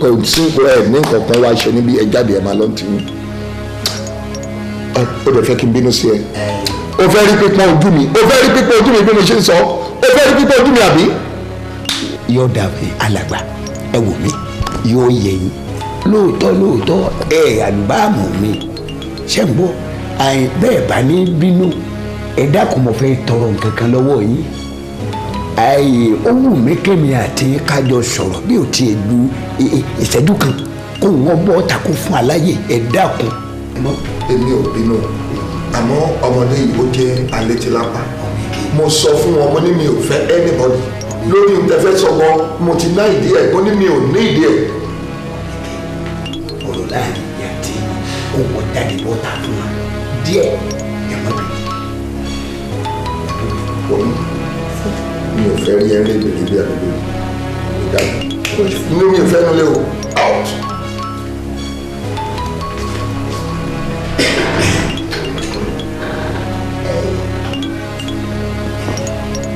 kò sí ẹ ní nǹkan kan wá ṣe níbi ẹ jáde ẹ máa lọ ní tiyín ó dẹ̀ fẹ́ kí n bínú sí ẹ o fẹ́ rí pípọ́n ojú mi o fẹ́ rí pípọ́n ojú mi bí mo ṣe ń sọ o fẹ́ rí pípọ́n ojú mi àbí. yóò dàbí alàgbà ẹ wò mí yóò yẹ yín lóòótọ́ lóòótọ́ ẹ àlùbáàmù mi ṣẹ́ ń bọ́ bẹ́ẹ̀ bá ní bínú ẹ dákun mo fẹ́ tọrọ nǹkan kan lọ́wọ́ yín ayé ó wù mí kémi àti kájọ sọ̀rọ̀ bí ó tiẹ̀ ju ìṣẹ́jú kan kó wọ́n bọ́ tako fún aláyè ẹ dákun. èmi ò bínú àmọ́ ọmọdé yìí ó jẹ́ àlétílápá mo sọ fún wọn ní mi ò fẹ́ anybody lórí ìtẹ́fẹ́ sọ̀kọ mo ti ná ìdí ẹ̀ mo ní mi ò ní ìdí ẹ̀. ọ̀rọ̀ láàrin ìyá tí kò wọ́n jáde bọ́ta fún wa díẹ̀. pọ̀ mí mi ò fẹ́ rí ẹrẹ́ èdè lórí àdúgbò ìdájọ́ mi ò fẹ́ nulẹ̀ o out.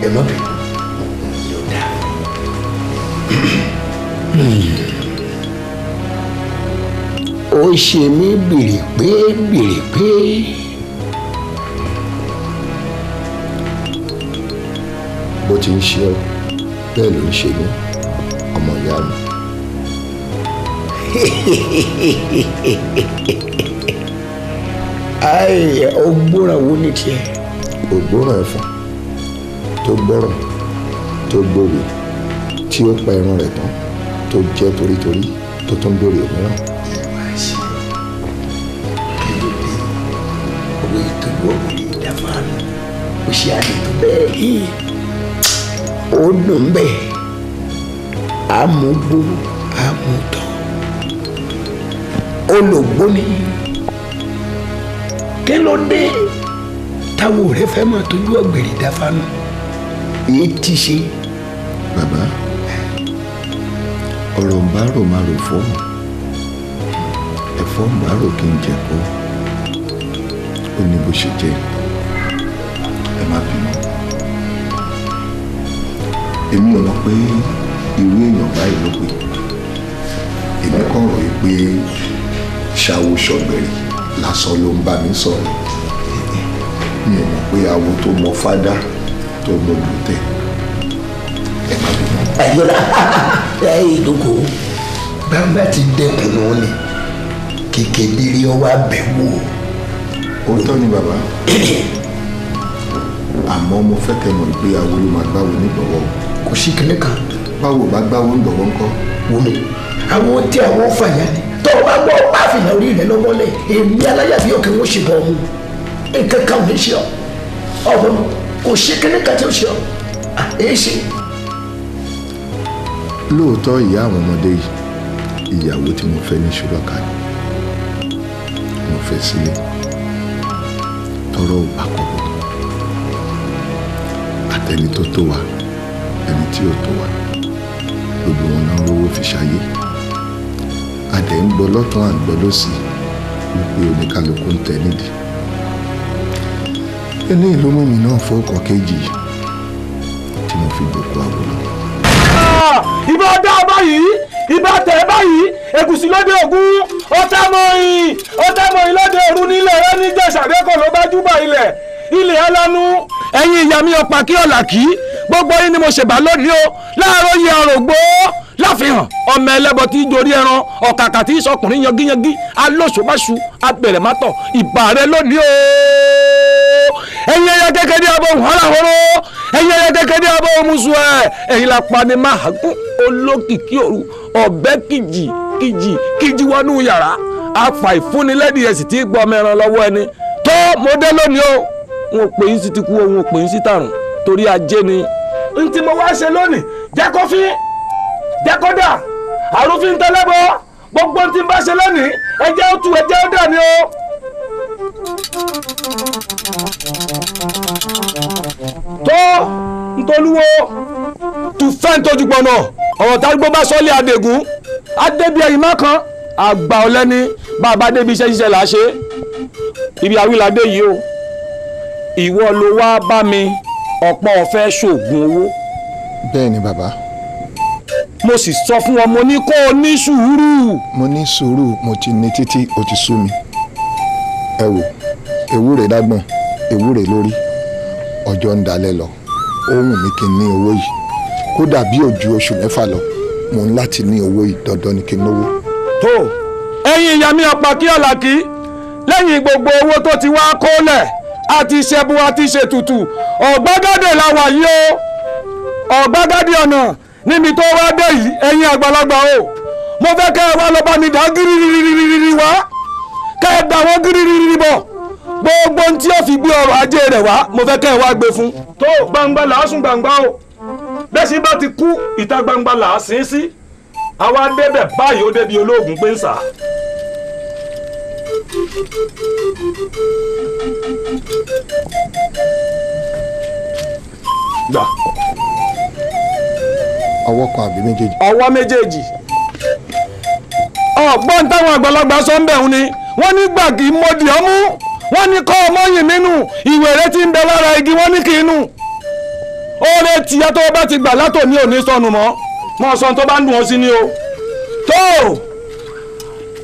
ẹ má bẹ ó ṣe mí bìrì pé bìrì pé. ti ń ṣe ọ́ bẹ́ẹ̀ ló ń ṣe mí ọmọ ìyá mi. ayé ògbóràn wo ni tiẹ̀. ògbóràn ẹ̀fọn tó gbọ́ràn tó gbòòrò tí ó pa ẹran rẹ̀ tán tó jẹ́ torítorí tó tún béèrè òmíràn. ìwà ṣe ìdílé òwe ìtọ́jú ọ̀gbìn ìdàmú àná ó ṣe àdìtú bẹ́ẹ̀ yìí ó dùn bẹ́ẹ̀ àmúgbó àmútọ́ olùgbóni kí ló dé táwo rẹ fẹ́ máa tójú ọ̀gbẹ̀rì dáfánú èyí ti ṣe. bàbá ọ̀rọ̀ ń bá rò máa rò fọ́ọ̀mù ẹ̀fọ́ ń bá rò kí n jẹ̀kọ́ ó ní bó ṣe jẹ́. èmi ò mọ̀ pé irú èèyàn báyìí ló pè èmi kọ̀ rò pé ṣàwo ṣọ̀gbẹ̀rì lásán ló ń bá mi sọ̀rọ̀ mi ò mọ̀ pé awo tó mọ fádá tó mọ lùtẹ̀ ẹ má bínú. àyọ̀lá ẹ ìdókòó bàbá ti dẹkùn náà ni kékeré ọwọ́ abẹ́ wò òótọ́ ni bàbá àmọ́ mo fẹ́ kẹ́ mọ̀ pé ló máa gbáwo nígbàwọ́ o kò sí kẹlẹ kan. báwo bá gbáwó ń gbọ̀wọ́ ńkọ́. wọlé àwọn tí àwọn fàyà ni tó o bá gbọ́ pàfihàn orí rẹ lọ́mọlẹ̀ èmi aláyàbí òkè wọn ṣe bọ̀ ọ́mú nǹkan kan ò ní ṣe ọ ọ̀bọ̀n kò sí kẹlẹ kan tí ó ṣe ọ èyí ṣe. lóòótọ́ ìyá àwọn ọmọdé yìí ìyàwó tí mo fẹ́ ní ṣùlọ́ka mo fẹ́ sílé tọrọ ò bá wa ẹni tí ò tó wa gbogbo wọn náà rówó fi ṣayé adẹ̀ ń gbọ́ lọ́tàn àgbọ́ lọ́sì wípé oníkálukú ń tẹ nídìí ẹni ìlú mímì náà fọ́ọ̀kọ̀ kejì tí mo fi gbòkó àwòrán. Ah! ìbá dá báyìí ìbá tẹ̀ báyìí ègùsì lóde ògún ọtá mọ́yìn ọtá mọ́yìn lóde òru nílẹ̀ ẹ ní jẹ̀sàdẹ́kọ̀ ló bá júbà ilẹ̀ ilẹ̀ alánú ẹ̀yin ìyá mi ọ̀pá kí ọ̀là kìí gbogbo yín ni mo ṣèbá lónìí o láàárọ̀ yẹ ọ̀rọ̀ gbó láfihàn ọmọ ẹlẹ́bọ tí í dorí ẹran ọ̀kàkà tí í sọkùnrin yangiyangi alóṣùbáṣu abẹ̀rẹ̀mátọ̀ ìbà rẹ lónìí o ẹ̀yin ẹyẹ kékeré abọ òhánahoro ẹ̀yin ẹyẹ kékeré abọ òmusu ẹ ẹ̀yin la pani mahakun olókìkí òru ọ̀bẹ kìjì kìjì kìjì wọnú yàrá afa ìfúnnilẹ́dìí ẹ̀sì tí í gbọ́ ọmọ ẹran lọ́wọ́ ẹni tó mo dé lónìí o wọn ò pè yín sí ti kú o wọn ò pè yín sí tàrùn torí ajé ni n tí mo wá ṣe lónìí jẹ́ kó fín jẹ́ kó dà àrùfín tẹ́lẹ́bọ̀ gbogbo tí n bá ṣe lónìí ẹ jẹ́ ó tu ẹ jẹ́ ó dà ní o. tó ntolúwo tù fẹ́ ntójú pọ̀nà ọ̀rọ̀ tágbó bá sọ́lé adégún adébíyẹ yìí má àgbà ọlẹ́ni bàbá débi iṣẹ́ ṣiṣẹ́ là á ṣe ibi àwílàdé yìí o ìwọ ló wá bá mi ọ̀pọ̀ ọ̀fẹ́ ṣoògùn owó. bẹ́ẹ̀ ni bàbá. mo sì sọ fún ọ mo ní kó o ní sùúrù. mo ní sùúrù mo ti ní títí o ti sú mi. ẹ wò ewúrẹ́ dágbọ̀n ewúrẹ́ lórí ọjọ́ ń dalẹ̀ lọ ohun mi kì í ní owó yìí kódà bí ojú oṣù mẹ́fà lọ mo ń láti ní owó yìí dandan ni kí n lówó. tó ẹ̀yin ìyá mi ọ̀pá kí ọ̀làkí lẹ́yìn gbogbo owó tó ti wá kólẹ̀ àti ṣẹbu àti ṣètùtù ọ̀gbágádé la wà yìí o ọ̀gbágádé ọ̀nà níbi tó wá dé yìí ẹ̀yin àgbàlagbà o mo fẹ́ kẹ́ ẹ wá lọ bá mi dá gírírírírírí wá kẹ́ ẹ dá wọn gírírírírí bọ̀ gbogbo ohun tí ó fi gbé ọrọ̀ ajé rẹ̀ wá mo fẹ́ kẹ́ ẹ wá gbé fún. tó gbangba làásùn gbangba o bẹ́ẹ̀ sì bá ti kú ìta gbangba làásìn sí àwa débẹ̀ báyìí ó débi olóògùn pé ń sà á gbà. ọwọ́ kan àbí méjèèjì. ọwọ́ méjèèjì. ọ̀gbọ́n táwọn àgbàlagbà sọ ń bẹ̀rù ni wọ́n ní gbàgì mọ́dì ọmú wọ́n ní kọ́ ọmọ yìí nínú ìwèrè tí ń bẹ lára igi wọ́n ní kì í nù. oore tìyẹ tó bá ti gbà látòní òní sọnù mọ́ mọ́ sọ tó bá ń dùn ọ́ sí ni o. tó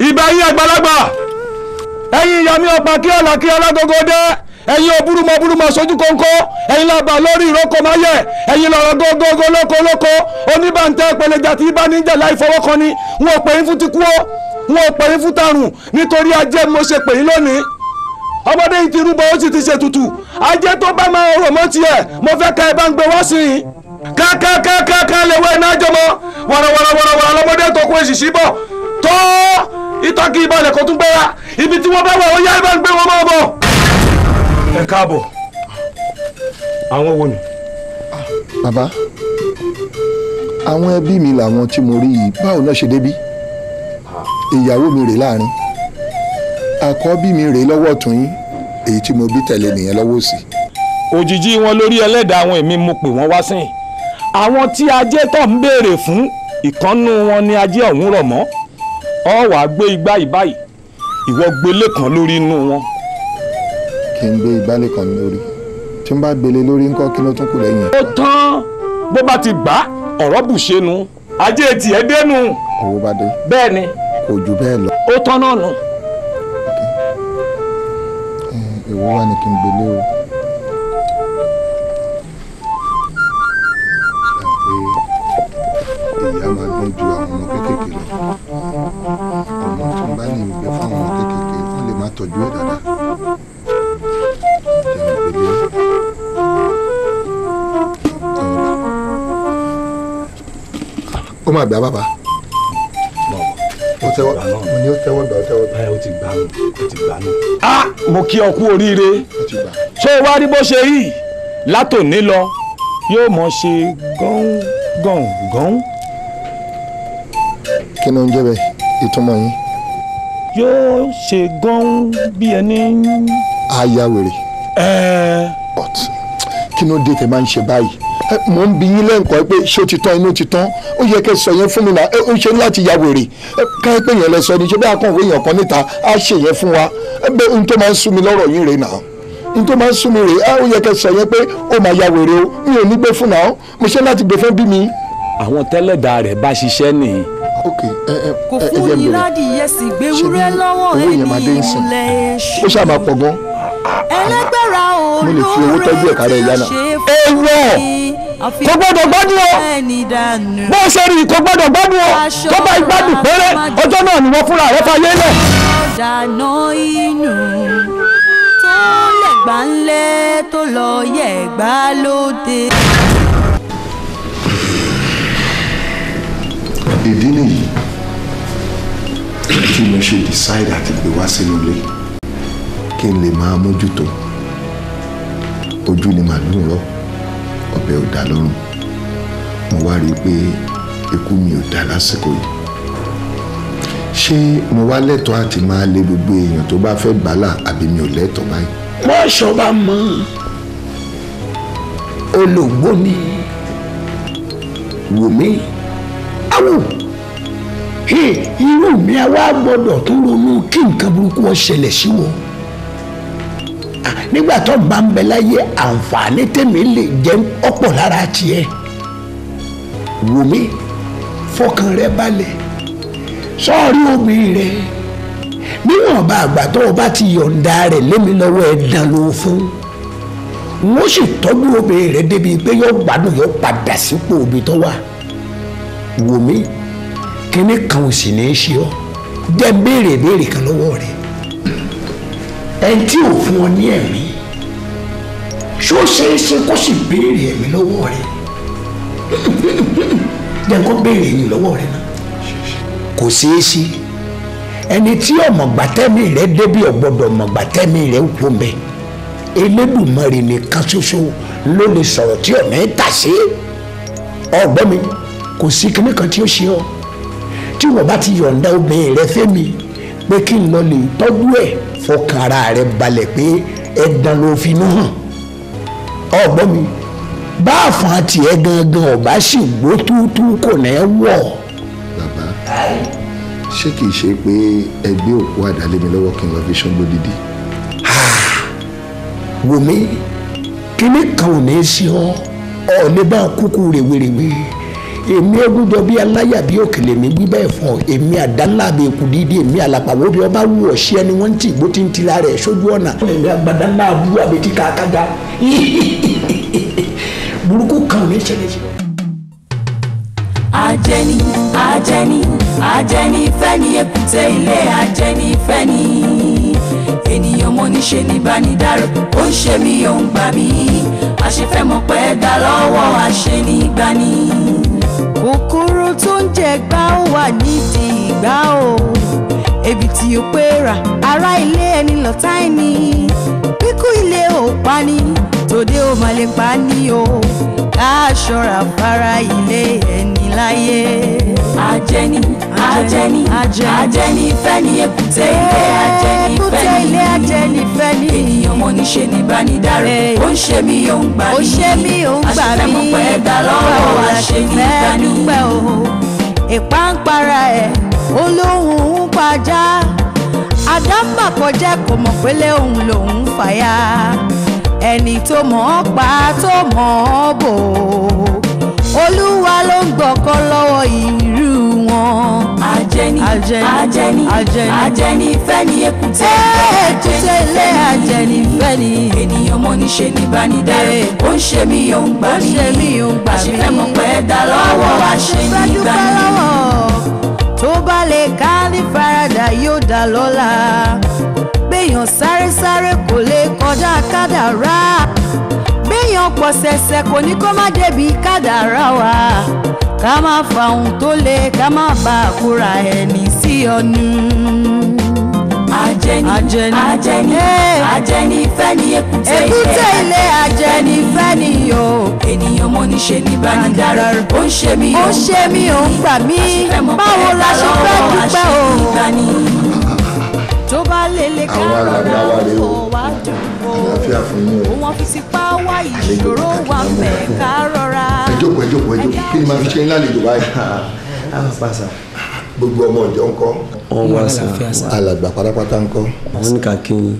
ìbá yín àgbàlagbà ẹ̀yin ìyàmí ọgbà kí ọ̀là kí ọlọ́gógó dé ẹ̀yin òbúrúmọ òbúrúmọ sojú kónkó ẹ̀yin làbà lórí ìrókò máyẹ ẹ̀yin lọ̀rọ̀ gógógó lóko lóko oníbàǹtẹ̀ pẹlẹjà tí bá ní jẹ̀ láì fọwọ́kànni wọn ò pè yín fún ti kú ó wọn ò pè yín fún tarùn nítorí ajé mo ṣe pè yín lónìí ọmọdé yìí ti rúbọ ó sì ti ṣe tutù ajé tó bá máa rò mọ́ tiẹ̀ mo fẹ́ ka ẹ bá ń gbé wá sí i kákákákáká lè wọ iná jọmọ wàràwàràwàrà lọmọdé tó kó èsì síbọ̀ tó ìtọ́kì ìbálẹ̀ kó tún gbéra ibi tí wọ́n bá wà ó yá ibà ń gbé wọn máa bọ̀. ẹ káàbọ̀ àwọn wo ni. bàbá àwọn ẹbí mi làwọn tí mo rí yìí báwo náà ṣe débí ìyàwó mi rèé láàrin àkọ́bí mi rèé lọ́wọ́ ọ̀tún yín èyí tí mo bí tẹ̀lé nìyẹn lọ́wọ́ òsì. òjijì wọn lórí ẹlẹ́dàá àwọn èmi mo pè wọ́n wá sẹ́yìn àwọn tí ajé tó ń béèrè fún ìkànnú wọn ni ajé ọ̀hún rọ̀ mọ́ ọ wàá gbé igbá ìbáyìí ìwọ gbélé kan lórí inú wọn. kí n gbé ìgbálẹ̀ kan lórí tí n bá gbélé lórí ńkọ́ kí ló tún kù lẹ́yìn. ó tán bó bá ti gbà ọ̀rọ̀ bù ṣe nu ajé tiẹ̀ dénú. owó bá dé. bẹ́ẹ̀ ni. kò jù bẹ́ẹ̀ lọ. ó tán náà nù. èwo wà ní kí n gbélé o. ìyá máa gbọ́n ju àwọn ọmọ kéékèèké lọ àwọn tí ń bá lè gbé fáwọn kéékèèké wọ́n lè má tọ́jú ẹ̀ dáadáa. ó máa gbà bàbá mo ní ó tẹ́wọ́ gbà ó tẹ́wọ́ gbà. ó ti gbà nù ó ti gbà nù. a mo kí ọ kú oríire tó o wá rí bó ṣe rí látòní lọ yóò mọ̀ ṣe gán gán gán. kí ni oúnjẹ bẹ́ẹ̀ ìtumọ̀ yín. yóò ṣe gan bí ẹni. a ya wèrè. ẹẹ. but kí ló dé tẹ máa ń ṣe báyìí mo ń bi yín lẹ́ǹkọ́ pé ṣé ó ti tán inú ti tán ó yẹ kẹ́ sọ yẹn fún mi náà ó ṣe láti ya wèrè káyọ̀ pé yẹn lẹ sọ ni ṣé bí akọ̀wé yẹn kan níta á ṣe yẹn fún wa bẹ́ẹ̀ ohun tó máa ń sún mi lọ́rọ̀ yín rèé náà n tó máa ń súnmi rèé á ó yẹ kẹ́ sọ yẹn pé ó máa ya wèrè o mi ò ní gbé fún náà mo ṣe láti gbé fún bí mi. àwọn tẹ́lẹ̀dá rẹ̀ bá ṣiṣẹ́ nìyí kò fún yín ládìyẹ sì gbéwúrẹ́ lọ́wọ́ ẹni ìmùlẹ̀ èṣù. ó ṣáà máa pọ̀ gan. ẹlẹ́gbẹ̀rà olóore tí a ṣe fún mi kò gbọ́dọ̀ gbádùn ọ bó ṣe rí kò gbọ́dọ̀ gbádùn ọ tó bá gbádùn péré ọjọ́ náà ni wọ́n fúnra rẹ̀ fayé lẹ̀. ọ̀dàna inú tó lẹ̀gbà ńlẹ̀ tó lọ yẹ̀gbà lóde. ìdí nìyí tí mo ṣe decide àti gbé wá sínú ilé kí n lè máa mójútó ojú ni màlúù rọ ọbẹ̀ ò dá lọ́rùn mo wá rí i pé ikú mi ò dá lásìkò yìí ṣé mo wá lẹ́tọ̀ọ́ àti máa lé gbogbo èèyàn tó bá fẹ́ gbàlà àbí mi ò lẹ́tọ̀ọ́ báyìí. wọ́n ṣọba mọ́ olóògbó ni wùmí bá wù inú mi á wá gbọ́dọ̀ tó ronú kí nǹkan burúkú ó ṣẹlẹ̀ sí wọn nígbà tó bá ń bẹ láyé àǹfààní tèmi lè jẹ ọ̀pọ̀ lára tiẹ̀ wò mí fọkàn rẹ balẹ̀ sọ́ọ̀rí obìnrin rẹ níwọ̀nba àgbà tó o bá ti yọ̀ǹda rẹ̀ lémi lọ́wọ́ ẹ̀ dán ló fún wọ́n sì tọ́jú obìnrin rẹ débi pé yóò gbádùn yóò padà sípò òbí tó wà wò mí kíní kan ò sì ní í ṣe ọ́ jẹ́ béèrè béèrè kan lọ́wọ́ rẹ̀ ẹni tí ò fún ọ ní ẹ̀mí ṣó ṣeé ṣe kó sì béèrè ẹ̀mí lọ́wọ́ rẹ̀ jẹ́ kó béèrè yìí lọ́wọ́ rẹ̀ náà kò ṣeé ṣe ẹni tí ọmọgbàtẹ́mì rẹ̀ débi ọ̀gbọ́dọ̀ ọmọgbàtẹ́mì rẹ̀ wò mẹ́ Elédùmarè nìkan ṣoṣo ló lè sọ̀rọ̀ tí ọ̀nà ẹ̀ tà sí ọgbọ́n mi kò sí kinní kan tí ó ṣe ọ tí wọn bá ti yọ̀ǹda obìnrin rẹ fẹ́mi pé kí n lọ lè tọ́jú ẹ̀ fọkàn ara rẹ balẹ̀ pé ẹ̀dàn ló fi inú hàn ọ̀gbọ́n mi bá àfọ̀n tiẹ̀ gangan ọ̀bá sì gbó túútú kò ní ẹ wọ̀. bàbá ṣé kìí ṣe pé ẹgbẹ́ òkú àdálé mi lọ́wọ́ kí n lọ fi ṣọ́gbó dídì. wò mí kíní kan ò ní í ṣe ọ ọ lè bá kúkú rèwerèwe. Re èmi egúnjọ bí aláyà bí òkèlè mi wí bẹ́ẹ̀ fún ọ èmi àdánlá bí eku dídí èmi àlàpàwọ́ bí ọba wù ọ́ sí ẹni wọ́n ń tì ti ń tira rẹ̀ sójú ọ̀nà. èmi àgbàdá náà bú àbètí kàkága burúkú kan ní ṣẹlẹ̀ ṣe. ajẹni ajẹni ajẹni fẹ́ni èkúté ilé ajẹni fẹ́ni ènìyàn mo ní ṣe ní ìbánidárò ó ń ṣe mí ó ń gbà mí àṣefẹ́ mọ̀ pé dá lọ́wọ́ àṣẹ ní ìgbani tó ń jẹ gbá ó wà nídìí ìgbà o ebi tí ó pé rà ará ilé ẹni lọ́tá ẹni kíkú ilé ò pa ni tòde ó máa lè pa ni o ká ṣọ́ra fara ilé ẹni láyé. ajẹni ajẹni ajẹni fẹ́ni èkúté ilé ajẹni fẹ́ni ilé ajẹni fẹ́ni ènìyàn mo ní ṣe ní ìbánidáre ó ń ṣe mí ó ń gbà mí àṣetẹ̀mọ̀pẹ́ ẹ̀dá lọ́wọ́ àṣemígbà ní. ìpàǹpara ẹ̀ olóhùn ń pajá àdámbà kọjá kò mọ̀ pélé òun lòun fàyà ẹni tó mọ̀ ọ́ pa tó mọ̀ ọ́ bò ó olúwa ló ń gbọ̀kọ́ lọ́wọ́ irú wọn. ajẹni ajẹni ajẹni fẹ́ni èkúté èkúté ilé ajẹni fẹ́ni. ènìyàn mọ́ ní ṣe ní bánidáre ó ń ṣe mí òun gbà mí àṣìfẹ́ mọ̀ pé dá lọ́wọ́ wá ṣe ní gbà mí. tó bá lè ká ní faradà yóò dá lọ́la gbèyàn sáré sáré kò lè kọjá kádàrá ọ̀pọ̀ṣẹ̀ṣẹ̀ kò ní kó má débi kádàrá wa ká má fa ohun tó le ká má bá a kóra ẹni sí ọ̀nù. ajẹni ajẹni ajẹni ajẹni fẹ́ni èkúté ilé èkúté ilé ajẹni fẹ́ni o. ènìyàn mo ní ṣe ní bánidára ó ń ṣe mí ó ń ṣe mí ó ń gbà mí báwo la ṣe fẹ́ dúpẹ́ o tó bá lélẹ̀ káàárọ̀ náà ó wá dùn ó wọ́n fi sí ìṣòro wà fẹ́ ká rọra. ẹ jókòó ẹ jókòó ẹ jókòó kí ni màá fi ṣe ń lálejò báyìí. a ah, máa ah, pa sà. gbogbo ọmọ ìjọ ń kọ́. wọ́n wá sà alàgbà pátápátá ń kọ́. wọ́n ní ká kí ni.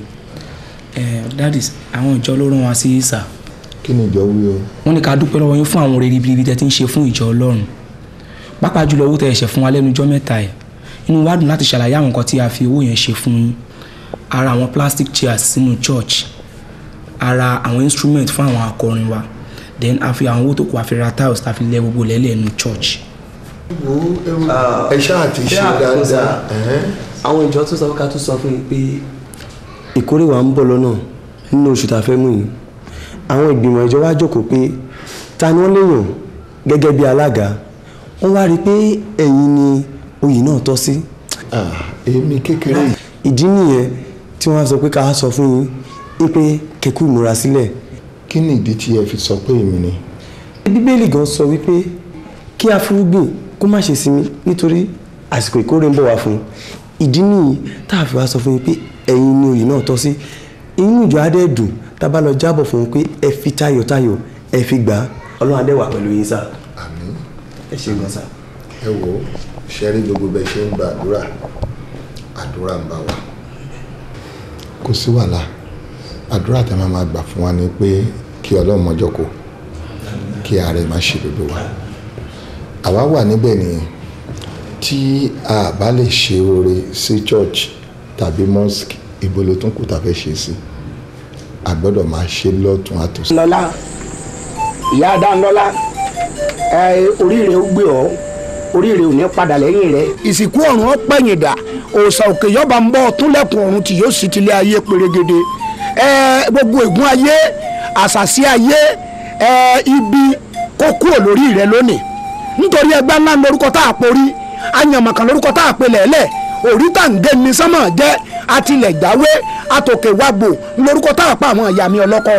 ẹ eh, dáàdì àwọn ìjọ ló rán wa sí sà. kí ni ìjọ wí o. wọ́n ní ká dúpẹ́ lọ́wọ́ yín fún àwọn oore ribiribi tẹ́ ti ń ṣe fún ìjọ ọlọ́run pàápàá jùlọ owó tẹ́ ẹ̀ṣẹ̀ fún wa lẹ́nu ọjọ́ mẹ́ta ẹ̀ inú wa dùn láti ṣàlàyé àwọn nǹkan tí a fi owó yẹn ṣe fún yín ara àwọn plastic chairs sínú church ara àwọn instrument fún àwọn akọrin wa then a fi àwọn owó tó kù a fi ra tiles ta fi lẹ gbogbo lẹ́lẹ̀ ní church. ẹ ṣáà ti ṣe dáadáa. àwọn ìjọ tún sọ ká tún sọ fún mi pé ìkórè wa ń bọ̀ lọ́nà nínú oṣù tá a fẹ́ mú yìí àwọn ìgbìmọ̀ ìjọ wa jókòó pé ta ni wọ́n léèyàn gẹ́gẹ́ bí alága wọ́n wá rí i pé ẹ̀yin ni oyè náà tọ́ sí. èmi kékeré. ìdí nìyẹn tí wọ́n á sọ pé ká sọ fún yín pé kẹkú múra sílẹ̀. kí ni ìdí tí ẹ fi sọ pé èmi ni. bíbélì gan sọ wípé kí afúrúgbìn kó má ṣe sinmi nítorí àsìkò ìkórè ń bọ̀ wá fún ìdí nìyí tá a fi wá sọ fún yín pé ẹ̀yin ni oyè náà tọ́ sí inú ìjọ adé dùn tá a bá lọ jábọ̀ fún un pé ẹ fi tayọ̀tayọ̀ ẹ fi gbà á ọlọ́run adé wà pẹ̀lú yín sá. àmín ẹ ṣe gan sá. ẹ wo ṣẹ́rí gbogbo bẹ́ẹ̀ ṣe ń gba àdúrà àdúrà ń bá wa kò sí wàhálà àdúrà tí a máa gbà fún wa ni pé kí ọlọ́run mọ́jọ́ kó kí ààrẹ má ṣe lòdò wa àwa wà níbẹ̀ nìyẹn tí a bá lè ṣe oore sí church tàbí mosque ibo ló tún kù tàbí ṣe sí a gbọ́dọ̀ máa ṣe lọ́tún àtòsí. lọ́lá ìyá adánlọ́lá oríire ó gbé ọ oríire ò ní padà lẹ́yìn rẹ. ìsìnkú ọ̀run ó pẹ̀yìn òkè yọba ń bọ́ ọ ọ̀run tí yóò sì tilẹ̀ ayé pérégede. gbogbo ègún ayé àṣàṣì ayé ibi kó kúrò lórí rẹ lónìí nítorí ẹgbẹ́ ńlá lórúkọ tá a porí àyànmọ̀kàn lórúkọ tá a pe lẹ́lẹ̀ orí tàǹgẹ̀ ní sánmọ̀ jẹ́ atilẹ̀ atòkè wàgbò lórúkọ tá a pa àwọn ìyá mi ọlọ́kọ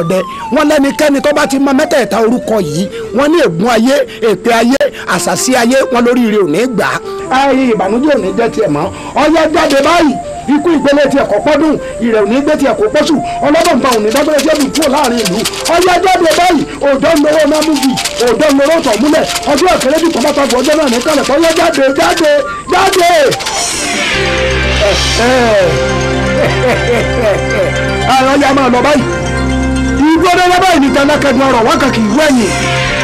wọn lẹ́nikẹ́ni tó bá ti mọ mẹ́tẹ̀ẹ̀ta orúkọ yìí wọn ní ègún ayé èpè ayé àṣàṣì ayé wọn ò ní gbà á ìbànújẹ́ jẹ́ tiẹ̀ mọ́ ọyẹ jáde báyìí ikú ìgbélé tiẹ̀ kọ́ pọ́dún ìrẹ̀ òní gbé tiẹ̀ kó pọ́sù ọlọ́dọ̀nba òní dágbére tí ó kúrò láàrin ìlú ọyá jáde báyìí òdò ń lọ́wọ́ námúgì òdò ń lọ́wọ́ tọ̀ múlẹ̀ ọjọ́ ìkẹlẹ́ dùn tọ́mọ́tọ́ bọ̀ ọjọ́ náà ní kálẹ̀ kọ́ jáde jáde jáde. àwọn ya máa lọ báyìí ìgbọ́dọ̀ lọ báyìí ní tanakẹ́dùn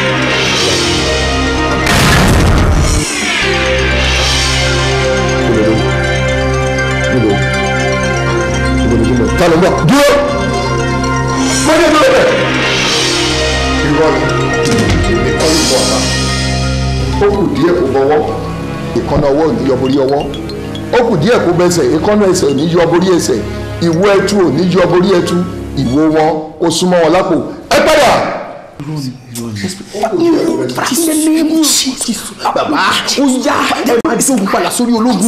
ta ló ń bọ̀ dúró mo ní dúró bẹ̀. irọ́ ni èmi kọ́ ló bọ̀ ọ̀tá ó kù díẹ̀ kó bọ́wọ́ ìkànnà ọwọ́ ò ní yọ borí ọwọ́ ó kù díẹ̀ kó bẹsẹ̀ ìkànnà ẹsẹ̀ ò ní yọ borí ẹsẹ̀ ìwọ ẹtu ò ní yọ borí ìwo wọn kó súnmọ́ wọn lápò ẹ padà bàbá ó yá ẹ máa di sóògùn padà sórí ológun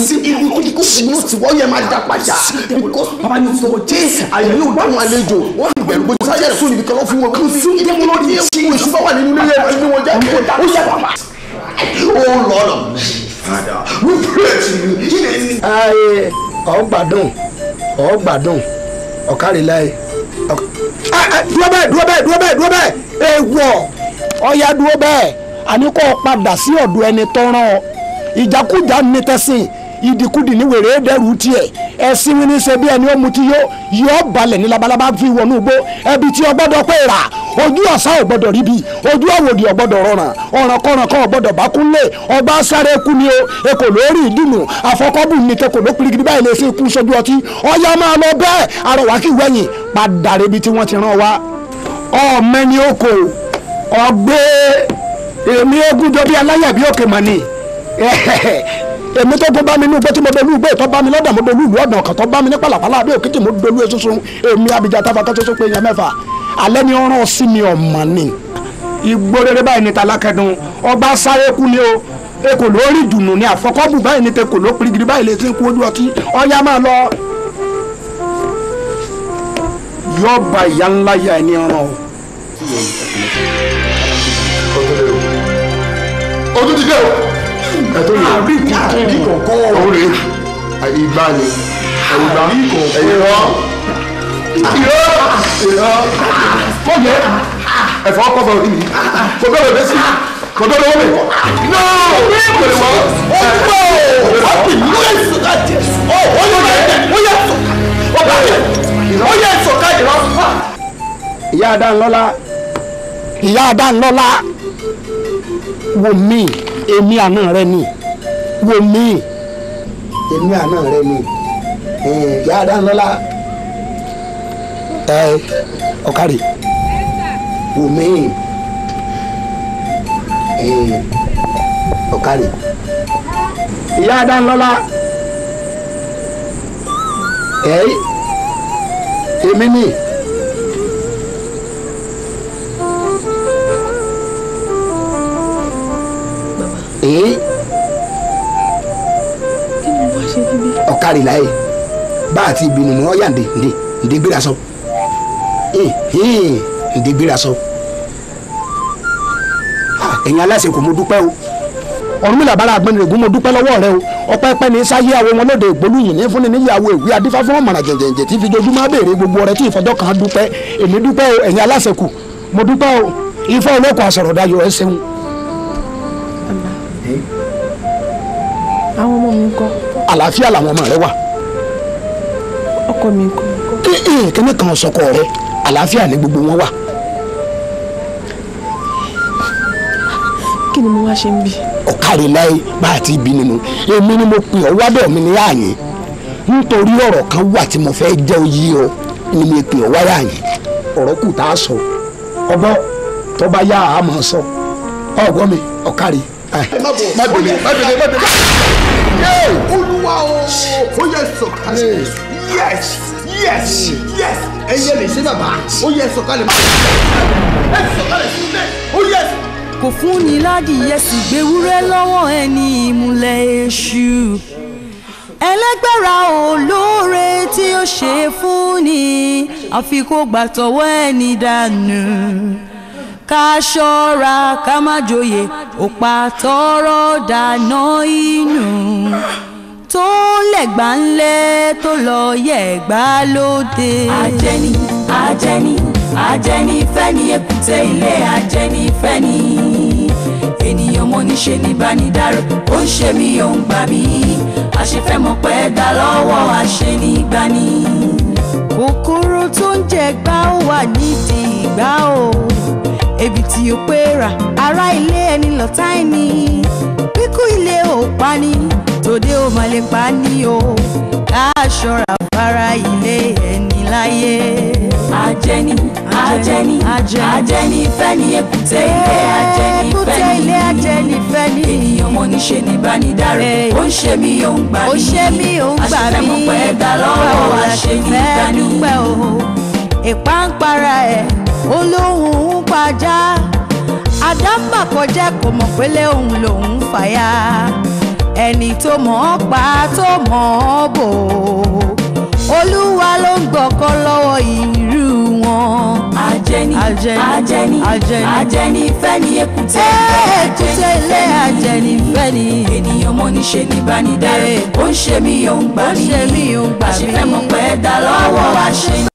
kó sùnú tiwọ́ yẹ máa dá padà because bàbá ọgbàdùn ọgbàdùn ọ̀kárìláyé dúró bẹ́ẹ̀ dúró bẹ́ẹ̀ dúró bẹ́ẹ̀ dúró bẹ́ẹ̀ èèwọ̀ ọ̀ya dúró bẹ́ẹ̀ o padà sí ọ̀dọ̀ ẹni tó rán ní tẹ́sìn ìdìkudì ní wèrè dẹrù tiẹ̀ ẹ̀sìn ní ṣe ẹni ó mutí yó yọ balẹ̀ ní labalábá fi wọnú igbó ẹbí tí ó pé rà ojú ọ̀sá ò ríbi ojú àwòdì ò rọràn ọ̀ràn kọ̀ràn kan ò ọgbà sáré kú ni o èkó lórí ìdùnnú àfọkọ́bù ní kẹkọ̀ọ́ ló pirigidi báyìí lè ṣe ikú sójú ọtí ọyá máa lọ bẹ́ẹ̀ àrọ̀wá kì í wẹ̀yìn padà tí wọ́n ti rán wa ọ̀mẹ́ni oko ọ̀gbẹ́ èmi ogúnjọ bíi aláyàbí òkè mọ̀ ni èmi tó gún bá mi ní ugbó tí mo dolú ugbó ìtọ́ bá mi lọ́dọ̀ mo dolú ìlú ọ̀dàn ọ̀kàn tó bá mi ní pàlàpàlà àbí òkìtì mo dolú esunsun èmi abijá tábà kan ṣoṣo pé èèyàn mẹ́fà alẹ́ ni ọ̀ràn sí mi ọ̀mọ̀ ni. igbó rere báyìí ni tàlákẹ́dùn ọba sáré kú ni o ekò ló rí dùnú ni àfọkọ́bù báyìí ni tekò ló pirigiri báyìí lè ti kú ojú ọtí ọyá máa lọ. yọba ìyá ńlá ya ẹni ọ̀ràn o. ojú ti dé o ẹtọ yẹ àbí kòkó òun rè ìgbà ni ẹwùgbà ẹyẹrọ ìrọ ìrọ kọjẹ ẹfọ kọfọ ìlú kò bẹ̀rẹ̀ bẹ sí kò bẹ̀rẹ̀ wọlé no kò lè mọ ẹ ọ ti lú ẹsùn láti ọ ọ yọ ẹ ọ yẹ sọ ọ bá yẹ ọ yẹ sọ káyọ lọ fún wa. ìyá adánlọ́lá ìyá adánlọ́lá wò mí èmi àná rẹ ni wo mi èmi àná rẹ ni ìyá adánlọ́lá ẹ ọ̀kárì wo mi ọ̀kárì ìyá adánlọ́lá ẹ èmi ni. Eh, ọ̀kárì láyè bá àti ìbínú ni wọ́n yà ǹdè ǹdè ǹdè gbéra sọ ǹdè gbéra sọ ẹ̀yin aláṣẹ kò mo dúpẹ́ o ọ̀rúnmìlà bára àgbẹ̀nìrègún mo dúpẹ́ lọ́wọ́ rẹ o ọpẹ́ pẹ́ ní sáyé àwọn wọn lóde ìgbólúyìn ní fúnni níyàwó ìwé adífá fún ọmọràn jẹ̀jẹ̀jẹ̀ tí fi dojúmọ́ béèrè gbogbo ọrẹ tí ìfọjọ́ kan dúpẹ́ èmi dúpẹ́ o ẹ̀yin aláṣẹ kù mo dúpẹ́ o ifá olóko àsọ̀rọ̀dá yọ ẹ ṣeun. àwọn ọmọ mi ńkọ́. àlàáfíà làwọn ọmọ rẹ wà. ọkọ mi ńkọ́. kíni kan sọkọ rẹ àlàáfíà ni gbogbo wọn wà. kí ni mo wá ṣe ń bí. ọ̀kàrí láyé bá a ti bí nínú èmi ni mo pin ọ́ wádọ̀ mi ní àyè nítorí ọ̀rọ̀ kan wà tí mo fẹ́ jẹ́ oyí o ni mo pin ọ́ wáyà yìí ọ̀rọ̀ kù tá a sọ ọgbọ́ tó bá yá a máa sọ ọgbọ́n mi ọ̀kàrí. má bèlè má bèlè má bèlè olúwa o ó yẹ sọ̀kalẹ̀ yes yes yes ẹyẹ lè ṣe bàbá ó yẹ sọ̀kalẹ̀ ẹ sọ̀kalẹ̀ sí ilé ó yẹ. kò fún ni ládìyẹ sì gbéwúrẹ́ lọ́wọ́ ẹni ìmùlẹ̀ èṣù ẹlẹ́gbẹ̀rà olóore tí ó ṣe fún ni àfi kó ẹni dànù ká ṣọ́ra ká má joyè òpá tọrọ dáná inú tó lẹ̀gbà ńlẹ̀ tó lọ yẹ̀gbà lóde. àjẹni àjẹni àjẹni fẹ́ni èkúté ilé àjẹni fẹ́ni ènìyàn mo ní ṣe ní banidáró ó ń ṣe mí ó ń gbà mí àṣefẹ́ mọ̀ pé dá lọ́wọ́ àṣenigbani. kòkòrò tó ń jẹ gbá wà nídìí ìgbà o ebi tí ó pé rà ará ilé ẹni lọ́tá ẹni bíkú ilé ò pa ni tòde ò mà lè pa ni o káàṣọra fara ilé ẹni láyé. ajẹni ajẹni ajẹni ìfẹ́ ni èkúté ilé ajẹni ìfẹ́ ni ilé ajẹni ìfẹ́ ni ènìyàn mo ní ṣe ní ìbánidáre ó ń ṣe mí ó ń gbà mí ó ṣe mí ó ń gbà mí àṣetẹ́mọ̀pẹ́ ẹ̀dá lọ́wọ́ àṣẹ ní ìdání. ìpá ẹ̀ olóhùn pajá àdámbà kọjá kò mọ̀ pélé òun lòun fàyà ẹni tó mọ̀ ọ́ pa tó mọ̀ ọ́ bò olúwa ló ń gbọ́kọ́ lọ́wọ́ irú wọn. ajẹni ajẹni ajẹni ajẹni fẹ́ni èkúté èkúté ilé ajẹni fẹ́ni. ènìyàn mọ́ ní ṣe ní bánidáre ó ń ṣe mí yóò ń gbà mí àṣefẹ́ mọ̀ pé dá lọ́wọ́ àṣẹ.